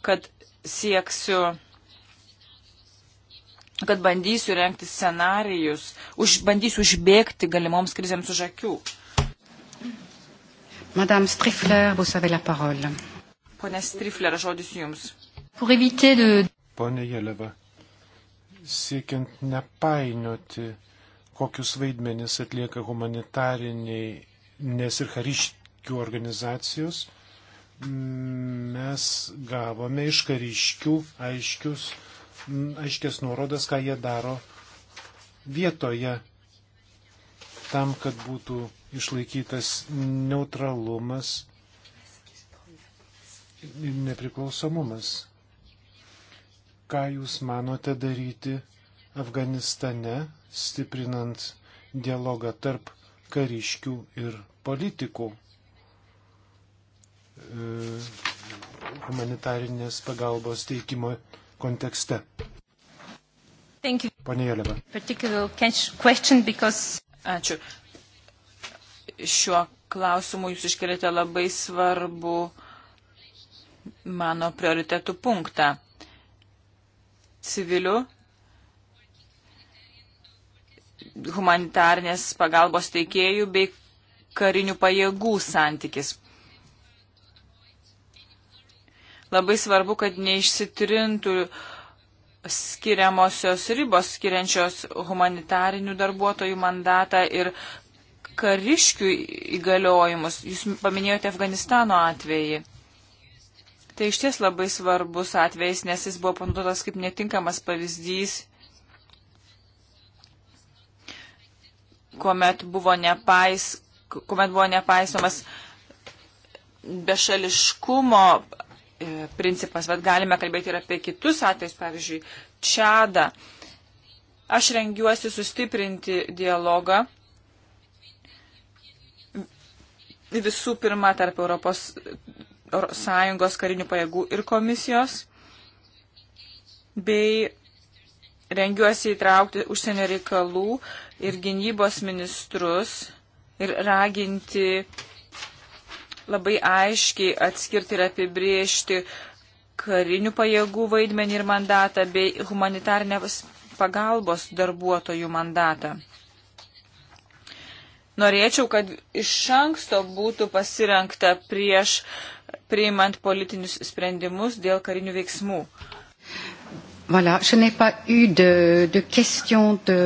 kad sieksiu kad bandysiu renkti scenarijus, už, bandysiu užbėgti galimoms krizėms už akių. Madame Strifler, vous avez la parole. Pone Strifler, žodis jums. De... Pone Jeleva, siekiant nepainioti, kokius vaidmenis atlieka humanitariniai nes ir kariškių organizacijos, mes gavome iš kariškių aiškius, aiškės nuorodas, ką jie daro vietoje tam, kad būtų išlaikytas neutralumas ir nepriklausomumas. Ką Jūs manote daryti Afganistane, stiprinant dialogą tarp kariškių ir politikų? E, humanitarinės pagalbos teikimo kontekste. Pane Jėleva. Ačiū. Šiuo klausimu jūs iškelėte labai svarbu mano prioritetų punktą civilių humanitarnės pagalbos teikėjų bei karinių pajėgų santykis. Labai svarbu, kad neišsitrintų skiriamosios ribos skiriančios humanitarinių darbuotojų mandatą ir kariškių įgaliojimus. Jūs paminėjote Afganistano atvejį. Tai iš ties labai svarbus atvejs, nes jis buvo panaudotas kaip netinkamas pavyzdys, kuomet buvo, nepais, kuomet buvo nepaisomas bešališkumo e, principas, bet galime kalbėti ir apie kitus atvejus, pavyzdžiui, Čadą. Aš rengiuosi sustiprinti dialogą visų pirma tarp Europos sąjungos karinių pajėgų ir komisijos, bei rengiuosi įtraukti užsienio reikalų ir gynybos ministrus ir raginti labai aiškiai atskirti ir apibriežti karinių pajėgų vaidmenį ir mandatą bei humanitarnės pagalbos darbuotojų mandatą. Norėčiau, kad iš anksto būtų pasirenkta prieš uh, priimant politinius sprendimus dėl karinių veiksmų. Voilà, je n'ai pas eu de, de question de...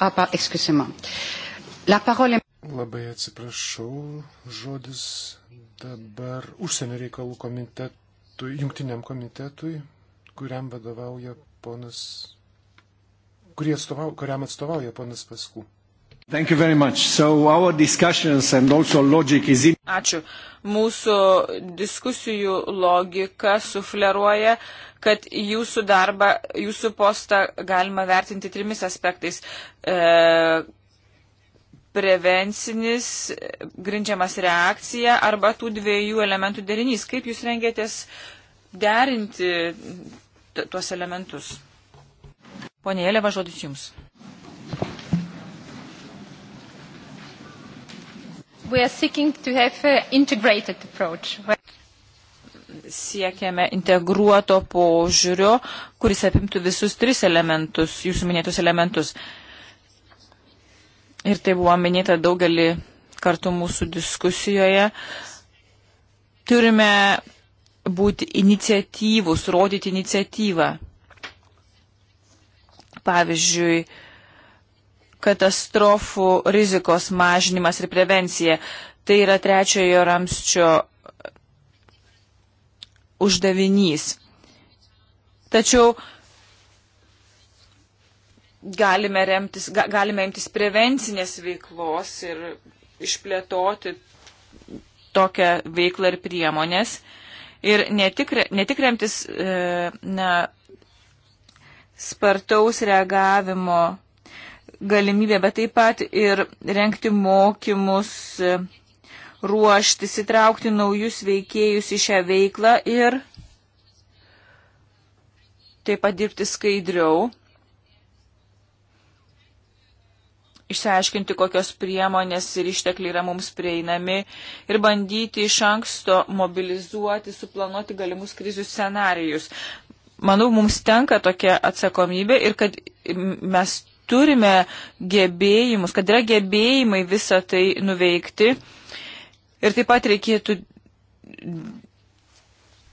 Ah, pas, excusez-moi. La parole est... Labai atsiprašau, žodis dabar užsienio reikalų komitetui, jungtiniam komitetui, kuriam vadovauja ponas, kuriam atstovauja ponas Paskų. So in... Ačiū. Mūsų diskusijų logika sufleruoja, kad jūsų darbą, jūsų postą galima vertinti trimis aspektais. E, prevencinis, grindžiamas reakcija arba tų dviejų elementų derinys. Kaip jūs rengėtės derinti tuos elementus? Pone Elėva, žodis jums. we are seeking to have an integrated approach. Siekiame integruoto požiūrio, kuris apimtų visus tris elementus, jūsų minėtus elementus. Ir tai buvo minėta daugelį kartų mūsų diskusijoje. Turime būti iniciatyvus, rodyti iniciatyvą. Pavyzdžiui, katastrofų rizikos mažinimas ir prevencija. Tai yra trečiojo ramščio uždavinys. Tačiau galime, remtis, ga, galime imtis prevencinės veiklos ir išplėtoti tokią veiklą ir priemonės. Ir ne tik, ne tik remtis e, na, spartaus reagavimo galimybė, bet taip pat ir renkti mokymus, ruoštis, įtraukti naujus veikėjus į šią veiklą ir taip pat dirbti skaidriau, išsiaiškinti, kokios priemonės ir ištekliai yra mums prieinami ir bandyti iš anksto mobilizuoti, suplanuoti galimus krizių scenarijus. Manau, mums tenka tokia atsakomybė ir kad mes turime gebėjimus, kad yra gebėjimai visą tai nuveikti. Ir taip pat reikėtų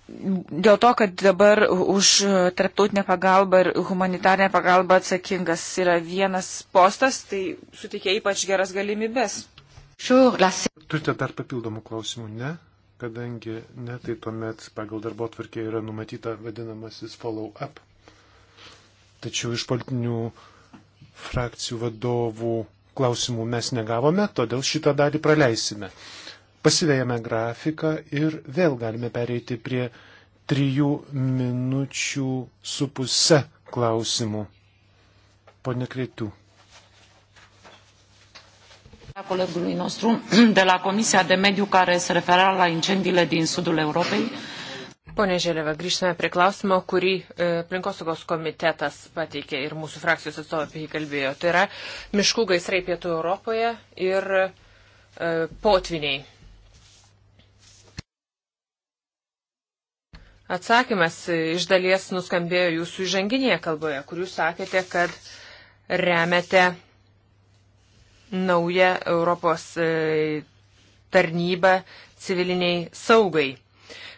dėl to, kad dabar už tarptautinę pagalbą ir humanitarinę pagalbą atsakingas yra vienas postas, tai suteikia ypač geras galimybės. Turite dar papildomų klausimų, ne? Kadangi ne, tai tuomet pagal darbo tvarkė yra numatyta vadinamasis follow-up. Tačiau iš politinių uh, frakcijų vadovų klausimų mes negavome, todėl šitą dalį praleisime. Pasivėjame grafiką ir vėl galime pereiti prie trijų minučių su puse klausimų. Pone Kreitų. Colegului nostru de la Comisia de Mediu care se refera la incendiile din sudul Europei. Pone Želėva, grįžtame prie klausimo, kurį e, aplinkosaugos komitetas pateikė ir mūsų frakcijos atstovai apie jį kalbėjo. Tai yra miškų gaisrai pietų Europoje ir e, potviniai. Atsakymas e, iš dalies nuskambėjo jūsų įžanginėje kalboje, kur jūs sakėte, kad remiate naują Europos e, tarnybą civiliniai saugai.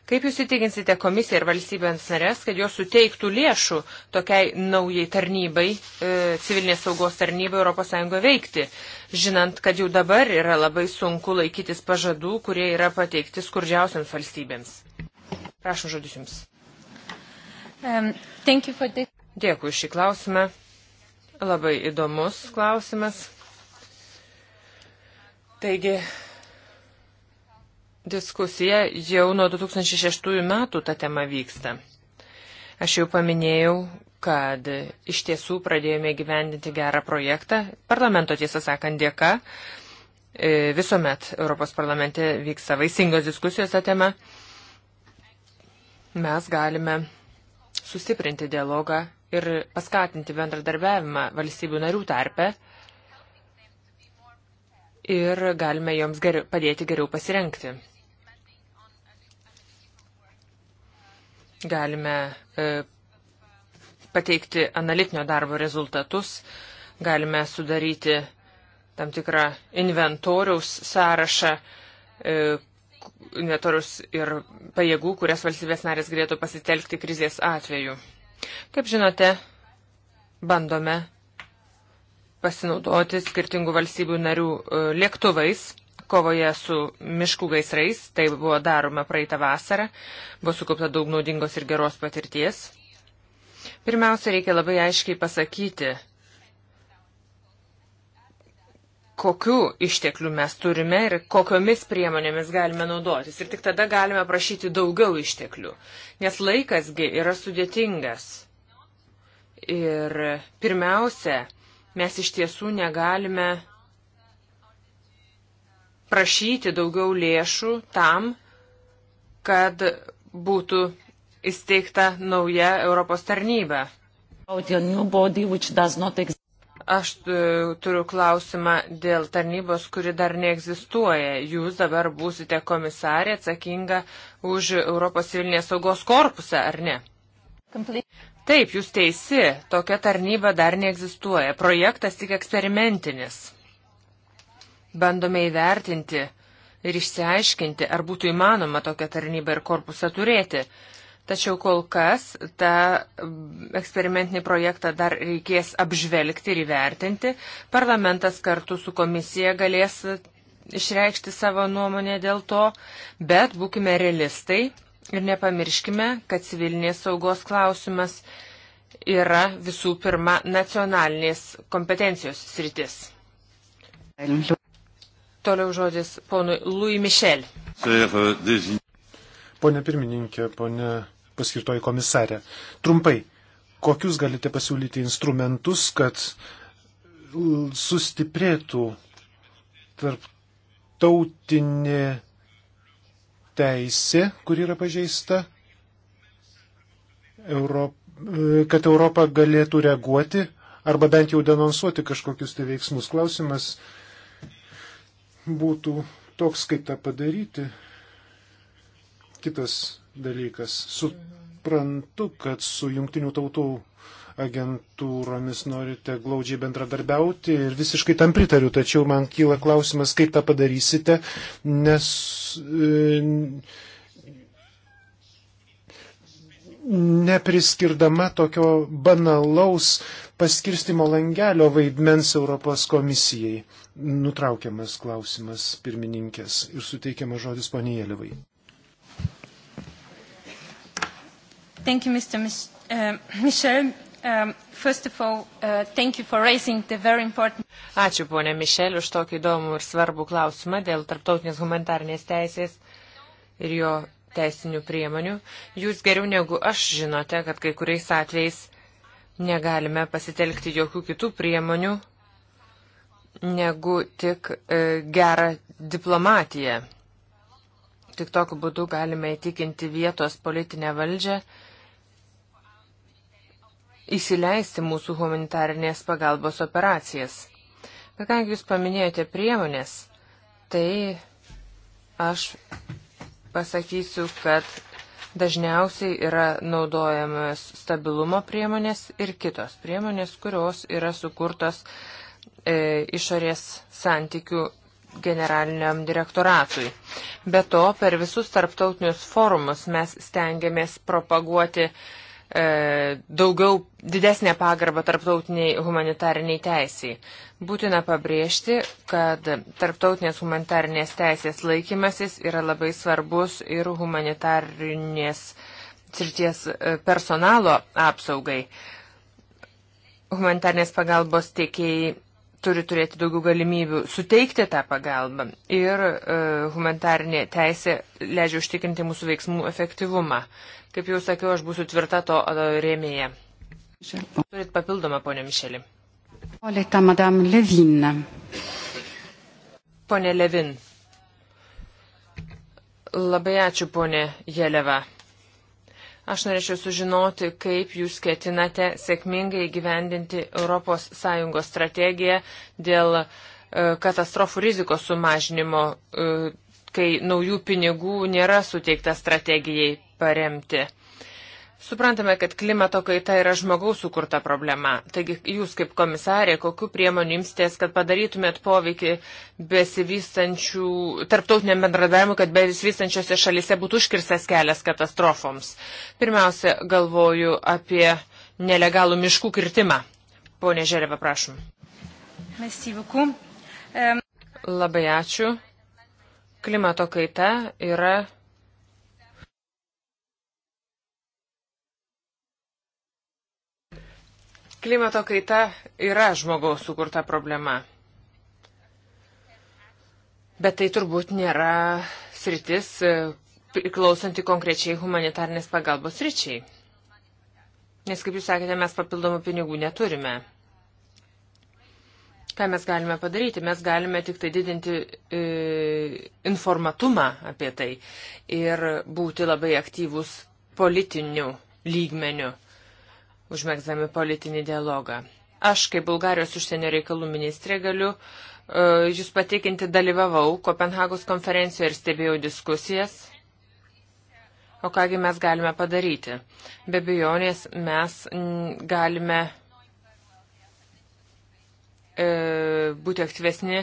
Kaip jūs įtikinsite komisiją ir valstybėms narės, kad jos suteiktų lėšų tokiai naujai tarnybai, e, civilinės saugos tarnybai ES veikti, žinant, kad jau dabar yra labai sunku laikytis pažadų, kurie yra pateikti skurdžiausiams valstybėms? Prašom žodis Jums. Um, the... Dėkui šį klausimą. Labai įdomus klausimas. Taigi, diskusija jau nuo 2006 metų ta tema vyksta. Aš jau paminėjau, kad iš tiesų pradėjome gyvendinti gerą projektą, parlamento tiesą sakant dėka. E, visuomet Europos parlamente vyksta vaisingos diskusijos tą temą. Mes galime sustiprinti dialogą ir paskatinti bendradarbiavimą valstybių narių tarpe ir galime joms geriau, padėti geriau pasirenkti. Galime e, pateikti analitinio darbo rezultatus, galime sudaryti tam tikrą inventoriaus sąrašą, e, inventoriaus ir pajėgų, kurias valstybės narės galėtų pasitelkti krizės atveju. Kaip žinote, bandome pasinaudoti skirtingų valstybių narių e, lėktuvais kovoje su miškų gaisrais, tai buvo daroma praeitą vasarą, buvo sukaupta daug naudingos ir geros patirties. Pirmiausia, reikia labai aiškiai pasakyti, kokiu išteklių mes turime ir kokiomis priemonėmis galime naudotis. Ir tik tada galime prašyti daugiau išteklių, nes laikasgi yra sudėtingas. Ir pirmiausia, mes iš tiesų negalime prašyti daugiau lėšų tam, kad būtų įsteigta nauja Europos tarnyba. Aš e, turiu klausimą dėl tarnybos, kuri dar neegzistuoja. Jūs dabar būsite komisarė atsakinga už Europos civilinės saugos korpusą, ar ne? Taip, jūs teisi, tokia tarnyba dar neegzistuoja. Projektas tik eksperimentinis bandome įvertinti ir išsiaiškinti, ar būtų įmanoma tokią tarnybą ir korpusą turėti. Tačiau kol kas tą eksperimentinį projektą dar reikės apžvelgti ir įvertinti. Parlamentas kartu su komisija galės išreikšti savo nuomonę dėl to, bet būkime realistai ir nepamirškime, kad civilinės saugos klausimas yra visų pirma nacionalinės kompetencijos sritis. Toliau žodis ponui Louis Michel. Euh, pone pirmininkė, pone paskirtoji komisarė, trumpai, kokius galite pasiūlyti instrumentus, kad sustiprėtų tarptautinė teisė, kur yra pažeista, Europ... kad Europa galėtų reaguoti arba bent jau denonsuoti kažkokius tai veiksmus. Klausimas būtų toks, kaip tą padaryti. Kitas dalykas. Suprantu, kad su jungtinių tautų agentūromis norite glaudžiai bendradarbiauti ir visiškai tam pritariu, tačiau man kyla klausimas, kaip tą padarysite, nes. E, nepriskirdama tokio banalaus paskirstimo langelio vaidmens Europos komisijai. Nutraukiamas klausimas pirmininkės ir suteikiamas žodis poniai Jelivai. Thank you, Mr. Mich uh, Michel. Um, first of all, uh, thank you for raising the very important. Ačiū, ponė Mišel, už tokį įdomų ir svarbų klausimą dėl tarptautinės humanitarnės teisės ir jo teisinių priemonių, jūs geriau negu aš žinote, kad kai kuriais atvejais negalime pasitelkti jokių kitų priemonių negu tik e, gerą diplomatiją. Tik tokiu būdu galime įtikinti vietos politinę valdžią įsileisti mūsų humanitarinės pagalbos operacijas. Bet kadangi jūs paminėjote priemonės, tai aš pasakysiu, kad dažniausiai yra naudojamas stabilumo priemonės ir kitos priemonės, kurios yra sukurtos e, išorės santykių generaliniam direktoratui. Be to, per visus tarptautinius forumus mes stengiamės propaguoti E, daugiau didesnė pagarba tarptautiniai humanitariniai teisiai. Būtina pabrėžti, kad tarptautinės humanitarinės teisės laikymasis yra labai svarbus ir humanitarinės srities e, personalo apsaugai. Humanitarnės pagalbos tiekėjai turi turėti daugiau galimybių suteikti tą pagalbą ir e, humanitarinė teisė leidžia užtikrinti mūsų veiksmų efektyvumą. Kaip jau sakiau, aš būsiu tvirta to e, rėmėje. Turit papildomą, ponė Mišelį. Oleta, madam Levin. Pone Levin. Labai ačiū, ponė Jeleva. Aš norėčiau sužinoti, kaip jūs ketinate sėkmingai gyvendinti ES strategiją dėl e, katastrofų rizikos sumažinimo, e, kai naujų pinigų nėra suteikta strategijai paremti. Suprantame, kad klimato kaita yra žmogaus sukurta problema. Taigi jūs kaip komisarė, kokiu priemonių imstės, kad padarytumėt poveikį besivystančių, tarptautiniam bendradarbiavimui, kad besivystančiose šalise būtų užkirstas kelias katastrofoms. Pirmiausia, galvoju apie nelegalų miškų kirtimą. Pone Žerėva, prašom. Labai ačiū. Klimato kaita yra Klimato kaita yra žmogaus sukurta problema. Bet tai turbūt nėra sritis e, priklausanti konkrečiai humanitarnės pagalbos ryčiai. Nes, kaip jūs sakėte, mes papildomų pinigų neturime. Ką mes galime padaryti? Mes galime tik tai didinti e, informatumą apie tai ir būti labai aktyvus politiniu lygmeniu užmėgdami politinį dialogą. Aš, kaip Bulgarijos užsienio reikalų ministrė, galiu uh, jūs patikinti, dalyvavau Kopenhagos konferencijoje ir stebėjau diskusijas. O kągi mes galime padaryti? Be bejonės mes galime e, būti aktyvesni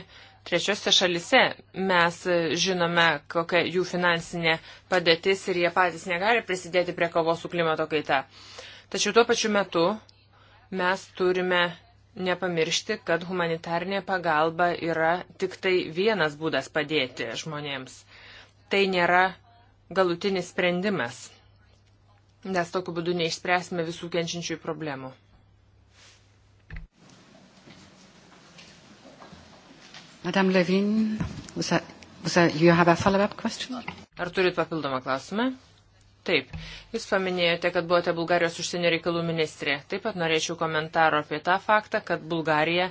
trečiose šalise. Mes e, žinome, kokia jų finansinė padėtis ir jie patys negali prisidėti prie kovos su klimato kaita. E, Tačiau tuo pačiu metu mes turime nepamiršti, kad humanitarnė pagalba yra tik tai vienas būdas padėti žmonėms. Tai nėra galutinis sprendimas, nes tokiu būdu neišspręsime visų kenčiančiųjų problemų. Madame Levin, was that, was that, you have a follow-up question? Ar turit papildomą klausimą? Taip, jūs paminėjote, kad buvote Bulgarijos užsienio reikalų ministrė. Taip pat norėčiau komentaro apie tą faktą, kad Bulgarija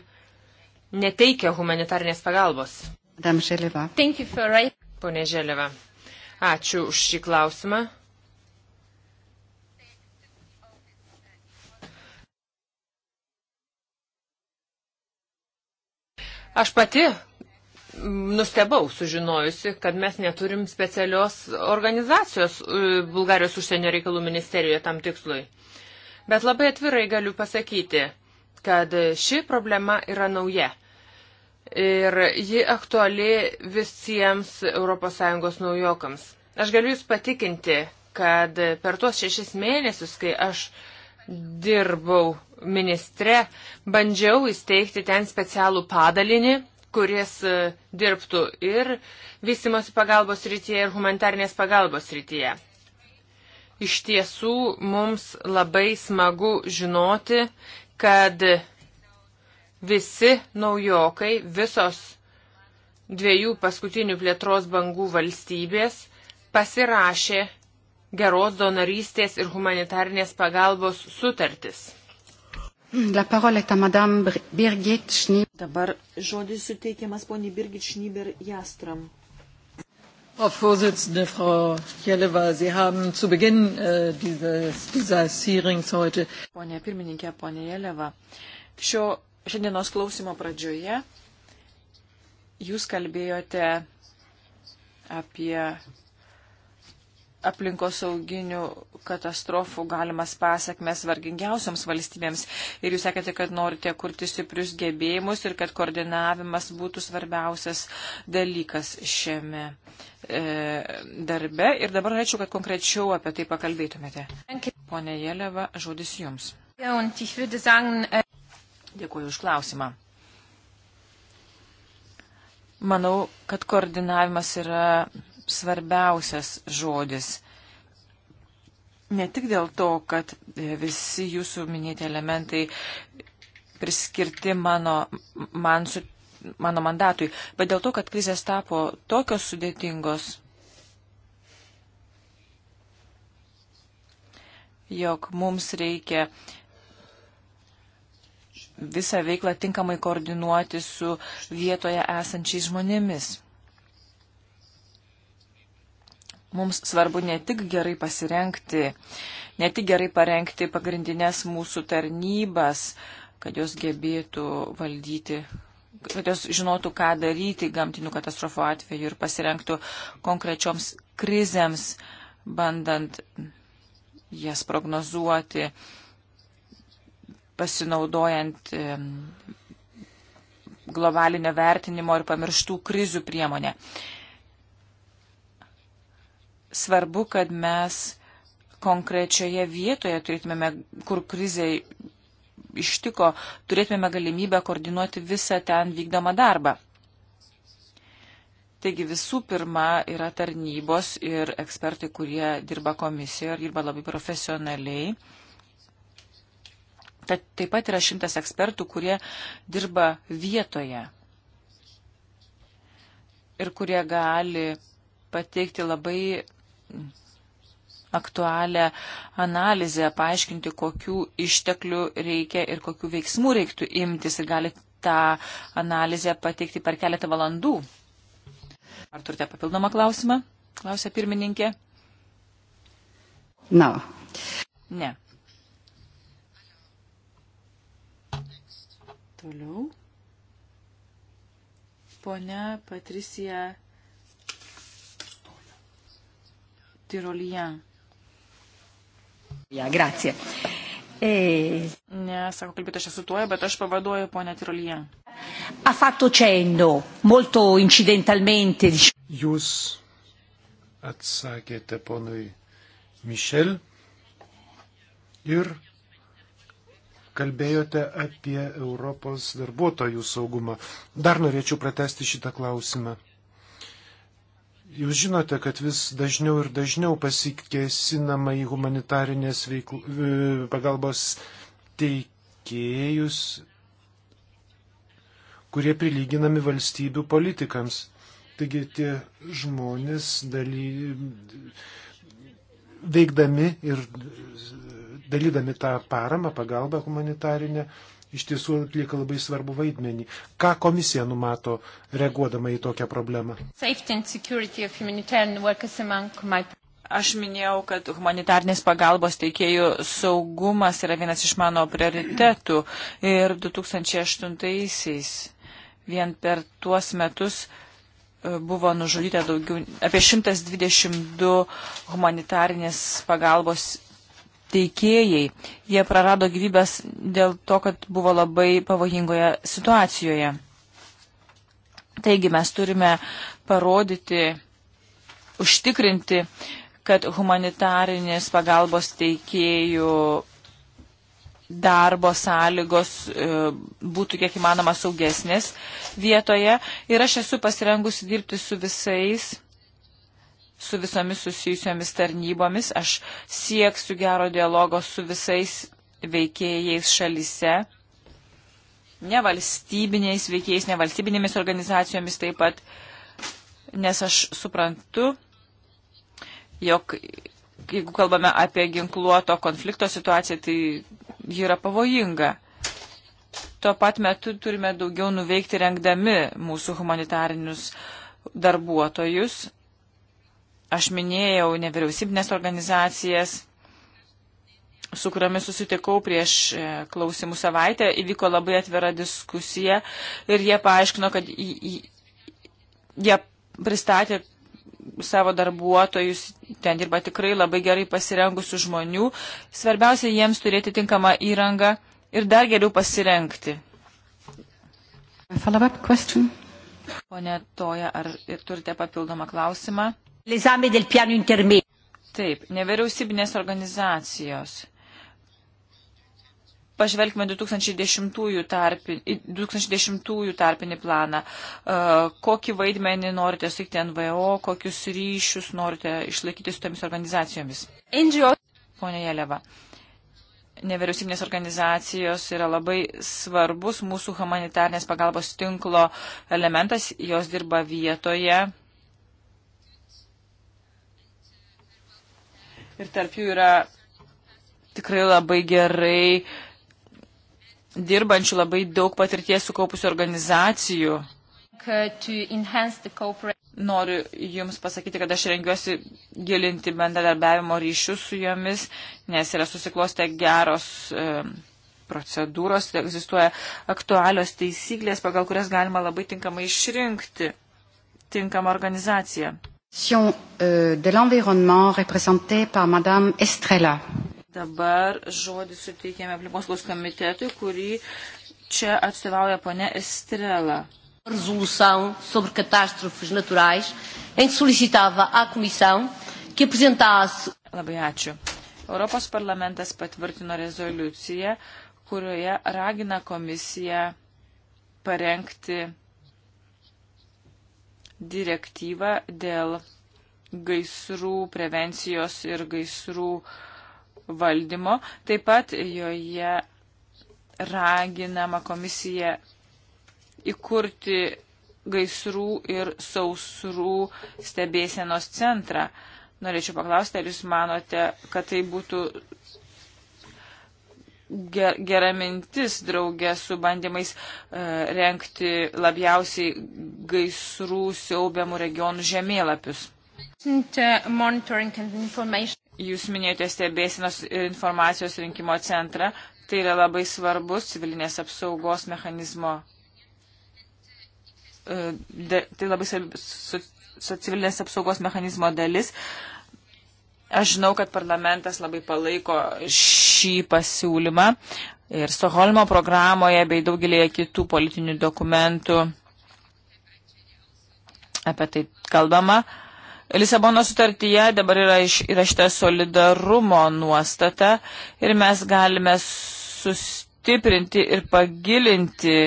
neteikia humanitarnės pagalbos. Pone Želeva, ačiū už šį klausimą. Aš pati nustebau sužinojusi, kad mes neturim specialios organizacijos e, Bulgarijos užsienio reikalų ministerijoje tam tikslui. Bet labai atvirai galiu pasakyti, kad ši problema yra nauja. Ir ji aktuali visiems ES naujokams. Aš galiu Jūs patikinti, kad per tuos šešis mėnesius, kai aš dirbau ministre, bandžiau įsteigti ten specialų padalinį kuris e, dirbtų ir vystimosi pagalbos rytyje, ir humanitarnės pagalbos rytyje. Iš tiesų mums labai smagu žinoti, kad visi naujokai, visos dviejų paskutinių plėtros bangų valstybės pasirašė geros donorystės ir humanitarnės pagalbos sutartis. Dabar žodis suteikiamas poniai Birgit Šnyber Jastram. Frau Vorsitzende, Frau Jeleva, Sie haben zu Beginn äh, dieses, dieses Hearings heute. Pone pirmininkė, pone Jeleva, šio šiandienos klausimo pradžioje jūs kalbėjote apie aplinkosauginių katastrofų galimas pasiekmes vargingiausiams valstybėms. Ir jūs sakėte, kad norite kurti stiprius gebėjimus ir kad koordinavimas būtų svarbiausias dalykas šiame e, darbe. Ir dabar norėčiau, kad konkrečiau apie tai pakalbėtumėte. Pone Jeleva, žodis jums. Äh, Dėkuoju už klausimą. Manau, kad koordinavimas yra svarbiausias žodis. Ne tik dėl to, kad visi jūsų minėti elementai priskirti mano, man su, mano mandatui, bet dėl to, kad krizės tapo tokios sudėtingos, jog mums reikia visą veiklą tinkamai koordinuoti su vietoje esančiais žmonėmis. Mums svarbu ne tik gerai pasirenkti, ne tik gerai parengti pagrindinės mūsų tarnybas, kad jos gebėtų valdyti kad jos žinotų, ką daryti gamtinių katastrofų atveju ir pasirenktų konkrečioms krizėms, bandant jas prognozuoti, pasinaudojant globalinio vertinimo ir pamirštų krizių priemonę svarbu, kad mes konkrečioje vietoje turėtumėme, kur krizė ištiko, turėtumėme galimybę koordinuoti visą ten vykdomą darbą. Taigi visų pirma yra tarnybos ir ekspertai, kurie dirba komisijoje ir dirba labai profesionaliai. Tad taip pat yra šimtas ekspertų, kurie dirba vietoje ir kurie gali pateikti labai aktualią analizę, paaiškinti, kokių išteklių reikia ir kokių veiksmų reiktų imtis ir gali tą analizę pateikti per keletą valandų. Ar turite papildomą klausimą? Klausė pirmininkė. Na. No. Ne. Toliau. Pone Patricija Tirolien. Ja, grazie. E... Ne, sako kalbėti, aš esu tuoja, bet aš pavaduoju ponę Tirolien. Ha fatto cenno, molto incidentalmente. Jūs atsakėte ponui Mišel ir kalbėjote apie Europos darbuotojų saugumą. Dar norėčiau pratesti šitą klausimą. Jūs žinote, kad vis dažniau ir dažniau pasikėsinama į humanitarinės veikl... E, pagalbos teikėjus, kurie prilyginami valstybių politikams. Taigi tie žmonės daly... veikdami ir dalydami tą paramą, pagalbą humanitarinę, iš tiesų atlieka labai svarbu vaidmenį. Ką komisija numato reaguodama į tokią problemą? Aš minėjau, kad humanitarnės pagalbos teikėjų saugumas yra vienas iš mano prioritetų ir 2008-aisiais vien per tuos metus e, buvo nužudyta daugiau apie 122 humanitarinės pagalbos teikėjai. Jie prarado gyvybės dėl to, kad buvo labai pavojingoje situacijoje. Taigi mes turime parodyti, užtikrinti, kad humanitarinės pagalbos teikėjų darbo sąlygos e, būtų kiek įmanoma saugesnės vietoje. Ir aš esu pasirengusi dirbti su visais su visomis susijusiomis tarnybomis. Aš sieksiu gero dialogo su visais veikėjais šalise, nevalstybiniais veikėjais, nevalstybinėmis organizacijomis taip pat, nes aš suprantu, jog jeigu kalbame apie ginkluoto konflikto situaciją, tai ji yra pavojinga. Tuo pat metu turime daugiau nuveikti rengdami mūsų humanitarinius darbuotojus. Aš minėjau nevyriausybinės organizacijas, su kuriomis susitikau prieš e, klausimų savaitę. Įvyko labai atvira diskusija ir jie paaiškino, kad jie pristatė savo darbuotojus, ten dirba tikrai labai gerai pasirengusių žmonių. Svarbiausia jiems turėti tinkamą įrangą ir dar geriau pasirenkti. Pone Toja, ar turite papildomą klausimą? Taip, nevyriausybinės organizacijos. Pažvelkime 2010-ųjų tarpin, 2010 tarpinį planą. E, kokį vaidmenį norite suteikti NVO, kokius ryšius norite išlaikyti su tomis organizacijomis? NGO. Pone Jeleva, nevyriausybinės organizacijos yra labai svarbus mūsų humanitarnės pagalbos tinklo elementas, jos dirba vietoje ir tarp jų yra tikrai labai gerai dirbančių, labai daug patirties sukaupusių organizacijų. Noriu Jums pasakyti, kad aš rengiuosi gilinti bendradarbiavimo ryšius su jomis, nes yra susiklostę geros e, procedūros, egzistuoja aktualios taisyklės, pagal kurias galima labai tinkamai išrinkti tinkamą organizaciją. Euh, de l'environnement représentée par Madame Estrela. Dabar žodį suteikėme aplinkos komitetui, kurį čia atstovauja ponė Estrela. Resolução sobre catástrofes naturais, em que solicitava à Comissão que apresentasse. Labai ačiū. Europos parlamentas patvirtino rezoliuciją, kurioje ragina komisiją parengti direktyvą dėl gaisrų prevencijos ir gaisrų valdymo. Taip pat joje raginama komisija įkurti gaisrų ir sausrų stebėsienos centrą. Norėčiau paklausti, ar Jūs manote, kad tai būtų gera mintis draugė su bandymais e, renkti labiausiai gaisrų siaubiamų regionų žemėlapius. Uh, Jūs minėjote stebėsinos ir informacijos rinkimo centrą. Tai yra labai svarbus civilinės apsaugos mechanizmo. E, de, tai labai svarbus so, so civilinės apsaugos mechanizmo dalis. E, Aš žinau, kad parlamentas labai palaiko šį pasiūlymą ir Stoholmo programoje bei daugelėje kitų politinių dokumentų apie tai kalbama. Lisabono sutartyje dabar yra įrašta solidarumo nuostata ir mes galime sustiprinti ir pagilinti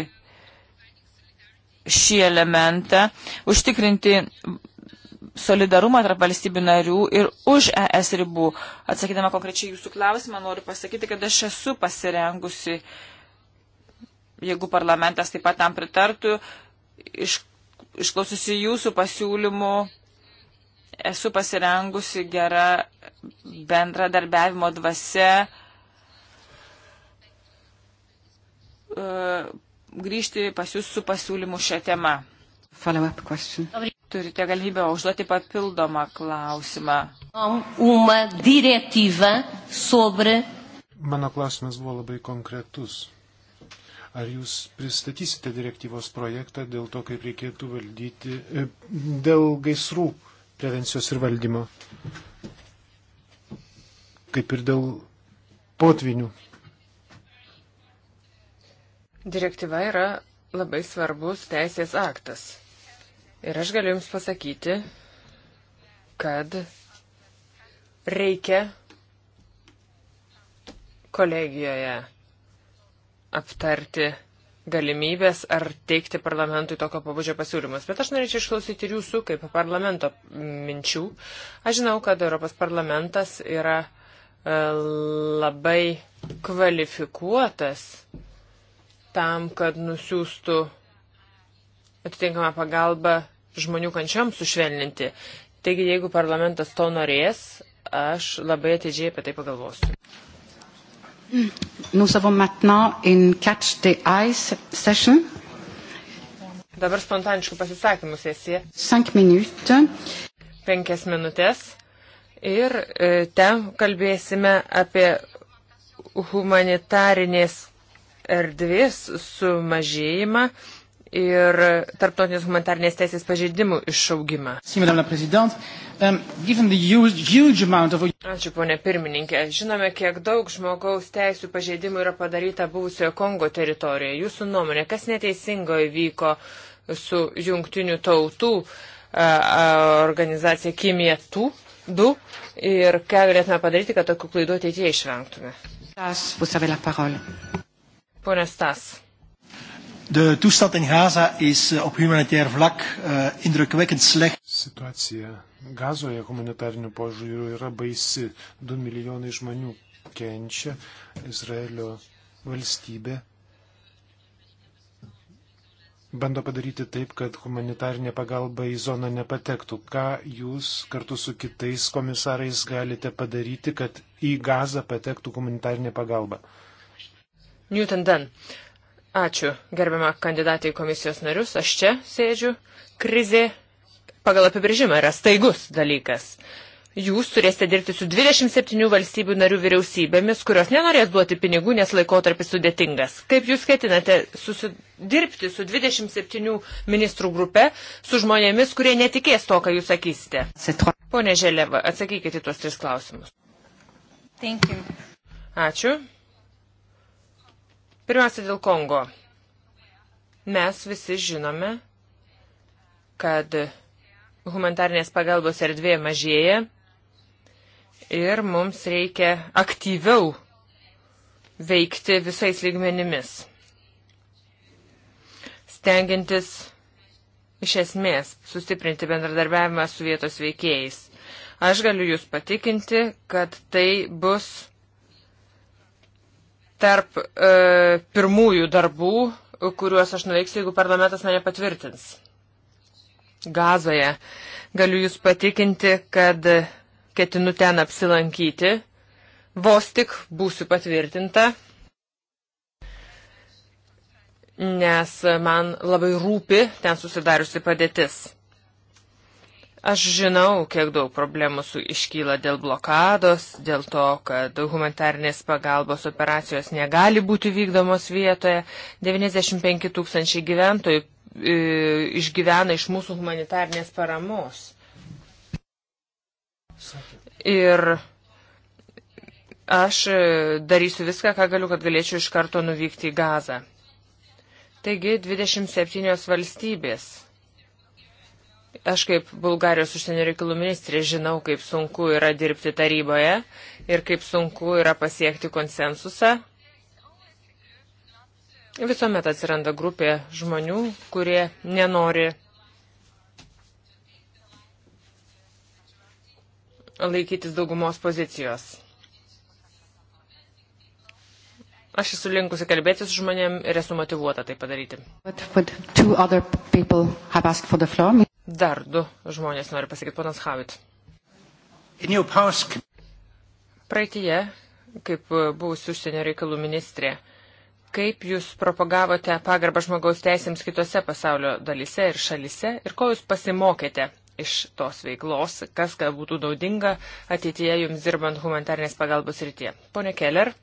šį elementą, užtikrinti solidarumą tarp valstybių narių ir už ES ribų. Atsakydama konkrečiai jūsų klausimą, noriu pasakyti, kad aš esu pasirengusi, jeigu parlamentas taip pat tam pritartų, iš, išklausiusi jūsų pasiūlymų, esu pasirengusi gerą bendradarbiavimo dvasę e, grįžti pas jūs su pasiūlymu šią temą follow-up question. Turite galimybę užduoti papildomą klausimą. Uma direktyva sobre. Mano klausimas buvo labai konkretus. Ar jūs pristatysite direktyvos projektą dėl to, kaip reikėtų valdyti, e, dėl gaisrų prevencijos ir valdymo, kaip ir dėl potvinių? Direktyva yra labai svarbus teisės aktas. Ir aš galiu Jums pasakyti, kad reikia kolegijoje aptarti galimybės ar teikti parlamentui tokio pabudžio pasiūlymus. Bet aš norėčiau išklausyti ir jūsų kaip parlamento minčių. Aš žinau, kad Europos parlamentas yra e, labai kvalifikuotas tam, kad nusiųstų atitinkamą pagalbą žmonių kančioms sušvelninti. Taigi, jeigu parlamentas to norės, aš labai atidžiai apie tai pagalvosiu. Nous avons maintenant une catch the eyes session. Dabar spontaniškų pasisakymų sesija. 5 minutės. 5 minutės. Ir e, ten kalbėsime apie humanitarinės erdvės sumažėjimą. E, ir tarptautinės humanitarnės teisės pažeidimų išaugimą. Um, Ačiū, ponė pirmininkė. Žinome, kiek daug žmogaus teisų pažeidimų yra padaryta buvusioje Kongo teritorijoje. Jūsų nuomonė, kas neteisingo įvyko su jungtinių tautų organizacija Kimija 2 ir ką galėtume padaryti, kad tokių klaidų ateityje išvengtume? Pone Stas. De toestand in Gaza is eh, op humanitair vlak uh, indrukwekkend slecht. Situacija Gazoje humanitariniu požiūriu yra baisi. 2 milijonai žmonių kenčia. Izraelio valstybė bando padaryti taip, kad humanitarinė pagalba į zoną nepatektų. Ką jūs kartu su kitais komisarais galite padaryti, kad į gazą patektų humanitarinė pagalba? Newton Dunn. Ačiū, gerbiama kandidatė į komisijos narius. Aš čia sėdžiu. Krizė pagal apibrėžimą yra staigus dalykas. Jūs turėsite dirbti su 27 valstybių narių vyriausybėmis, kurios nenorės duoti pinigų, nes laikotarpis sudėtingas. Kaip jūs ketinate susidirbti su 27 ministrų grupe, su žmonėmis, kurie netikės to, ką jūs sakysite? Pone Želeva, atsakykite tuos tris klausimus. Ačiū. Pirmiausia, dėl Kongo. Mes visi žinome, kad humanitarnės pagalbos erdvė mažėja ir mums reikia aktyviau veikti visais lygmenimis. Stengiantis iš esmės sustiprinti bendradarbiavimą su vietos veikėjais. Aš galiu Jūs patikinti, kad tai bus tarp e, pirmųjų darbų, kuriuos aš nuveiksiu, jeigu parlamentas mane patvirtins. Gazoje galiu Jūs patikinti, kad ketinu ten apsilankyti. Vos tik būsiu patvirtinta, nes man labai rūpi ten susidariusi padėtis. Aš žinau, kiek daug problemų su iškyla dėl blokados, dėl to, kad humanitarnės pagalbos operacijos negali būti vykdomos vietoje. 95 tūkstančiai gyventojų e, išgyvena iš mūsų humanitarnės paramos. Ir aš e, darysiu viską, ką galiu, kad galėčiau iš karto nuvykti į Gazą. Taigi 27 valstybės Aš kaip Bulgarijos užsienio reikalų ministrė žinau, kaip sunku yra dirbti taryboje ir kaip sunku yra pasiekti konsensusą. Visuomet atsiranda grupė žmonių, kurie nenori laikytis daugumos pozicijos. Aš esu linkusi kalbėti su žmonėm ir esu motivuota tai padaryti. But, but Dar du žmonės nori pasakyti, ponas Havit. Praeitie, kaip buvusi užsienio reikalų ministrė, kaip jūs propagavote pagarbą žmogaus teisėms kitose pasaulio dalise ir šalise ir ko jūs pasimokėte iš tos veiklos, kas ką būtų naudinga ateityje jums dirbant humanitarnės pagalbos rytie. Pone Keller.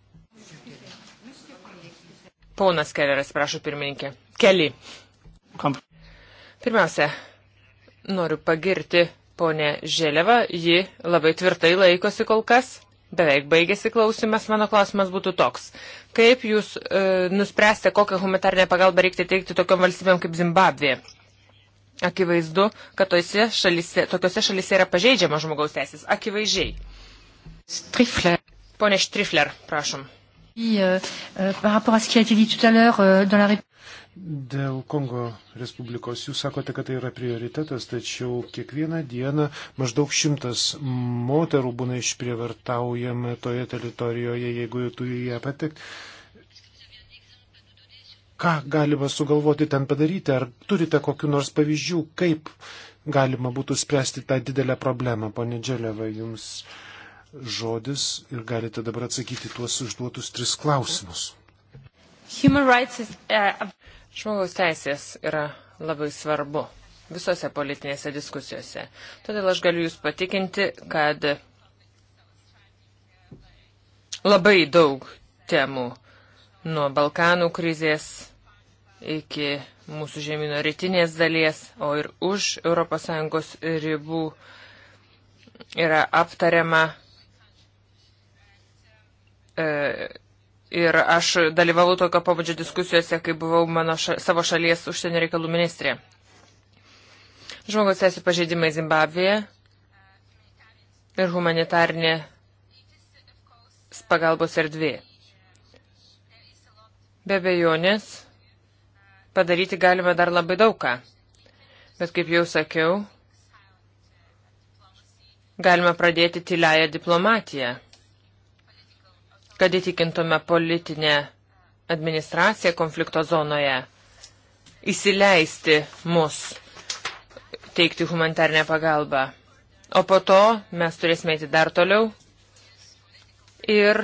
Ponas Kelleras, prašau pirmininkė. Keli. Pirmiausia, Noriu pagirti ponę Želevą, ji labai tvirtai laikosi kol kas. Beveik baigėsi klausimas, mano klausimas būtų toks. Kaip jūs e, nuspręsite, kokią humanitarnę pagalbą reikia teikti tokiam valstybėm kaip Zimbabvė? Akivaizdu, kad šalise, tokiuose šalise yra pažeidžiama žmogaus teisės. Akivaizdžiai. Strifler. Pone Štrifler, prašom. Oui, euh, par rapport à ce qui a été dit tout à l'heure euh, dans la réponse. Dėl Kongo Respublikos jūs sakote, kad tai yra prioritetas, tačiau kiekvieną dieną maždaug šimtas moterų būna išprievartaujama toje teritorijoje, jeigu jau turi ją patekti. Ką galima sugalvoti ten padaryti? Ar turite kokiu nors pavyzdžių, kaip galima būtų spręsti tą didelę problemą, ponė Dželeva, jums žodis ir galite dabar atsakyti tuos užduotus tris klausimus. Human rights is, uh... Žmogaus teisės yra labai svarbu visose politinėse diskusijose. Todėl aš galiu Jūs patikinti, kad labai daug temų nuo Balkanų krizės iki mūsų žemino rytinės dalies, o ir už ES ribų yra aptariama e, ir aš dalyvavau tokio pabudžio diskusijose, kai buvau mano ša savo šalies užsienio reikalų ministrė. Žmogaus teisų pažeidimai Zimbabvėje ir humanitarnė pagalbos erdvė. Be bejonės, padaryti galime dar labai daug ką. Bet kaip jau sakiau, galime pradėti tyliają diplomatiją kad įtikintume politinę administraciją konflikto zonoje įsileisti mus, teikti humanitarnę pagalbą. O po to mes turėsime eiti dar toliau ir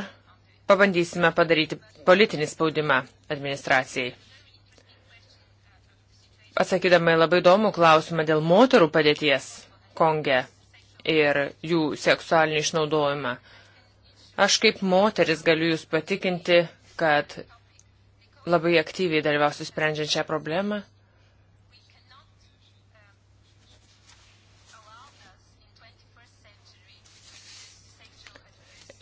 pabandysime padaryti politinį spaudimą administracijai. Atsakydama į labai įdomų klausimą dėl moterų padėties Konge ir jų seksualinį išnaudojimą, Aš kaip moteris galiu Jūs patikinti, kad labai aktyviai dalyvausiu sprendžiant šią problemą.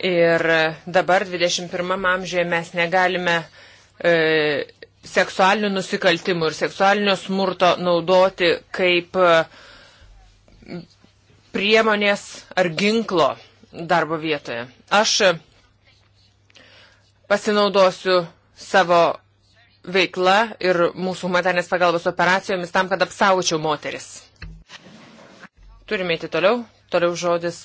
Ir dabar 21 amžiuje mes negalime e, seksualinių nusikaltimų ir seksualinio smurto naudoti kaip priemonės ar ginklo darbo vietoje. Aš pasinaudosiu savo veikla ir mūsų humanitarnės pagalbos operacijomis tam, kad apsaugočiau moteris. Turime eiti toliau. Toliau žodis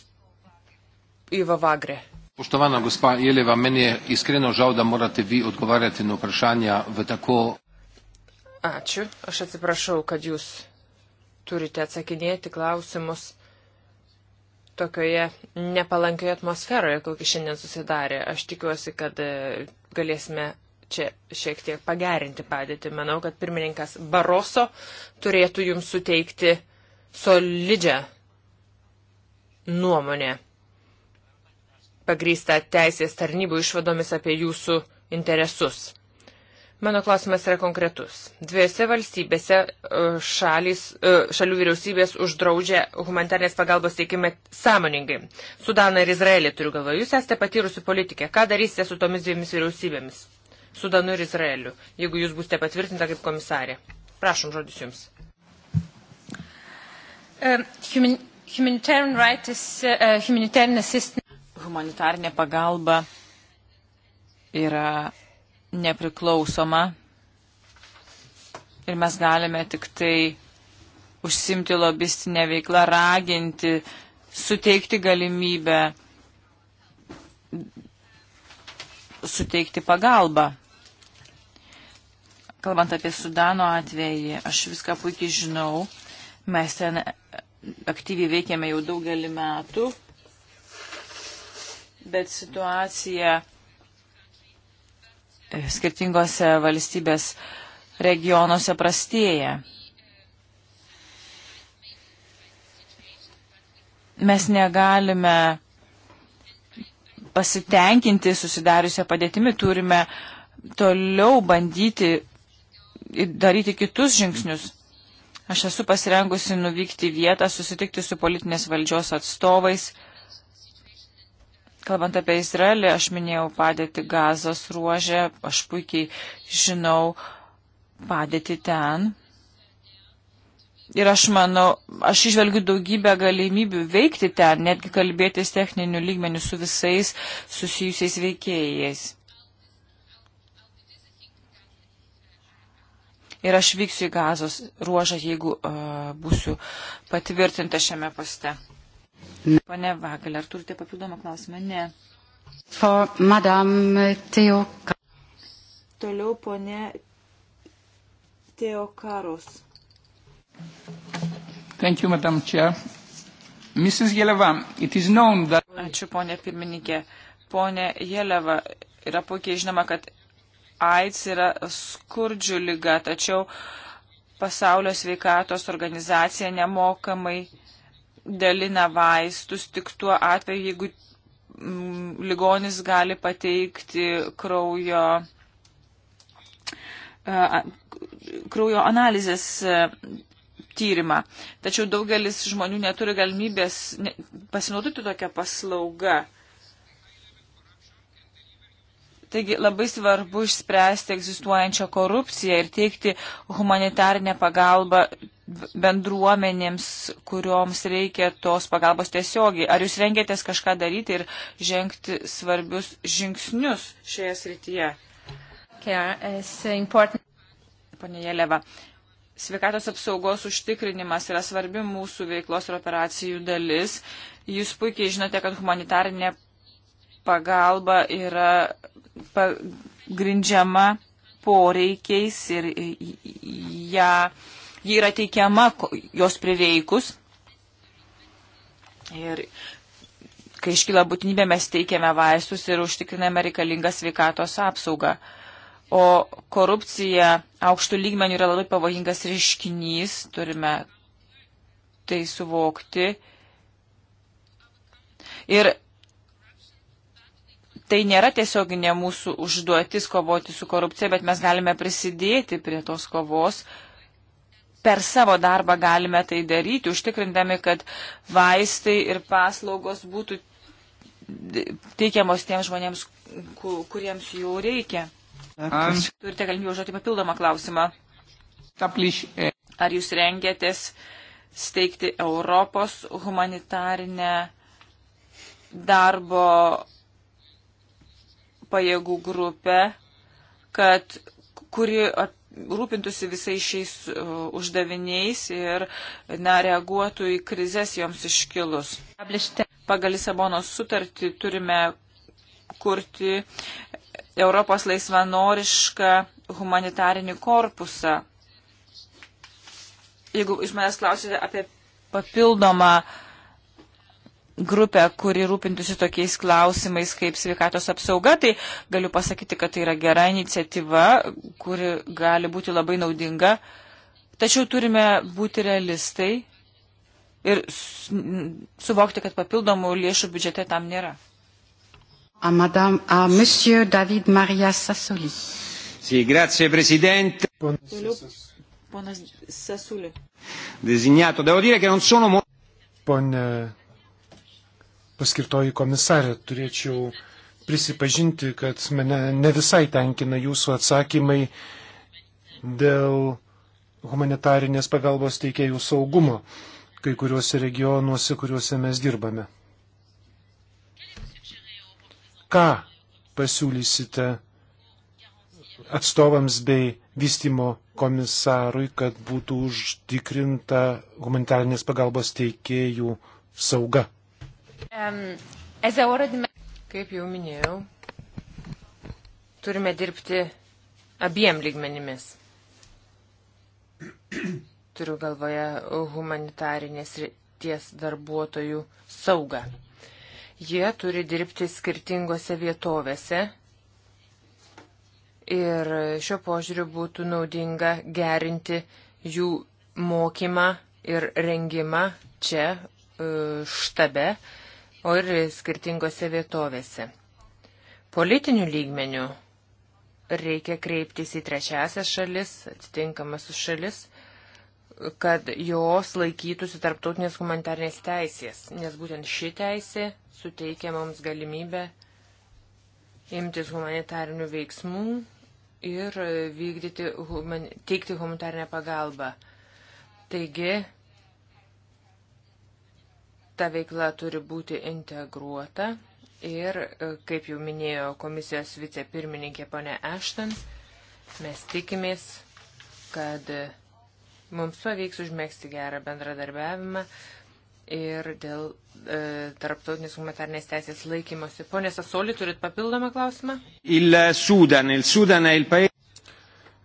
Iva Vagre. Poštovana gospa Jeleva, meni je iskreno žal, da morate vi odgovarjati na vprašanja v tako. Ačiū. Aš atsiprašau, kad jūs turite atsakinėti klausimus tokioje nepalankioje atmosferoje, kokį šiandien susidarė. Aš tikiuosi, kad e, galėsime čia šiek tiek pagerinti padėtį. Manau, kad pirmininkas Baroso turėtų jums suteikti solidžią nuomonę, pagrįstą teisės tarnybų išvadomis apie jūsų interesus. Mano klausimas yra konkretus. Dviejose valstybėse e, šalis, e, šalių vyriausybės uždraudžia humanitarnės pagalbos teikimą sąmoningai. Sudaną ir Izraelį turiu galvoje. Jūs esate patyrusi politikė. Ką darysite su tomis dviejomis vyriausybėmis? Sudanu ir Izraeliu, jeigu jūs būsite patvirtinta kaip komisarė. Prašom, žodis jums. Uh, human, humanitarian right is, uh, humanitarian assistance. Humanitarinė pagalba yra nepriklausoma ir mes galime tik tai užsimti lobistinę veiklą, raginti, suteikti galimybę, suteikti pagalbą. Kalbant apie Sudano atvejį, aš viską puikiai žinau. Mes ten aktyviai veikiame jau daugelį metų, bet situacija skirtingose valstybės regionuose prastėja. Mes negalime pasitenkinti susidariusią padėtimi, turime toliau bandyti daryti kitus žingsnius. Aš esu pasirengusi nuvykti vietą, susitikti su politinės valdžios atstovais Kalbant apie Izraelį, aš minėjau padėti gazos ruožę, aš puikiai žinau padėti ten. Ir aš manau, aš išvelgiu daugybę galimybių veikti ten, netgi kalbėtis techninių lygmenių su visais susijusiais veikėjais. Ir aš vyksiu į gazos ruožą, jeigu uh, būsiu patvirtinta šiame poste. Pane Vagal, ar turite papildomą klausimą? Ne. For Madame Teoka. Toliau ponė Teokaros. Thank you, Madam Chair. Mrs. Jeleva, it is known that... Ačiū, ponė pirmininkė. Ponė Jeleva, yra puikiai žinoma, kad AIDS yra skurdžių lyga, tačiau pasaulio sveikatos organizacija nemokamai dalina vaistus tik tuo atveju, jeigu mm, ligonis gali pateikti kraujo, e, kraujo analizės e, tyrimą. Tačiau daugelis žmonių neturi galimybės pasinaudoti tokią paslaugą. Taigi labai svarbu išspręsti egzistuojančią korupciją ir teikti humanitarinę pagalbą bendruomenėms, kurioms reikia tos pagalbos tiesiogiai. Ar jūs rengėtės kažką daryti ir žengti svarbius žingsnius šioje srityje? Pane Jeleva, sveikatos apsaugos užtikrinimas yra svarbi mūsų veiklos ir operacijų dalis. Jūs puikiai žinote, kad humanitarinė pagalba yra grindžiama poreikiais ir ją. Ja, ji yra teikiama jos prireikus. Ir kai iškyla būtinybė, mes teikiame vaistus ir užtikriname reikalingą sveikatos apsaugą. O korupcija aukštų lygmenių yra labai pavojingas reiškinys, turime tai suvokti. Ir tai nėra tiesioginė mūsų užduotis kovoti su korupcija, bet mes galime prisidėti prie tos kovos, uh, per savo darbą galime tai daryti, užtikrindami, kad vaistai ir paslaugos būtų teikiamos tiems žmonėms, kuriems jų reikia. Turite galimybę užduoti papildomą klausimą. E. Ar jūs rengėtės steigti Europos humanitarinę darbo pajėgų grupę, kad, kuri rūpintųsi visais šiais uh, uždaviniais ir uh, na, reaguotų į krizės joms iškilus. Pagal Lisabonos sutartį turime kurti Europos laisvanorišką humanitarinį korpusą. Jeigu iš manęs klausite apie papildomą uh, grupę, kuri rūpintųsi tokiais klausimais kaip sveikatos apsauga, tai galiu pasakyti, kad tai yra gera iniciatyva, kuri gali būti labai naudinga. Tačiau turime būti realistai ir suvokti, kad papildomų lėšų biudžete tam nėra. A madame, a monsieur David Maria Sassoli. Sì, si, grazie Presidente. Ponas Sassoli. Designato, devo dire che non sono molto. Pone paskirtoji komisarė, turėčiau prisipažinti, kad mane ne visai tenkina jūsų atsakymai dėl humanitarinės pagalbos teikėjų saugumo kai kuriuose regionuose, kuriuose mes dirbame. Ką pasiūlysite atstovams bei vystimo komisarui, kad būtų užtikrinta humanitarinės pagalbos teikėjų sauga? Kaip jau minėjau, turime dirbti abiem lygmenimis. Turiu galvoje humanitarinės ties darbuotojų saugą. Jie turi dirbti skirtingose vietovėse ir šio požiūriu būtų naudinga gerinti jų mokymą ir rengimą čia e, štabe o ir skirtingose vietovėse. Politinių lygmenių reikia kreiptis į trečiasias šalis, atitinkamas šalis, kad jos laikytųsi tarptautinės humanitarnės teisės, nes būtent ši teisė suteikia mums galimybę imtis humanitarnių veiksmų ir vykdyti, human, teikti humanitarnę pagalbą. Taigi, ta veikla turi būti integruota ir, e, kaip jau minėjo komisijos vicepirmininkė ponė Ashton, mes tikimės, kad e, mums pavyks užmėgsti gerą bendradarbiavimą ir dėl e, tarptautinės humanitarnės teisės laikymosi. Pone Sasoli, turit papildomą klausimą? Il Sudan, il Sudan, il paė...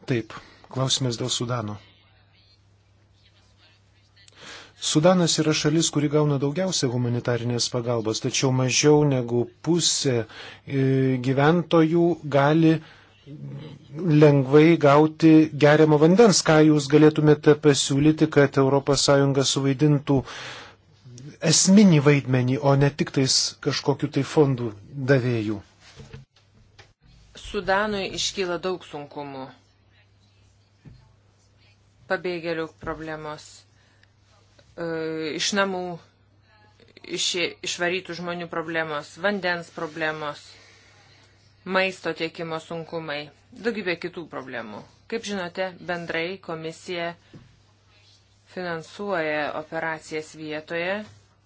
Taip, klausimas dėl Sudano. Sudanas yra šalis, kuri gauna daugiausia humanitarinės pagalbos, tačiau mažiau negu pusė e, gyventojų gali lengvai gauti geriamo vandens. Ką jūs galėtumėte pasiūlyti, kad ES suvaidintų esminį vaidmenį, o ne tik tais kažkokiu tai fondų davėjų? Sudanui iškyla daug sunkumų. Pabėgėlių problemos E, iš namų išė, išvarytų žmonių problemos, vandens problemos, maisto tiekimo sunkumai, daugybė kitų problemų. Kaip žinote, bendrai komisija finansuoja operacijas vietoje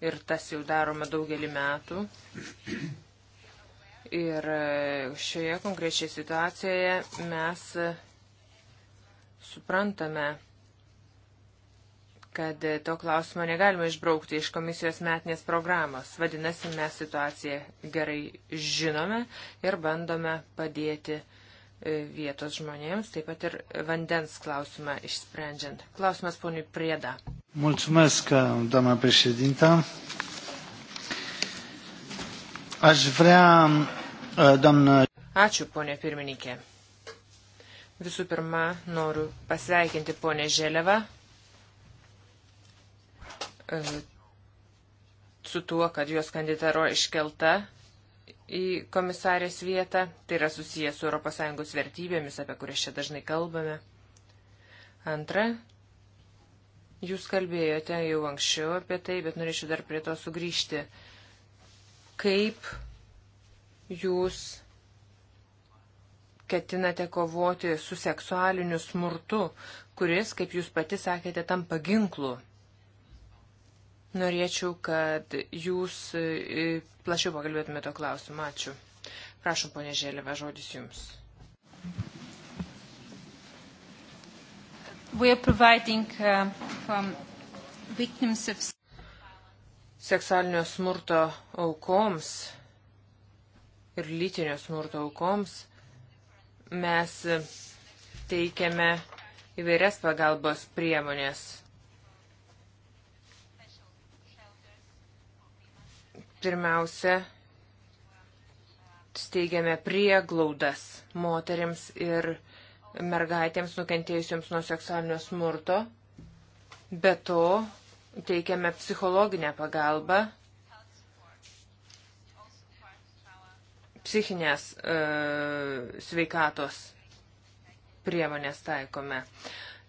ir tas jau daroma daugelį metų. Ir e, šioje konkrečioje situacijoje mes e, suprantame, kad e, to klausimo negalima išbraukti iš komisijos metinės programos. Vadinasi, mes situaciją gerai žinome ir bandome padėti e, vietos žmonėms, taip pat ir vandens klausimą išsprendžiant. Klausimas poniai Prieda. Mulțumesc, doamna președintă. Aș vrea, e, doamnă. Ačiū, ponė pirmininkė. Visų pirma, noriu pasveikinti ponę Želevą E, su tuo, kad jos kandidatūra iškelta į komisarės vietą. Tai yra susijęs su ES vertybėmis, apie kurias čia dažnai kalbame. Antra, jūs kalbėjote jau anksčiau apie tai, bet norėčiau dar prie to sugrįžti. Kaip jūs ketinate kovoti su seksualiniu smurtu, kuris, kaip jūs pati sakėte, tampa ginklu Norėčiau, kad jūs e, plačiau pakalbėtumėte to klausimą. Ačiū. Prašom, ponė Žėlėva, žodis jums. Uh, of... Seksualinio smurto aukoms ir lytinio smurto aukoms mes teikiame įvairias pagalbos priemonės Pirmiausia, steigiame prieglaudas moteriams ir mergaitėms nukentėjusiems nuo seksualinio smurto. Be to, teikiame psichologinę pagalbą, psichinės e, sveikatos priemonės taikome.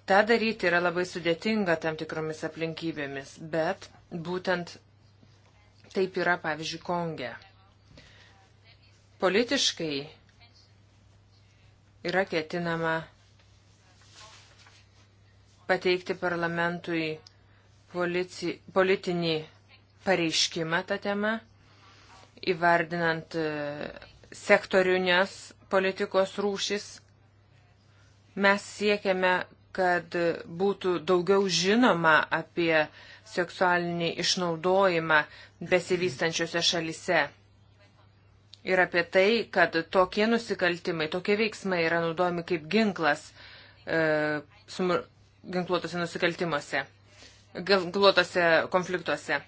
Ta daryti yra labai sudėtinga tam tikromis aplinkybėmis, bet būtent Taip yra, pavyzdžiui, Konge. Politiškai yra ketinama pateikti parlamentui polici, politinį pareiškimą tą temą, įvardinant e, sektorinės politikos rūšis. Mes siekiame, kad būtų daugiau žinoma apie uh, seksualinį išnaudojimą besivystančiose šalise. Ir apie tai, kad tokie nusikaltimai, tokie veiksmai yra naudojami kaip ginklas e, sumur, ginkluotose nusikaltimuose, ginkluotose konfliktuose.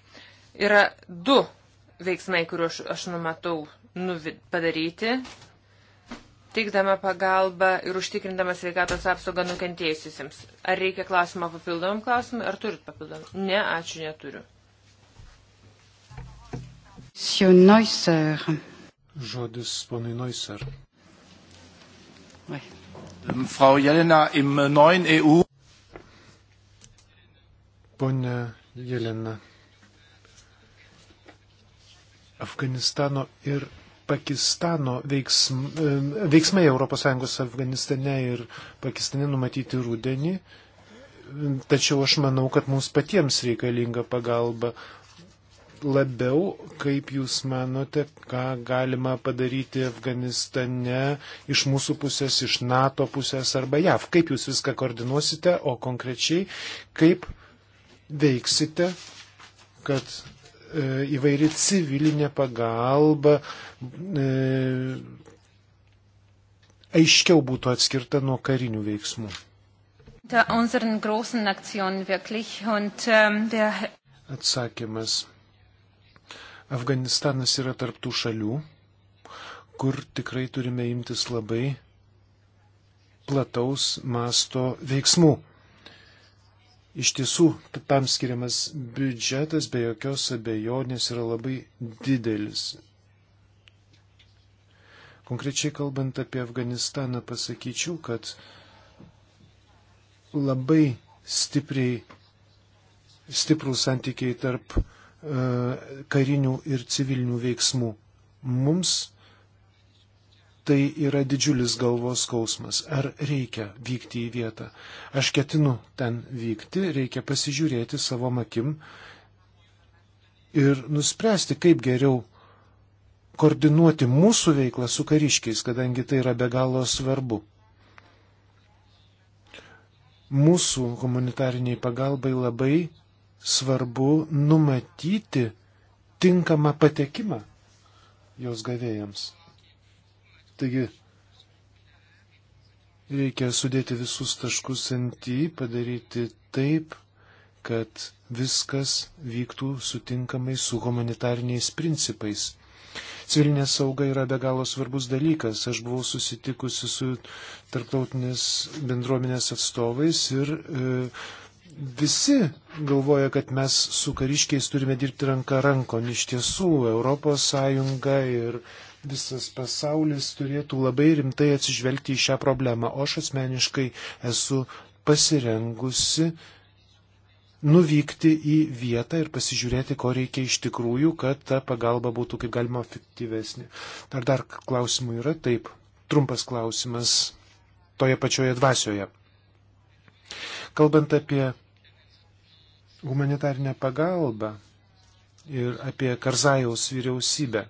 Yra du veiksmai, kuriuos aš numatau nuvid, padaryti teikdama pagalbą ir užtikrindama sveikatos apsaugą nukentėjusiems. Ar reikia klausimą papildomam klausimui, ar turit papildomam? Ne, ačiū, neturiu. Žodis ponui Noiser. Ähm, Frau Jelena, im neuen EU. Pone Jelena. Afganistano ir Pakistano veiksm, e, veiksmai ES Afganistane ir Pakistane numatyti rūdienį, tačiau aš manau, kad mums patiems reikalinga pagalba labiau, kaip jūs manote, ką galima padaryti Afganistane iš mūsų pusės, iš NATO pusės arba JAV. Kaip jūs viską koordinuosite, o konkrečiai kaip veiksite, kad E, įvairi civilinė pagalba e, aiškiau būtų atskirta nuo karinių veiksmų. Ähm, Atsakymas. Afganistanas yra tarptų šalių, kur tikrai turime imtis labai plataus masto veiksmų. Iš tiesų, tam skiriamas biudžetas be jokios abejonės yra labai didelis. Konkrečiai kalbant apie Afganistaną, pasakyčiau, kad labai stipriai, stiprų santykiai tarp e, karinių ir civilinių veiksmų. Mums tai yra didžiulis galvos skausmas. Ar reikia vykti į vietą? Aš ketinu ten vykti, reikia pasižiūrėti savo akim ir nuspręsti, kaip geriau koordinuoti mūsų veiklą su kariškiais, kadangi tai yra be galo svarbu. Mūsų humanitariniai pagalbai labai svarbu numatyti tinkamą patekimą jos gavėjams. Taigi reikia sudėti visus taškus ant į, padaryti taip, kad viskas vyktų sutinkamai su humanitariniais principais. Civilinė sauga yra be galo svarbus dalykas. Aš buvau susitikusi su tarptautinės bendruomenės atstovais ir e, visi galvoja, kad mes su kariškiais turime dirbti ranką rankon. Iš tiesų, ES ir visas pasaulis turėtų labai rimtai atsižvelgti į šią problemą. O aš asmeniškai esu pasirengusi nuvykti į vietą ir pasižiūrėti, ko reikia iš tikrųjų, kad ta pagalba būtų kaip galima efektyvesnė. Ar dar klausimų yra? Taip. Trumpas klausimas toje pačioje dvasioje. Kalbant apie humanitarinę pagalbą ir apie Karzajaus vyriausybę.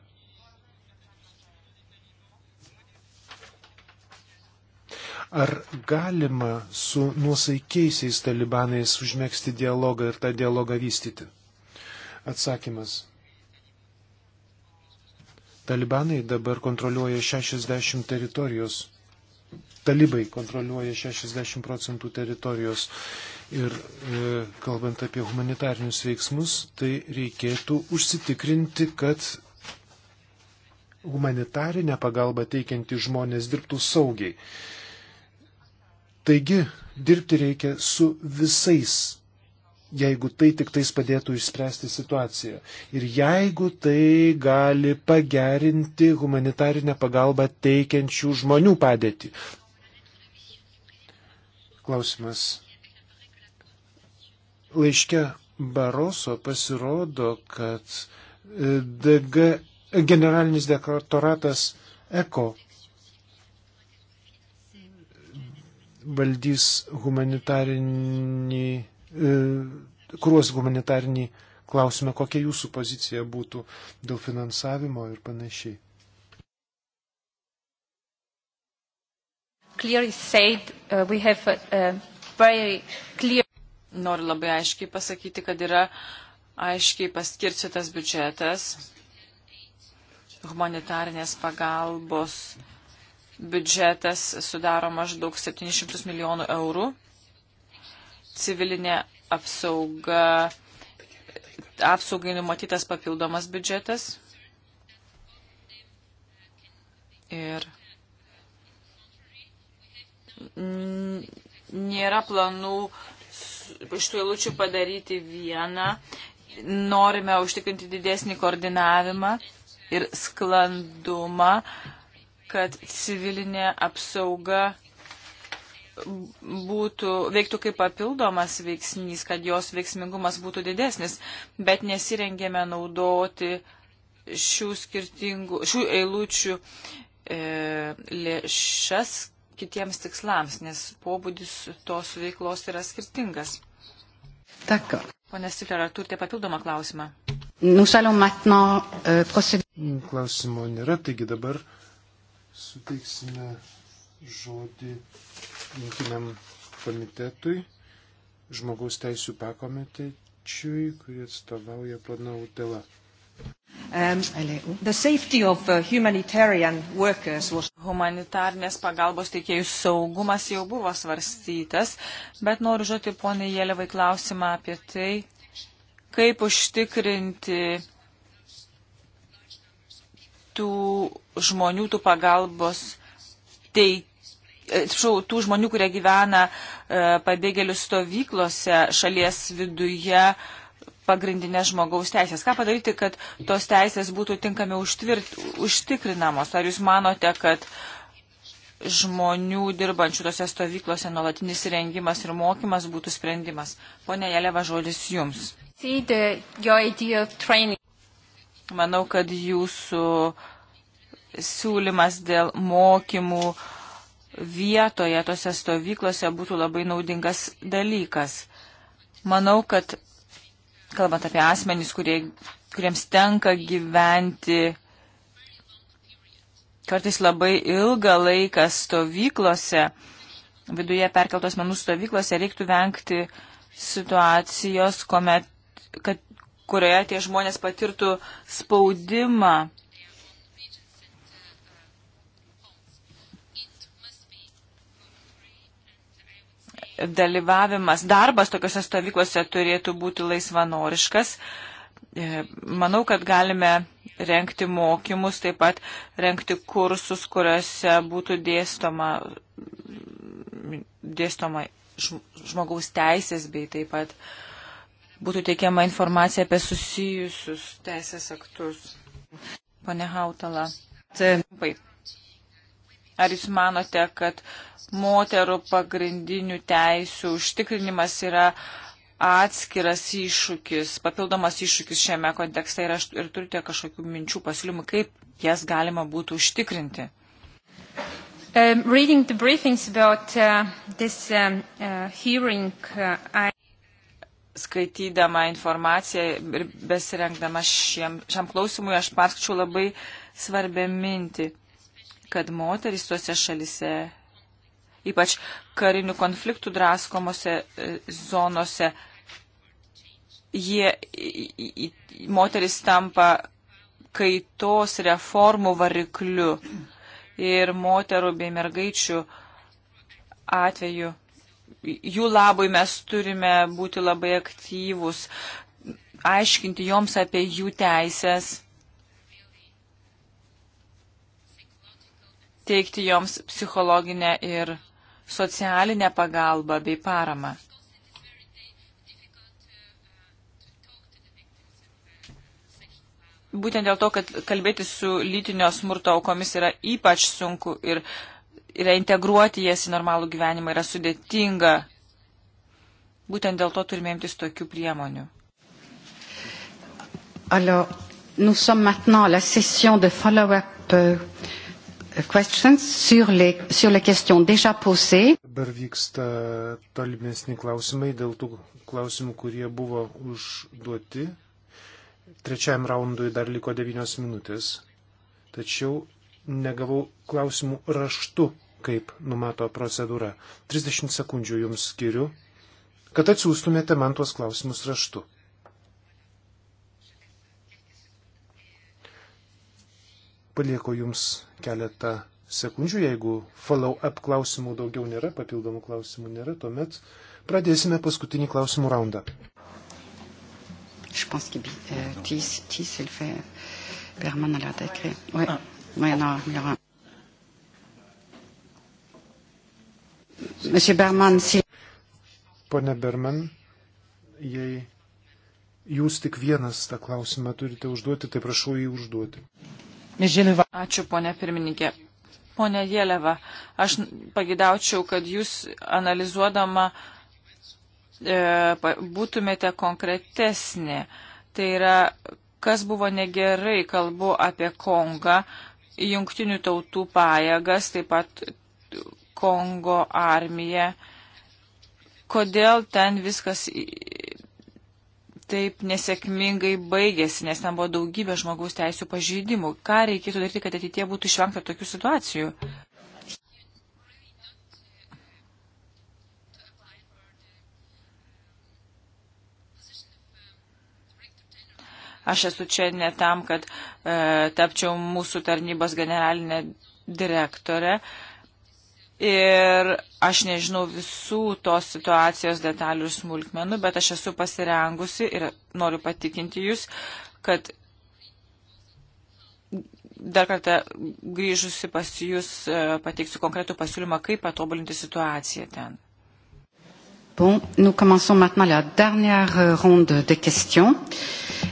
Ar galima su nuosaikiaisiais talibanais užmėgsti dialogą ir tą dialogą vystyti? Atsakymas. Talibanai dabar kontroliuoja 60 teritorijos. Talibai kontroliuoja 60 procentų teritorijos. Ir e, kalbant apie humanitarinius veiksmus, tai reikėtų užsitikrinti, kad humanitarinę pagalbą teikiantys žmonės dirbtų saugiai. Taigi dirbti reikia su visais, jeigu tai tik tais padėtų išspręsti situaciją. Ir jeigu tai gali pagerinti humanitarinę pagalbą teikiančių žmonių padėtį. Klausimas. Laiške Baroso pasirodo, kad e, DG, generalinis dekoratoratas ECO valdys humanitarinį, e, kruos humanitarinį klausimą, kokia jūsų pozicija būtų dėl finansavimo ir panašiai. Said, uh, have, uh, clear... Noriu labai aiškiai pasakyti, kad yra aiškiai paskirstytas biudžetas humanitarinės pagalbos uh, biudžetas sudaro maždaug 700 milijonų eurų. Civilinė apsauga, apsaugai numatytas papildomas biudžetas. Ir nėra planų iš tų eilučių padaryti vieną. Norime užtikrinti didesnį koordinavimą ir sklandumą. Uh, kad civilinė apsauga būtų, veiktų kaip papildomas veiksnys, kad jos veiksmingumas būtų didesnis, bet nesirengėme naudoti šių skirtingų, šių eilučių e, lėšas kitiems tikslams, nes pobūdis tos veiklos yra skirtingas. Tako. Pone Stikler, ar turite papildomą klausimą? Euh, Klausimų nėra, taigi dabar suteiksime žodį rinkiniam komitetui, žmogaus teisų pakomitečiui, kurį atstovauja pana Utela. Um, uh, was... Humanitarnės pagalbos teikėjų saugumas jau buvo svarstytas, bet noriu žodžiu poniai Jėlevai klausimą apie tai, kaip užtikrinti tų žmonių, tų pagalbos teikėjų e, atsiprašau, tų žmonių, kurie gyvena e, pabėgėlių stovyklose šalies viduje pagrindinės žmogaus teisės. Ką padaryti, kad tos teisės būtų tinkamiau užtikrinamos? Ar jūs manote, kad žmonių dirbančių tose stovyklose nuolatinis rengimas ir mokymas būtų sprendimas? Pone Jeleva, žodis jums. Manau, kad jūsų siūlymas dėl mokymų vietoje tose stovyklose būtų labai naudingas dalykas. Manau, kad kalbant apie asmenys, kurie, kuriems tenka gyventi kartais labai ilgą laiką stovyklose, viduje perkeltos menų stovyklose, reiktų vengti situacijos, kuomet, kad kurioje tie žmonės patirtų spaudimą. Dalyvavimas, darbas tokiuose stovyklose turėtų būti laisvanoriškas. E, manau, kad galime renkti mokymus, taip pat renkti kursus, kuriuose būtų dėstoma, dėstoma žmogaus teisės bei taip pat uh, būtų teikiama informacija apie susijusius teisės aktus. Pane Hautala. Trumpai. Ar jūs manote, kad moterų pagrindinių teisų užtikrinimas yra atskiras iššūkis, papildomas iššūkis šiame kontekste ir, aš, ir turite kažkokių minčių pasiūlymų, kaip jas galima būtų užtikrinti? Um, reading the briefings about uh, this um, uh, hearing, uh, I skaitydama informaciją ir besirengdama šiem, šiam klausimui, aš paskaičiau labai svarbę mintį, kad moteris tuose šalise, ypač karinių konfliktų draskomose e, zonose, jie, moteris tampa kaitos reformų varikliu ir moterų bei mergaičių atveju jų labui mes turime būti labai aktyvūs, aiškinti joms apie jų teisės, teikti joms psichologinę ir socialinę pagalbą bei paramą. Būtent dėl to, kad kalbėti su lytinio smurto aukomis yra ypač sunku ir yra integruoti jas į normalų gyvenimą yra sudėtinga. Būtent dėl to turime imtis tokių priemonių. Alors, nous sommes maintenant à la session de follow-up euh, questions sur les, sur les questions déjà posées. Dabar vyksta tolimesni klausimai dėl tų klausimų, kurie buvo užduoti. Trečiajam raundui dar liko devynios minutės. Tačiau negavau klausimų raštu kaip numato procedūra. 30 sekundžių jums skiriu, kad atsiųstumėte man tuos klausimus raštu. Palieku jums keletą sekundžių, jeigu follow-up klausimų daugiau nėra, papildomų klausimų nėra, tuomet pradėsime paskutinį klausimų raundą. Je pense que euh, Tis, Tis, elle fait permanent à la tête. Ouais. Ah. Ouais, non, il y aura. Pone Berman, jei jūs tik vienas tą klausimą turite užduoti, tai prašau jį užduoti. Ačiū, ponė pirmininkė. Pone Jėleva, aš pagidaučiau, kad jūs analizuodama e, būtumėte konkretesnė. Tai yra, kas buvo negerai, kalbu apie Kongą, jungtinių tautų pajėgas, taip pat Kongo armiją. Kodėl ten viskas taip nesėkmingai baigėsi, nes ten buvo daugybė žmogaus teisų pažydimų. Ką reikėtų daryti, kad ateitie būtų išvengta tokių situacijų? Aš esu čia ne tam, kad e, tapčiau mūsų tarnybos generalinė direktorė. E, Ir aš nežinau visų tos situacijos detalių ir smulkmenų, bet aš esu pasirengusi ir noriu patikinti jūs, kad dar kartą grįžusi pas jūs e, pateiksiu konkretų pasiūlymą, kaip patobulinti situaciją ten. Bon, nous commençons maintenant la dernière euh, ronde de questions.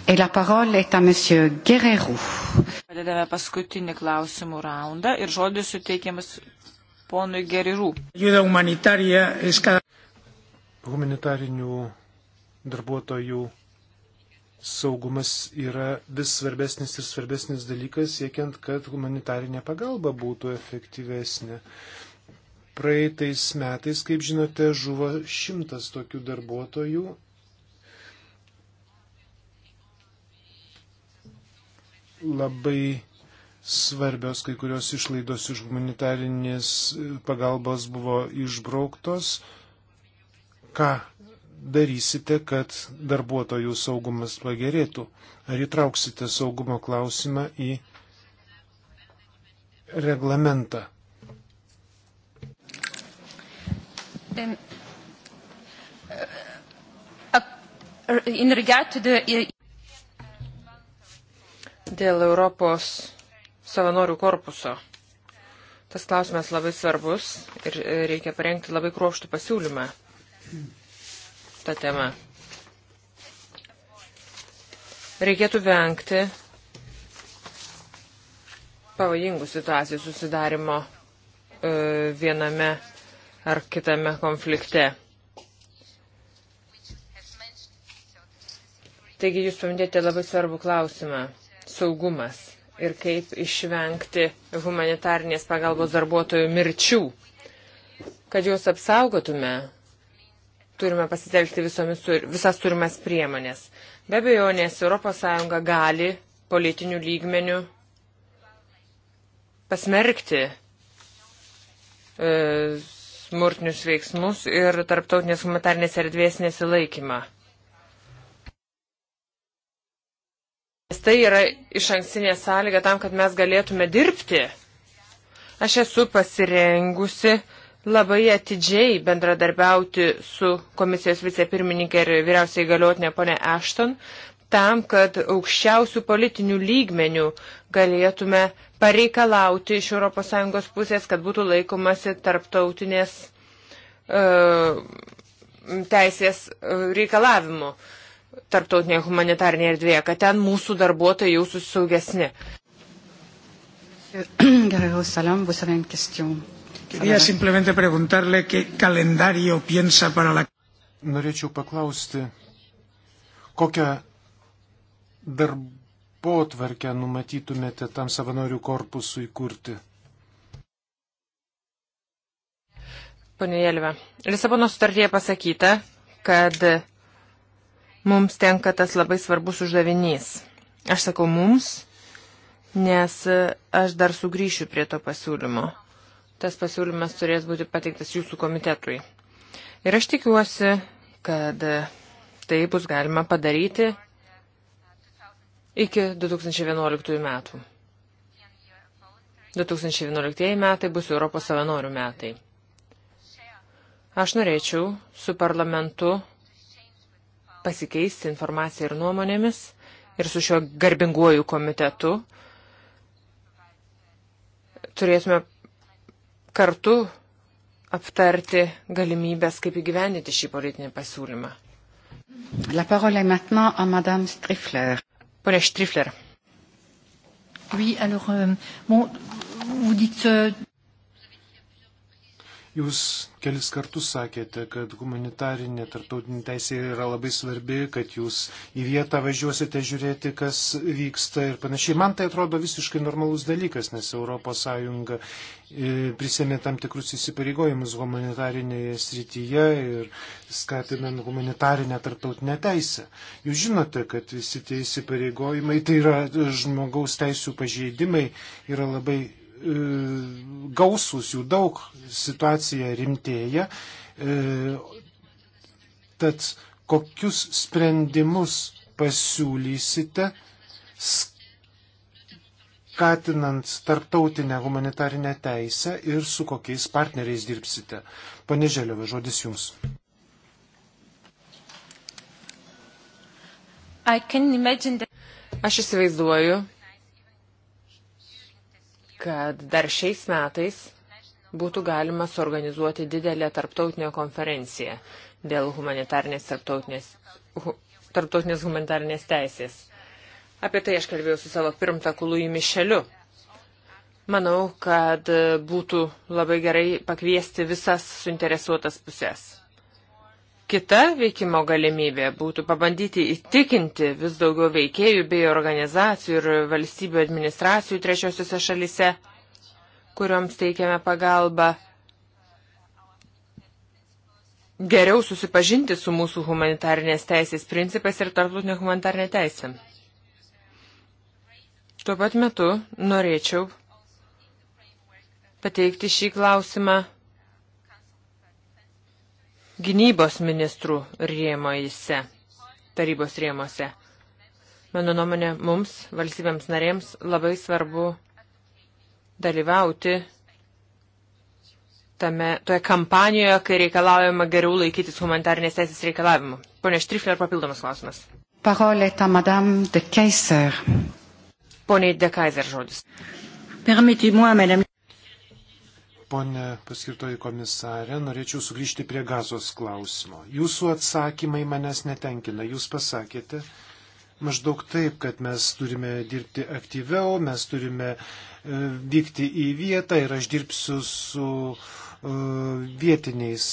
Et la parole est à Monsieur Guerrero. Pradedame paskutinį klausimų raundą ir žodis suteikiamas ponui Gerirų. Humanitarinių darbuotojų saugumas yra vis svarbesnis ir svarbesnis dalykas, siekiant, kad humanitarinė pagalba būtų efektyvesnė. Praeitais metais, kaip žinote, žuvo šimtas tokių darbuotojų labai svarbios kai kurios išlaidos iš humanitarinės pagalbos buvo išbrauktos. Ką darysite, kad darbuotojų saugumas pagerėtų? Ar įtrauksite saugumo klausimą į reglamentą? Dėl Europos savanorių korpuso. Tas klausimas labai svarbus ir reikia parengti labai kruopštų pasiūlymą tą temą. Reikėtų vengti pavojingų situacijų susidarimo e, viename ar kitame konflikte. Taigi jūs paminėjote labai svarbų klausimą - saugumas ir kaip išvengti humanitarnės pagalbos darbuotojų mirčių. Kad juos apsaugotume, turime pasitelkti visomis, visas turimas priemonės. Be abejo, nes ES gali politinių lygmenių pasmerkti e, smurtinius veiksmus ir tarptautinės humanitarnės erdvės nesilaikymą. tai yra iš ankstinė sąlyga tam, kad mes galėtume dirbti. Aš esu pasirengusi labai atidžiai bendradarbiauti su komisijos vicepirmininkė ir vyriausiai galiotinė ponė Ashton, tam, kad aukščiausių politinių lygmenių galėtume pareikalauti iš ES pusės, kad būtų laikomasi tarptautinės e, teisės e, reikalavimu tarptautinėje humanitarnėje erdvėje, kad ten mūsų darbuotojai jausų saugesni. Norėčiau paklausti, kokią darbo tvarkę numatytumėte tam savanorių korpusui kurti? Pane Jelve, Lisabono sutartyje pasakyta, kad mums tenka tas labai svarbus uždavinys. Aš sakau mums, nes aš dar sugrįšiu prie to pasiūlymo. Tas pasiūlymas turės būti pateiktas jūsų komitetui. Ir aš tikiuosi, kad tai bus galima padaryti iki 2011 metų. 2011 metai bus Europos savanorių metai. Aš norėčiau su parlamentu pasikeisti informaciją ir nuomonėmis ir su šio garbinguoju komitetu. Turėsime kartu aptarti galimybės, kaip įgyvendinti šį politinį pasiūlymą. La parole est maintenant à Madame Strifler. Pone Strifler. Oui, alors, euh, bon, vous dites... Euh... Jūs kelis kartus sakėte, kad humanitarinė tarptautinė teisė yra labai svarbi, kad jūs į vietą važiuosite žiūrėti, kas vyksta ir panašiai. Man tai atrodo visiškai normalus dalykas, nes ES e, prisėmė tam tikrus įsipareigojimus humanitarinėje srityje ir skatinant humanitarinę tarptautinę teisę. Jūs žinote, kad visi tie įsipareigojimai, tai yra žmogaus teisų pažeidimai, yra labai E, gausus, jų daug, situacija rimtėja. E, tad kokius sprendimus pasiūlysite, skatinant tarptautinę humanitarinę teisę ir su kokiais partneriais dirbsite. Pane Želiovė, žodis Jums. That... Aš įsivaizduoju, kad dar šiais metais būtų galima suorganizuoti didelę tarptautinę konferenciją dėl humanitarnės tarptautinės, hu, tarptautinės humanitarnės teisės. Apie tai aš kalbėjau su savo pirmtaku Lui Mišeliu. Manau, kad būtų labai gerai pakviesti visas suinteresuotas pusės. Kita veikimo galimybė būtų pabandyti įtikinti vis daugiau veikėjų bei organizacijų ir valstybių administracijų trečiosiuose šalise, kuriuoms teikiame pagalbą, geriau susipažinti su mūsų humanitarinės teisės principais ir tarptautinė humanitarinė teisė. Tuo pat metu norėčiau pateikti šį klausimą gynybos ministrų rėmaise, tarybos rėmose. Mano nuomonė, mums, valstybėms narėms, labai svarbu dalyvauti tame, toje kampanijoje, kai reikalaujama geriau laikytis humanitarnės teisės reikalavimų. Pone Štriflė, ar papildomas klausimas? Parolė ta madame de Kaiser. Pone de Kaiser žodis. Permettez-moi, madame. Pone paskirtoji komisarė, norėčiau sugrįžti prie gazos klausimo. Jūsų atsakymai manęs netenkina. Jūs pasakėte maždaug taip, kad mes turime dirbti aktyviau, mes turime e, vykti į vietą ir aš dirbsiu su e, vietiniais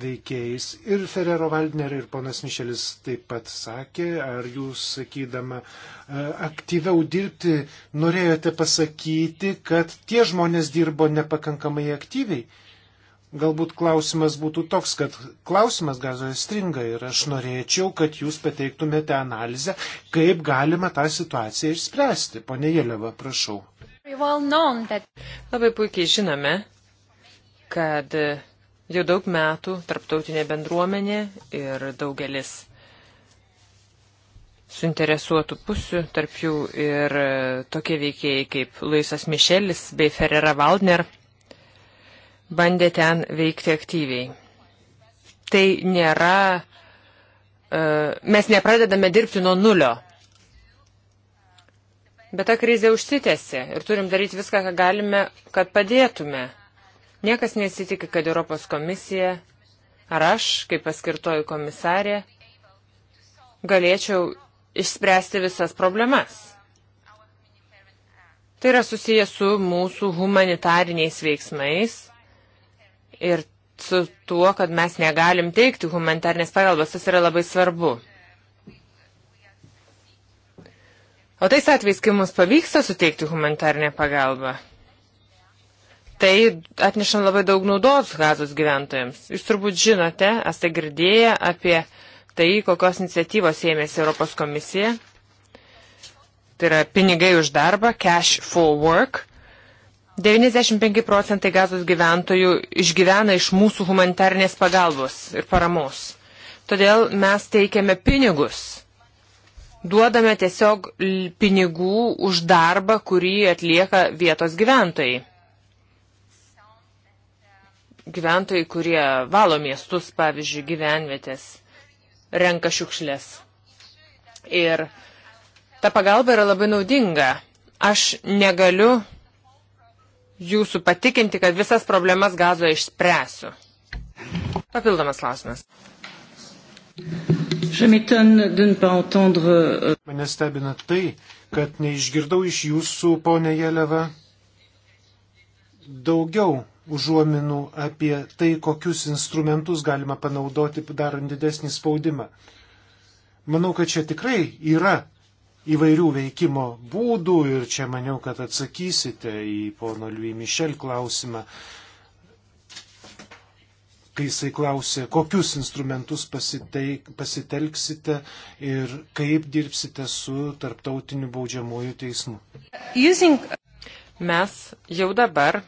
veikėjais. Ir Ferrero Valdner ir ponas Mišelis taip pat sakė, ar jūs, sakydama, e, aktyviau dirbti, norėjote pasakyti, kad tie žmonės dirbo nepakankamai aktyviai. Galbūt klausimas būtų toks, kad klausimas gazoje stringa ir aš norėčiau, kad jūs pateiktumėte analizę, kaip galima tą situaciją išspręsti. Pone Jeleva, prašau. Well that... Labai puikiai žinome, kad Jau daug metų tarptautinė bendruomenė ir daugelis suinteresuotų pusių, tarp jų ir tokie veikėjai kaip Luisas Mišelis bei Ferrera Waldner, bandė ten veikti aktyviai. Tai nėra, e, mes nepradedame dirbti nuo nulio. Bet ta krizė užsitėsi ir turim daryti viską, ką galime, kad padėtume. Niekas nesitikė, kad Europos komisija ar aš, kaip paskirtoji komisarė, galėčiau išspręsti visas problemas. Tai yra susijęs su mūsų humanitariniais veiksmais ir su tuo, kad mes negalim teikti humanitarnės pagalbos. Tas yra labai svarbu. O tais atvejais, kai mums pavyksta suteikti humanitarnę pagalbą, tai atneša labai daug naudos gazos gyventojams. Jūs turbūt žinote, esate girdėję apie tai, kokios iniciatyvos ėmėsi Europos komisija. Tai yra pinigai už darbą, cash for work. 95 procentai gazos gyventojų išgyvena iš mūsų humanitarnės pagalbos ir paramos. Todėl mes teikiame pinigus. Duodame tiesiog pinigų už darbą, kurį atlieka vietos gyventojai gyventojai, kurie valo miestus, pavyzdžiui, gyvenvietės, renka šiukšlės. Ir ta pagalba yra labai naudinga. Aš negaliu jūsų patikinti, kad visas problemas gazoje išspręsiu. Papildomas klausimas. Euh, Mane stebina tai, kad neišgirdau iš jūsų, ponė Jeleva, daugiau užuominų apie tai, kokius instrumentus galima panaudoti, darant didesnį spaudimą. Manau, kad čia tikrai yra įvairių veikimo būdų ir čia maniau, kad atsakysite į pono Liui Mišel klausimą, kai jisai klausė, kokius instrumentus pasiteik, pasitelksite ir kaip dirbsite su tarptautiniu baudžiamuoju teismu. Mes jau dabar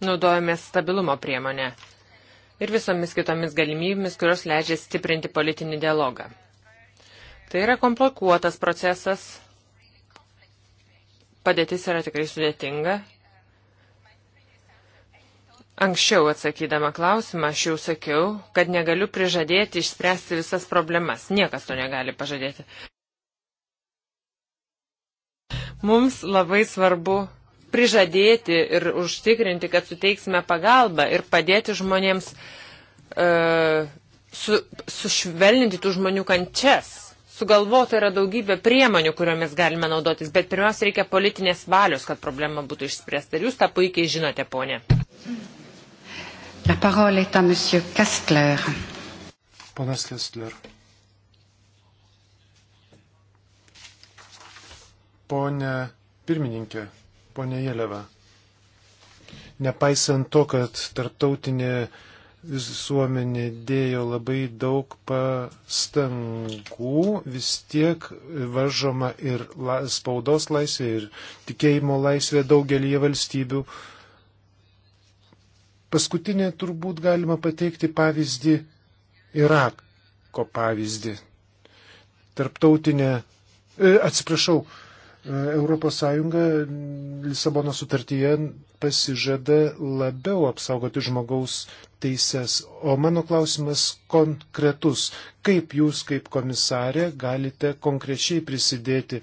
naudojame stabilumo priemonę ir visomis kitomis galimybėmis, kurios leidžia stiprinti politinį dialogą. Tai yra komplikuotas procesas, padėtis yra tikrai sudėtinga. Anksčiau atsakydama klausimą aš jau sakiau, kad negaliu prižadėti išspręsti visas problemas. Niekas to negali pažadėti. Mums labai svarbu prižadėti ir užtikrinti, kad suteiksime pagalbą ir padėti žmonėms uh, su, sušvelninti tų žmonių kančias. Sugalvota yra daugybė priemonių, kuriomis galime naudotis, bet pirmiausia reikia politinės valios, kad problema būtų išspręsta. Ir jūs tą puikiai žinote, ponė. La parole est à monsieur Kastler. Ponas Kastler. Pone pirmininkė, ponė Jeleva. Nepaisant to, kad tarptautinė visuomenė dėjo labai daug pastangų, vis tiek varžoma ir spaudos laisvė, ir tikėjimo laisvė daugelį valstybių. Paskutinė turbūt galima pateikti pavyzdį Irako pavyzdį. Tarptautinė, e, atsiprašau, ES Lisabono sutartyje pasižada labiau apsaugoti žmogaus teises. O mano klausimas konkretus. Kaip jūs kaip komisarė galite konkrečiai prisidėti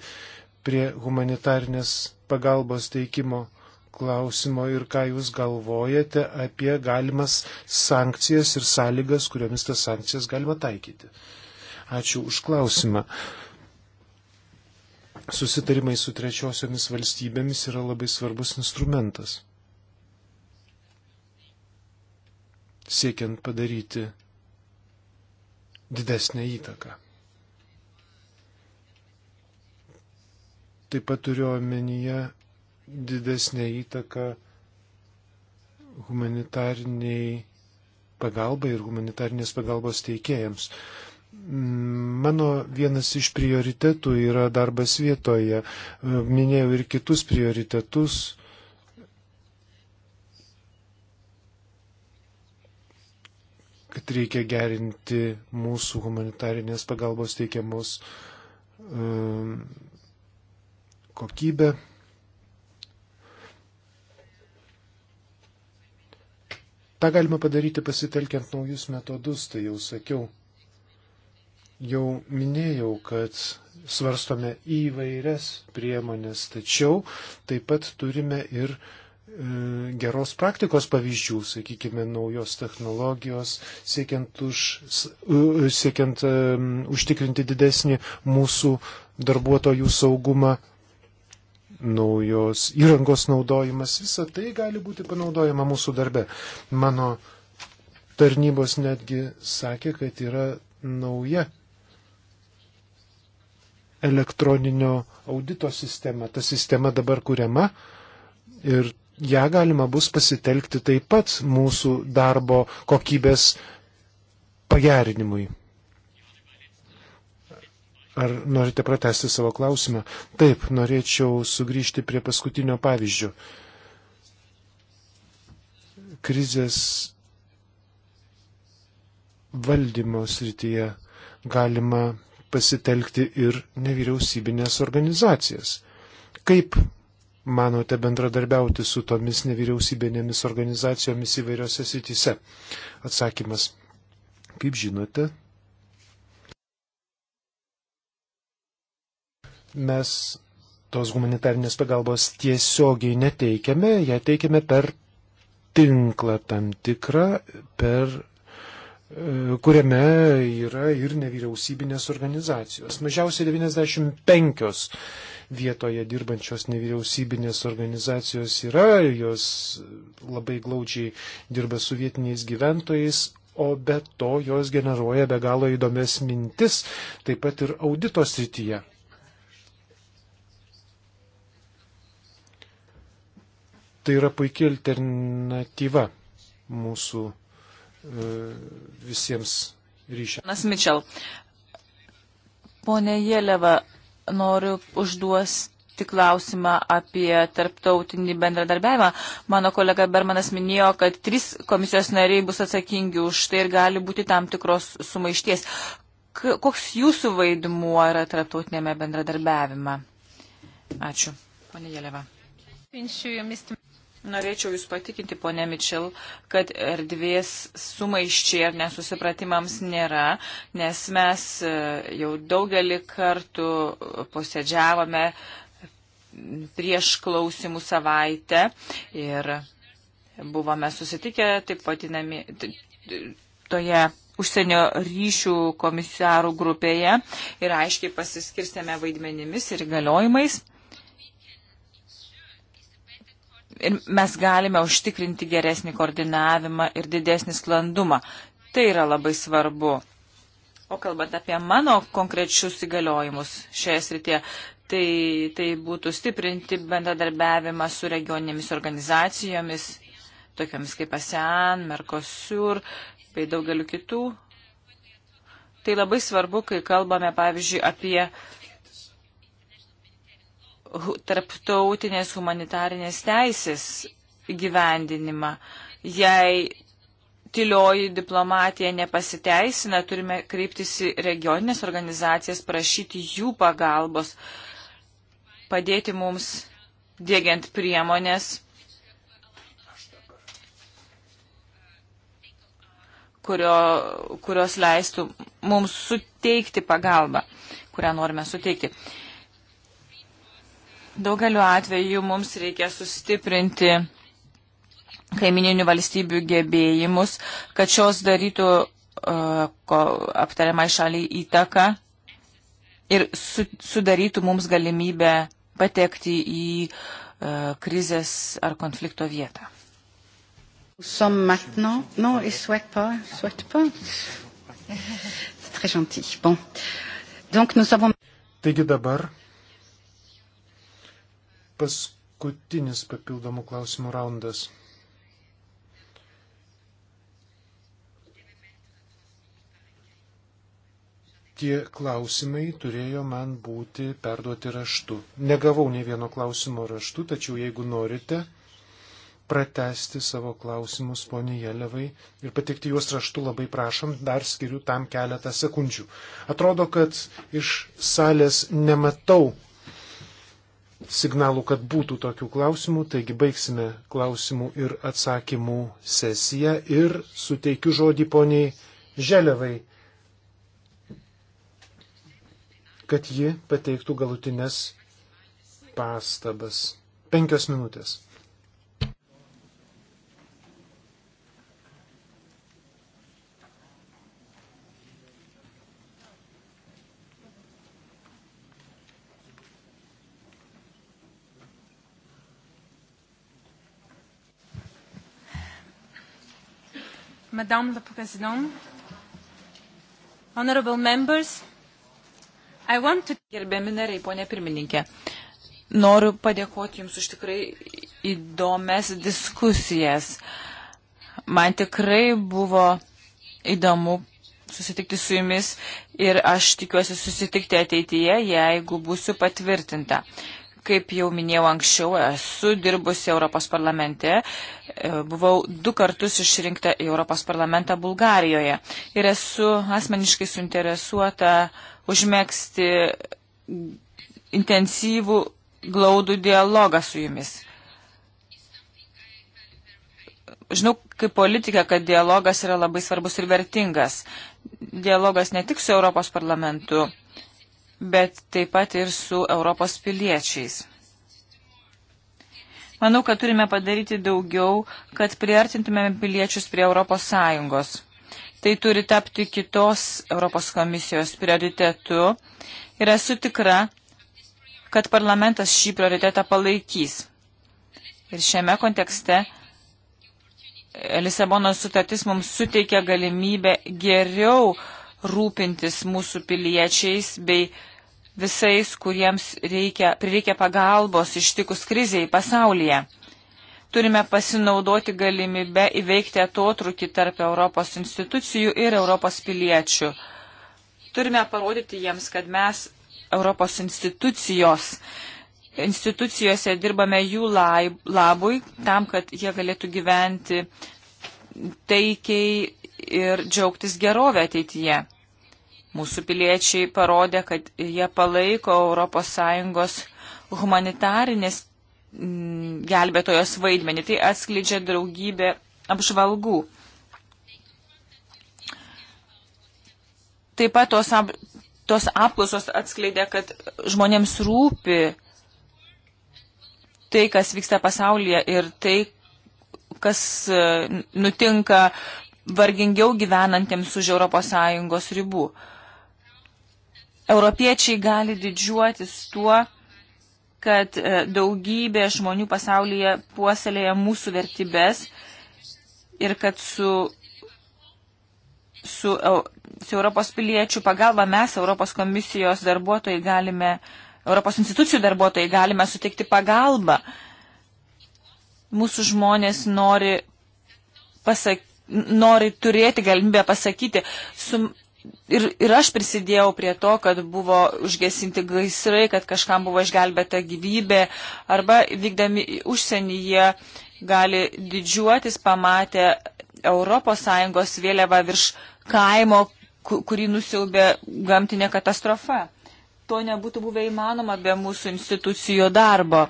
prie humanitarnės pagalbos teikimo klausimo ir ką Jūs galvojate apie galimas sankcijas ir sąlygas, kuriomis tas sankcijas galima taikyti. Ačiū už klausimą susitarimai su trečiosiomis valstybėmis yra labai svarbus instrumentas. Siekiant padaryti didesnę įtaką. Taip pat turiu omenyje didesnę įtaką humanitariniai pagalbai ir humanitarnės pagalbos teikėjams. Mano vienas iš prioritetų yra darbas vietoje. Minėjau ir kitus prioritetus. kad reikia gerinti mūsų humanitarinės pagalbos teikiamos ehm, kokybę. Ta galima padaryti pasitelkiant naujus metodus, tai jau sakiau jau minėjau, kad svarstome įvairias priemonės, tačiau taip pat turime ir e, geros praktikos pavyzdžių, sakykime, naujos technologijos, siekiant, už, siekiant um, užtikrinti didesnį mūsų darbuotojų saugumą, naujos įrangos naudojimas, visa tai gali būti panaudojama mūsų darbe. Mano tarnybos netgi sakė, kad yra nauja elektroninio audito sistema. Ta sistema dabar kuriama ir ją galima bus pasitelkti taip pat mūsų darbo kokybės pagerinimui. Ar norite pratesti savo klausimą? Taip, norėčiau sugrįžti prie paskutinio pavyzdžio. Krizės valdymo srityje galima pasitelkti ir nevyriausybinės organizacijas. Kaip manote bendradarbiauti su tomis nevyriausybinėmis organizacijomis įvairiose sityse? Atsakymas. Kaip žinote, mes tos humanitarnės pagalbos tiesiogiai neteikiame, ją teikiame per tinklą tam tikrą, per E, kuriame yra ir nevyriausybinės organizacijos. Mažiausiai 95 vietoje dirbančios nevyriausybinės organizacijos yra, jos labai glaudžiai dirba su vietiniais gyventojais, o be to jos generuoja be galo įdomias mintis, taip pat ir audito srityje. Tai yra puikia alternatyva mūsų E, visiems ryšiams. Nas Mitchell, ponė Jėleva, noriu užduosti klausimą apie tarptautinį bendradarbiavimą. Mano kolega Bermanas minėjo, kad trys komisijos nariai bus atsakingi už tai ir gali būti tam tikros sumaišties. Koks jūsų vaidmuo yra tarptautinėme bendradarbiavime? Ačiū. Pone Jėleva. Norėčiau Jūs patikinti, ponė Mitchell, kad erdvės sumaiščiai ar nesusipratimams nėra, nes mes e, jau daugelį kartų posėdžiavome prieš klausimų savaitę ir buvome susitikę taip vadinami toje užsienio ryšių komisarų grupėje ir aiškiai pasiskirstėme vaidmenimis ir įgaliojimais ir mes galime užtikrinti geresnį koordinavimą ir didesnį sklandumą. Tai yra labai svarbu. O kalbant apie mano konkrečius įgaliojimus šioje srityje, tai, tai būtų stiprinti bendradarbiavimą su regioninėmis organizacijomis, tokiamis kaip ASEAN, Mercosur bei daugeliu kitų. Tai labai svarbu, kai kalbame, pavyzdžiui, apie tarptautinės humanitarinės teisės gyvendinimą. Jei tylioji diplomatija nepasiteisina, turime kreiptis į regioninės organizacijas, prašyti jų pagalbos, padėti mums dėgiant priemonės, kurio, kurios leistų mums suteikti pagalbą, kurią norime suteikti. Uh, Daugeliu atveju mums reikia sustiprinti kaimininių valstybių gebėjimus, kad šios darytų uh, e, aptariamai šaliai įtaką ir su, sudarytų mums galimybę patekti į uh, krizės ar konflikto vietą. Som maintenant, non, il souhaite pas, souhaite pas. Très gentil. Bon. Donc nous avons. Taigi dabar Paskutinis papildomų klausimų raundas. Tie klausimai turėjo man būti perduoti raštu. Negavau nei vieno klausimo raštu, tačiau jeigu norite, pratesti savo klausimus poniai Jelevai ir patikti juos raštu labai prašom, dar skiriu tam keletą sekundžių. Atrodo, kad iš salės nematau signalų, kad būtų tokių klausimų, taigi baigsime klausimų ir atsakymų sesiją ir suteikiu žodį poniai Želevai, kad ji pateiktų galutinės pastabas. Penkios minutės. Madame la Présidente, honorable members, I want to... Gerbiami nariai, ponė pirmininkė, noriu padėkoti Jums už tikrai įdomias diskusijas. Man tikrai buvo įdomu susitikti su Jumis ir aš tikiuosi susitikti ateityje, jeigu būsiu patvirtinta. Kaip jau minėjau anksčiau, esu dirbusi Europos parlamente, e, buvau du kartus išrinkta į Europos parlamentą Bulgarijoje ir esu asmeniškai suinteresuota užmėgsti intensyvų glaudų dialogą su jumis. Žinau, kaip politika, kad dialogas yra labai svarbus ir vertingas. Dialogas ne tik su Europos parlamentu, bet taip pat ir su Europos piliečiais. Manau, kad turime padaryti daugiau, kad priartintumėme piliečius prie Europos Sąjungos. Tai turi tapti kitos Europos komisijos prioritetu ir esu tikra, kad parlamentas šį prioritetą palaikys. Ir šiame kontekste e, Lisabonos sutartis mums suteikia galimybę geriau rūpintis mūsų piliečiais bei piliečiais visais, kuriems reikia, prireikia pagalbos ištikus kriziai pasaulyje. Turime pasinaudoti galimybę įveikti atotrukį tarp Europos institucijų ir Europos piliečių. Turime parodyti jiems, kad mes Europos institucijos institucijose dirbame jų labui, tam, kad jie galėtų gyventi taikiai ir džiaugtis gerovę ateityje. Mūsų piliečiai parodė, kad jie palaiko ES humanitarinės mm, gelbėtojos vaidmenį. Tai atskleidžia draugybė apžvalgų. Taip pat tos, ap, tos apklausos atskleidė, kad žmonėms rūpi tai, kas vyksta pasaulyje ir tai, kas e, nutinka vargingiau gyvenantiems už ES ribų. Uh, Europiečiai gali didžiuotis tuo, kad e, daugybė žmonių pasaulyje puoselėja mūsų vertybės ir kad su, su, su Europos piliečių pagalba mes, Europos komisijos darbuotojai, galime, Europos institucijų darbuotojai, galime suteikti pagalbą. Mūsų žmonės nori, pasak, nori turėti galimybę pasakyti, su, ir, ir aš prisidėjau prie to, kad buvo užgesinti gaisrai, kad kažkam buvo išgelbėta gyvybė, arba vykdami užsienyje gali didžiuotis pamatę ES vėliavą virš kaimo, kurį nusiaubė gamtinė katastrofa. To nebūtų buvę įmanoma be mūsų institucijų darbo.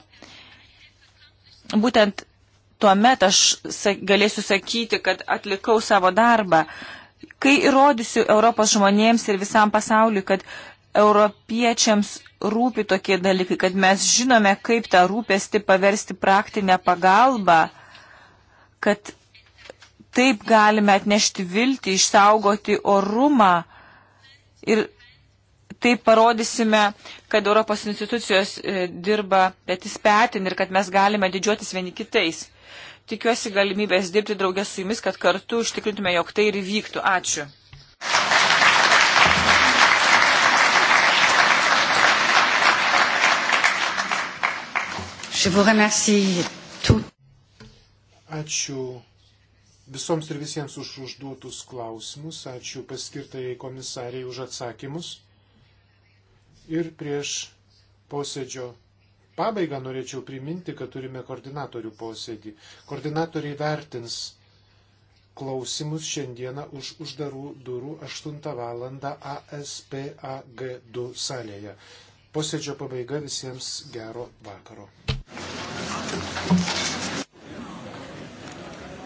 Būtent tuo metu aš galėsiu sakyti, kad atlikau savo darbą. Kai įrodysiu Europos žmonėms ir visam pasauliu, kad europiečiams rūpi tokie dalykai, kad mes žinome, kaip tą rūpestį paversti praktinę pagalbą, kad taip galime atnešti viltį, išsaugoti orumą ir taip parodysime, kad Europos institucijos e, dirba petis petin ir kad mes galime didžiuotis vieni kitais. Tikiuosi galimybės dirbti draugę su jumis, kad kartu užtikrintume, jog tai ir vyktų. Ačiū. Ačiū visoms ir visiems už užduotus klausimus, ačiū paskirtai komisariai už atsakymus. Ir prieš posėdžio pabaigą norėčiau priminti, kad turime koordinatorių posėdį. Koordinatoriai vertins klausimus šiandieną už uždarų durų 8 val. ASPAG2 salėje. Posėdžio pabaiga visiems gero vakaro. Thank you.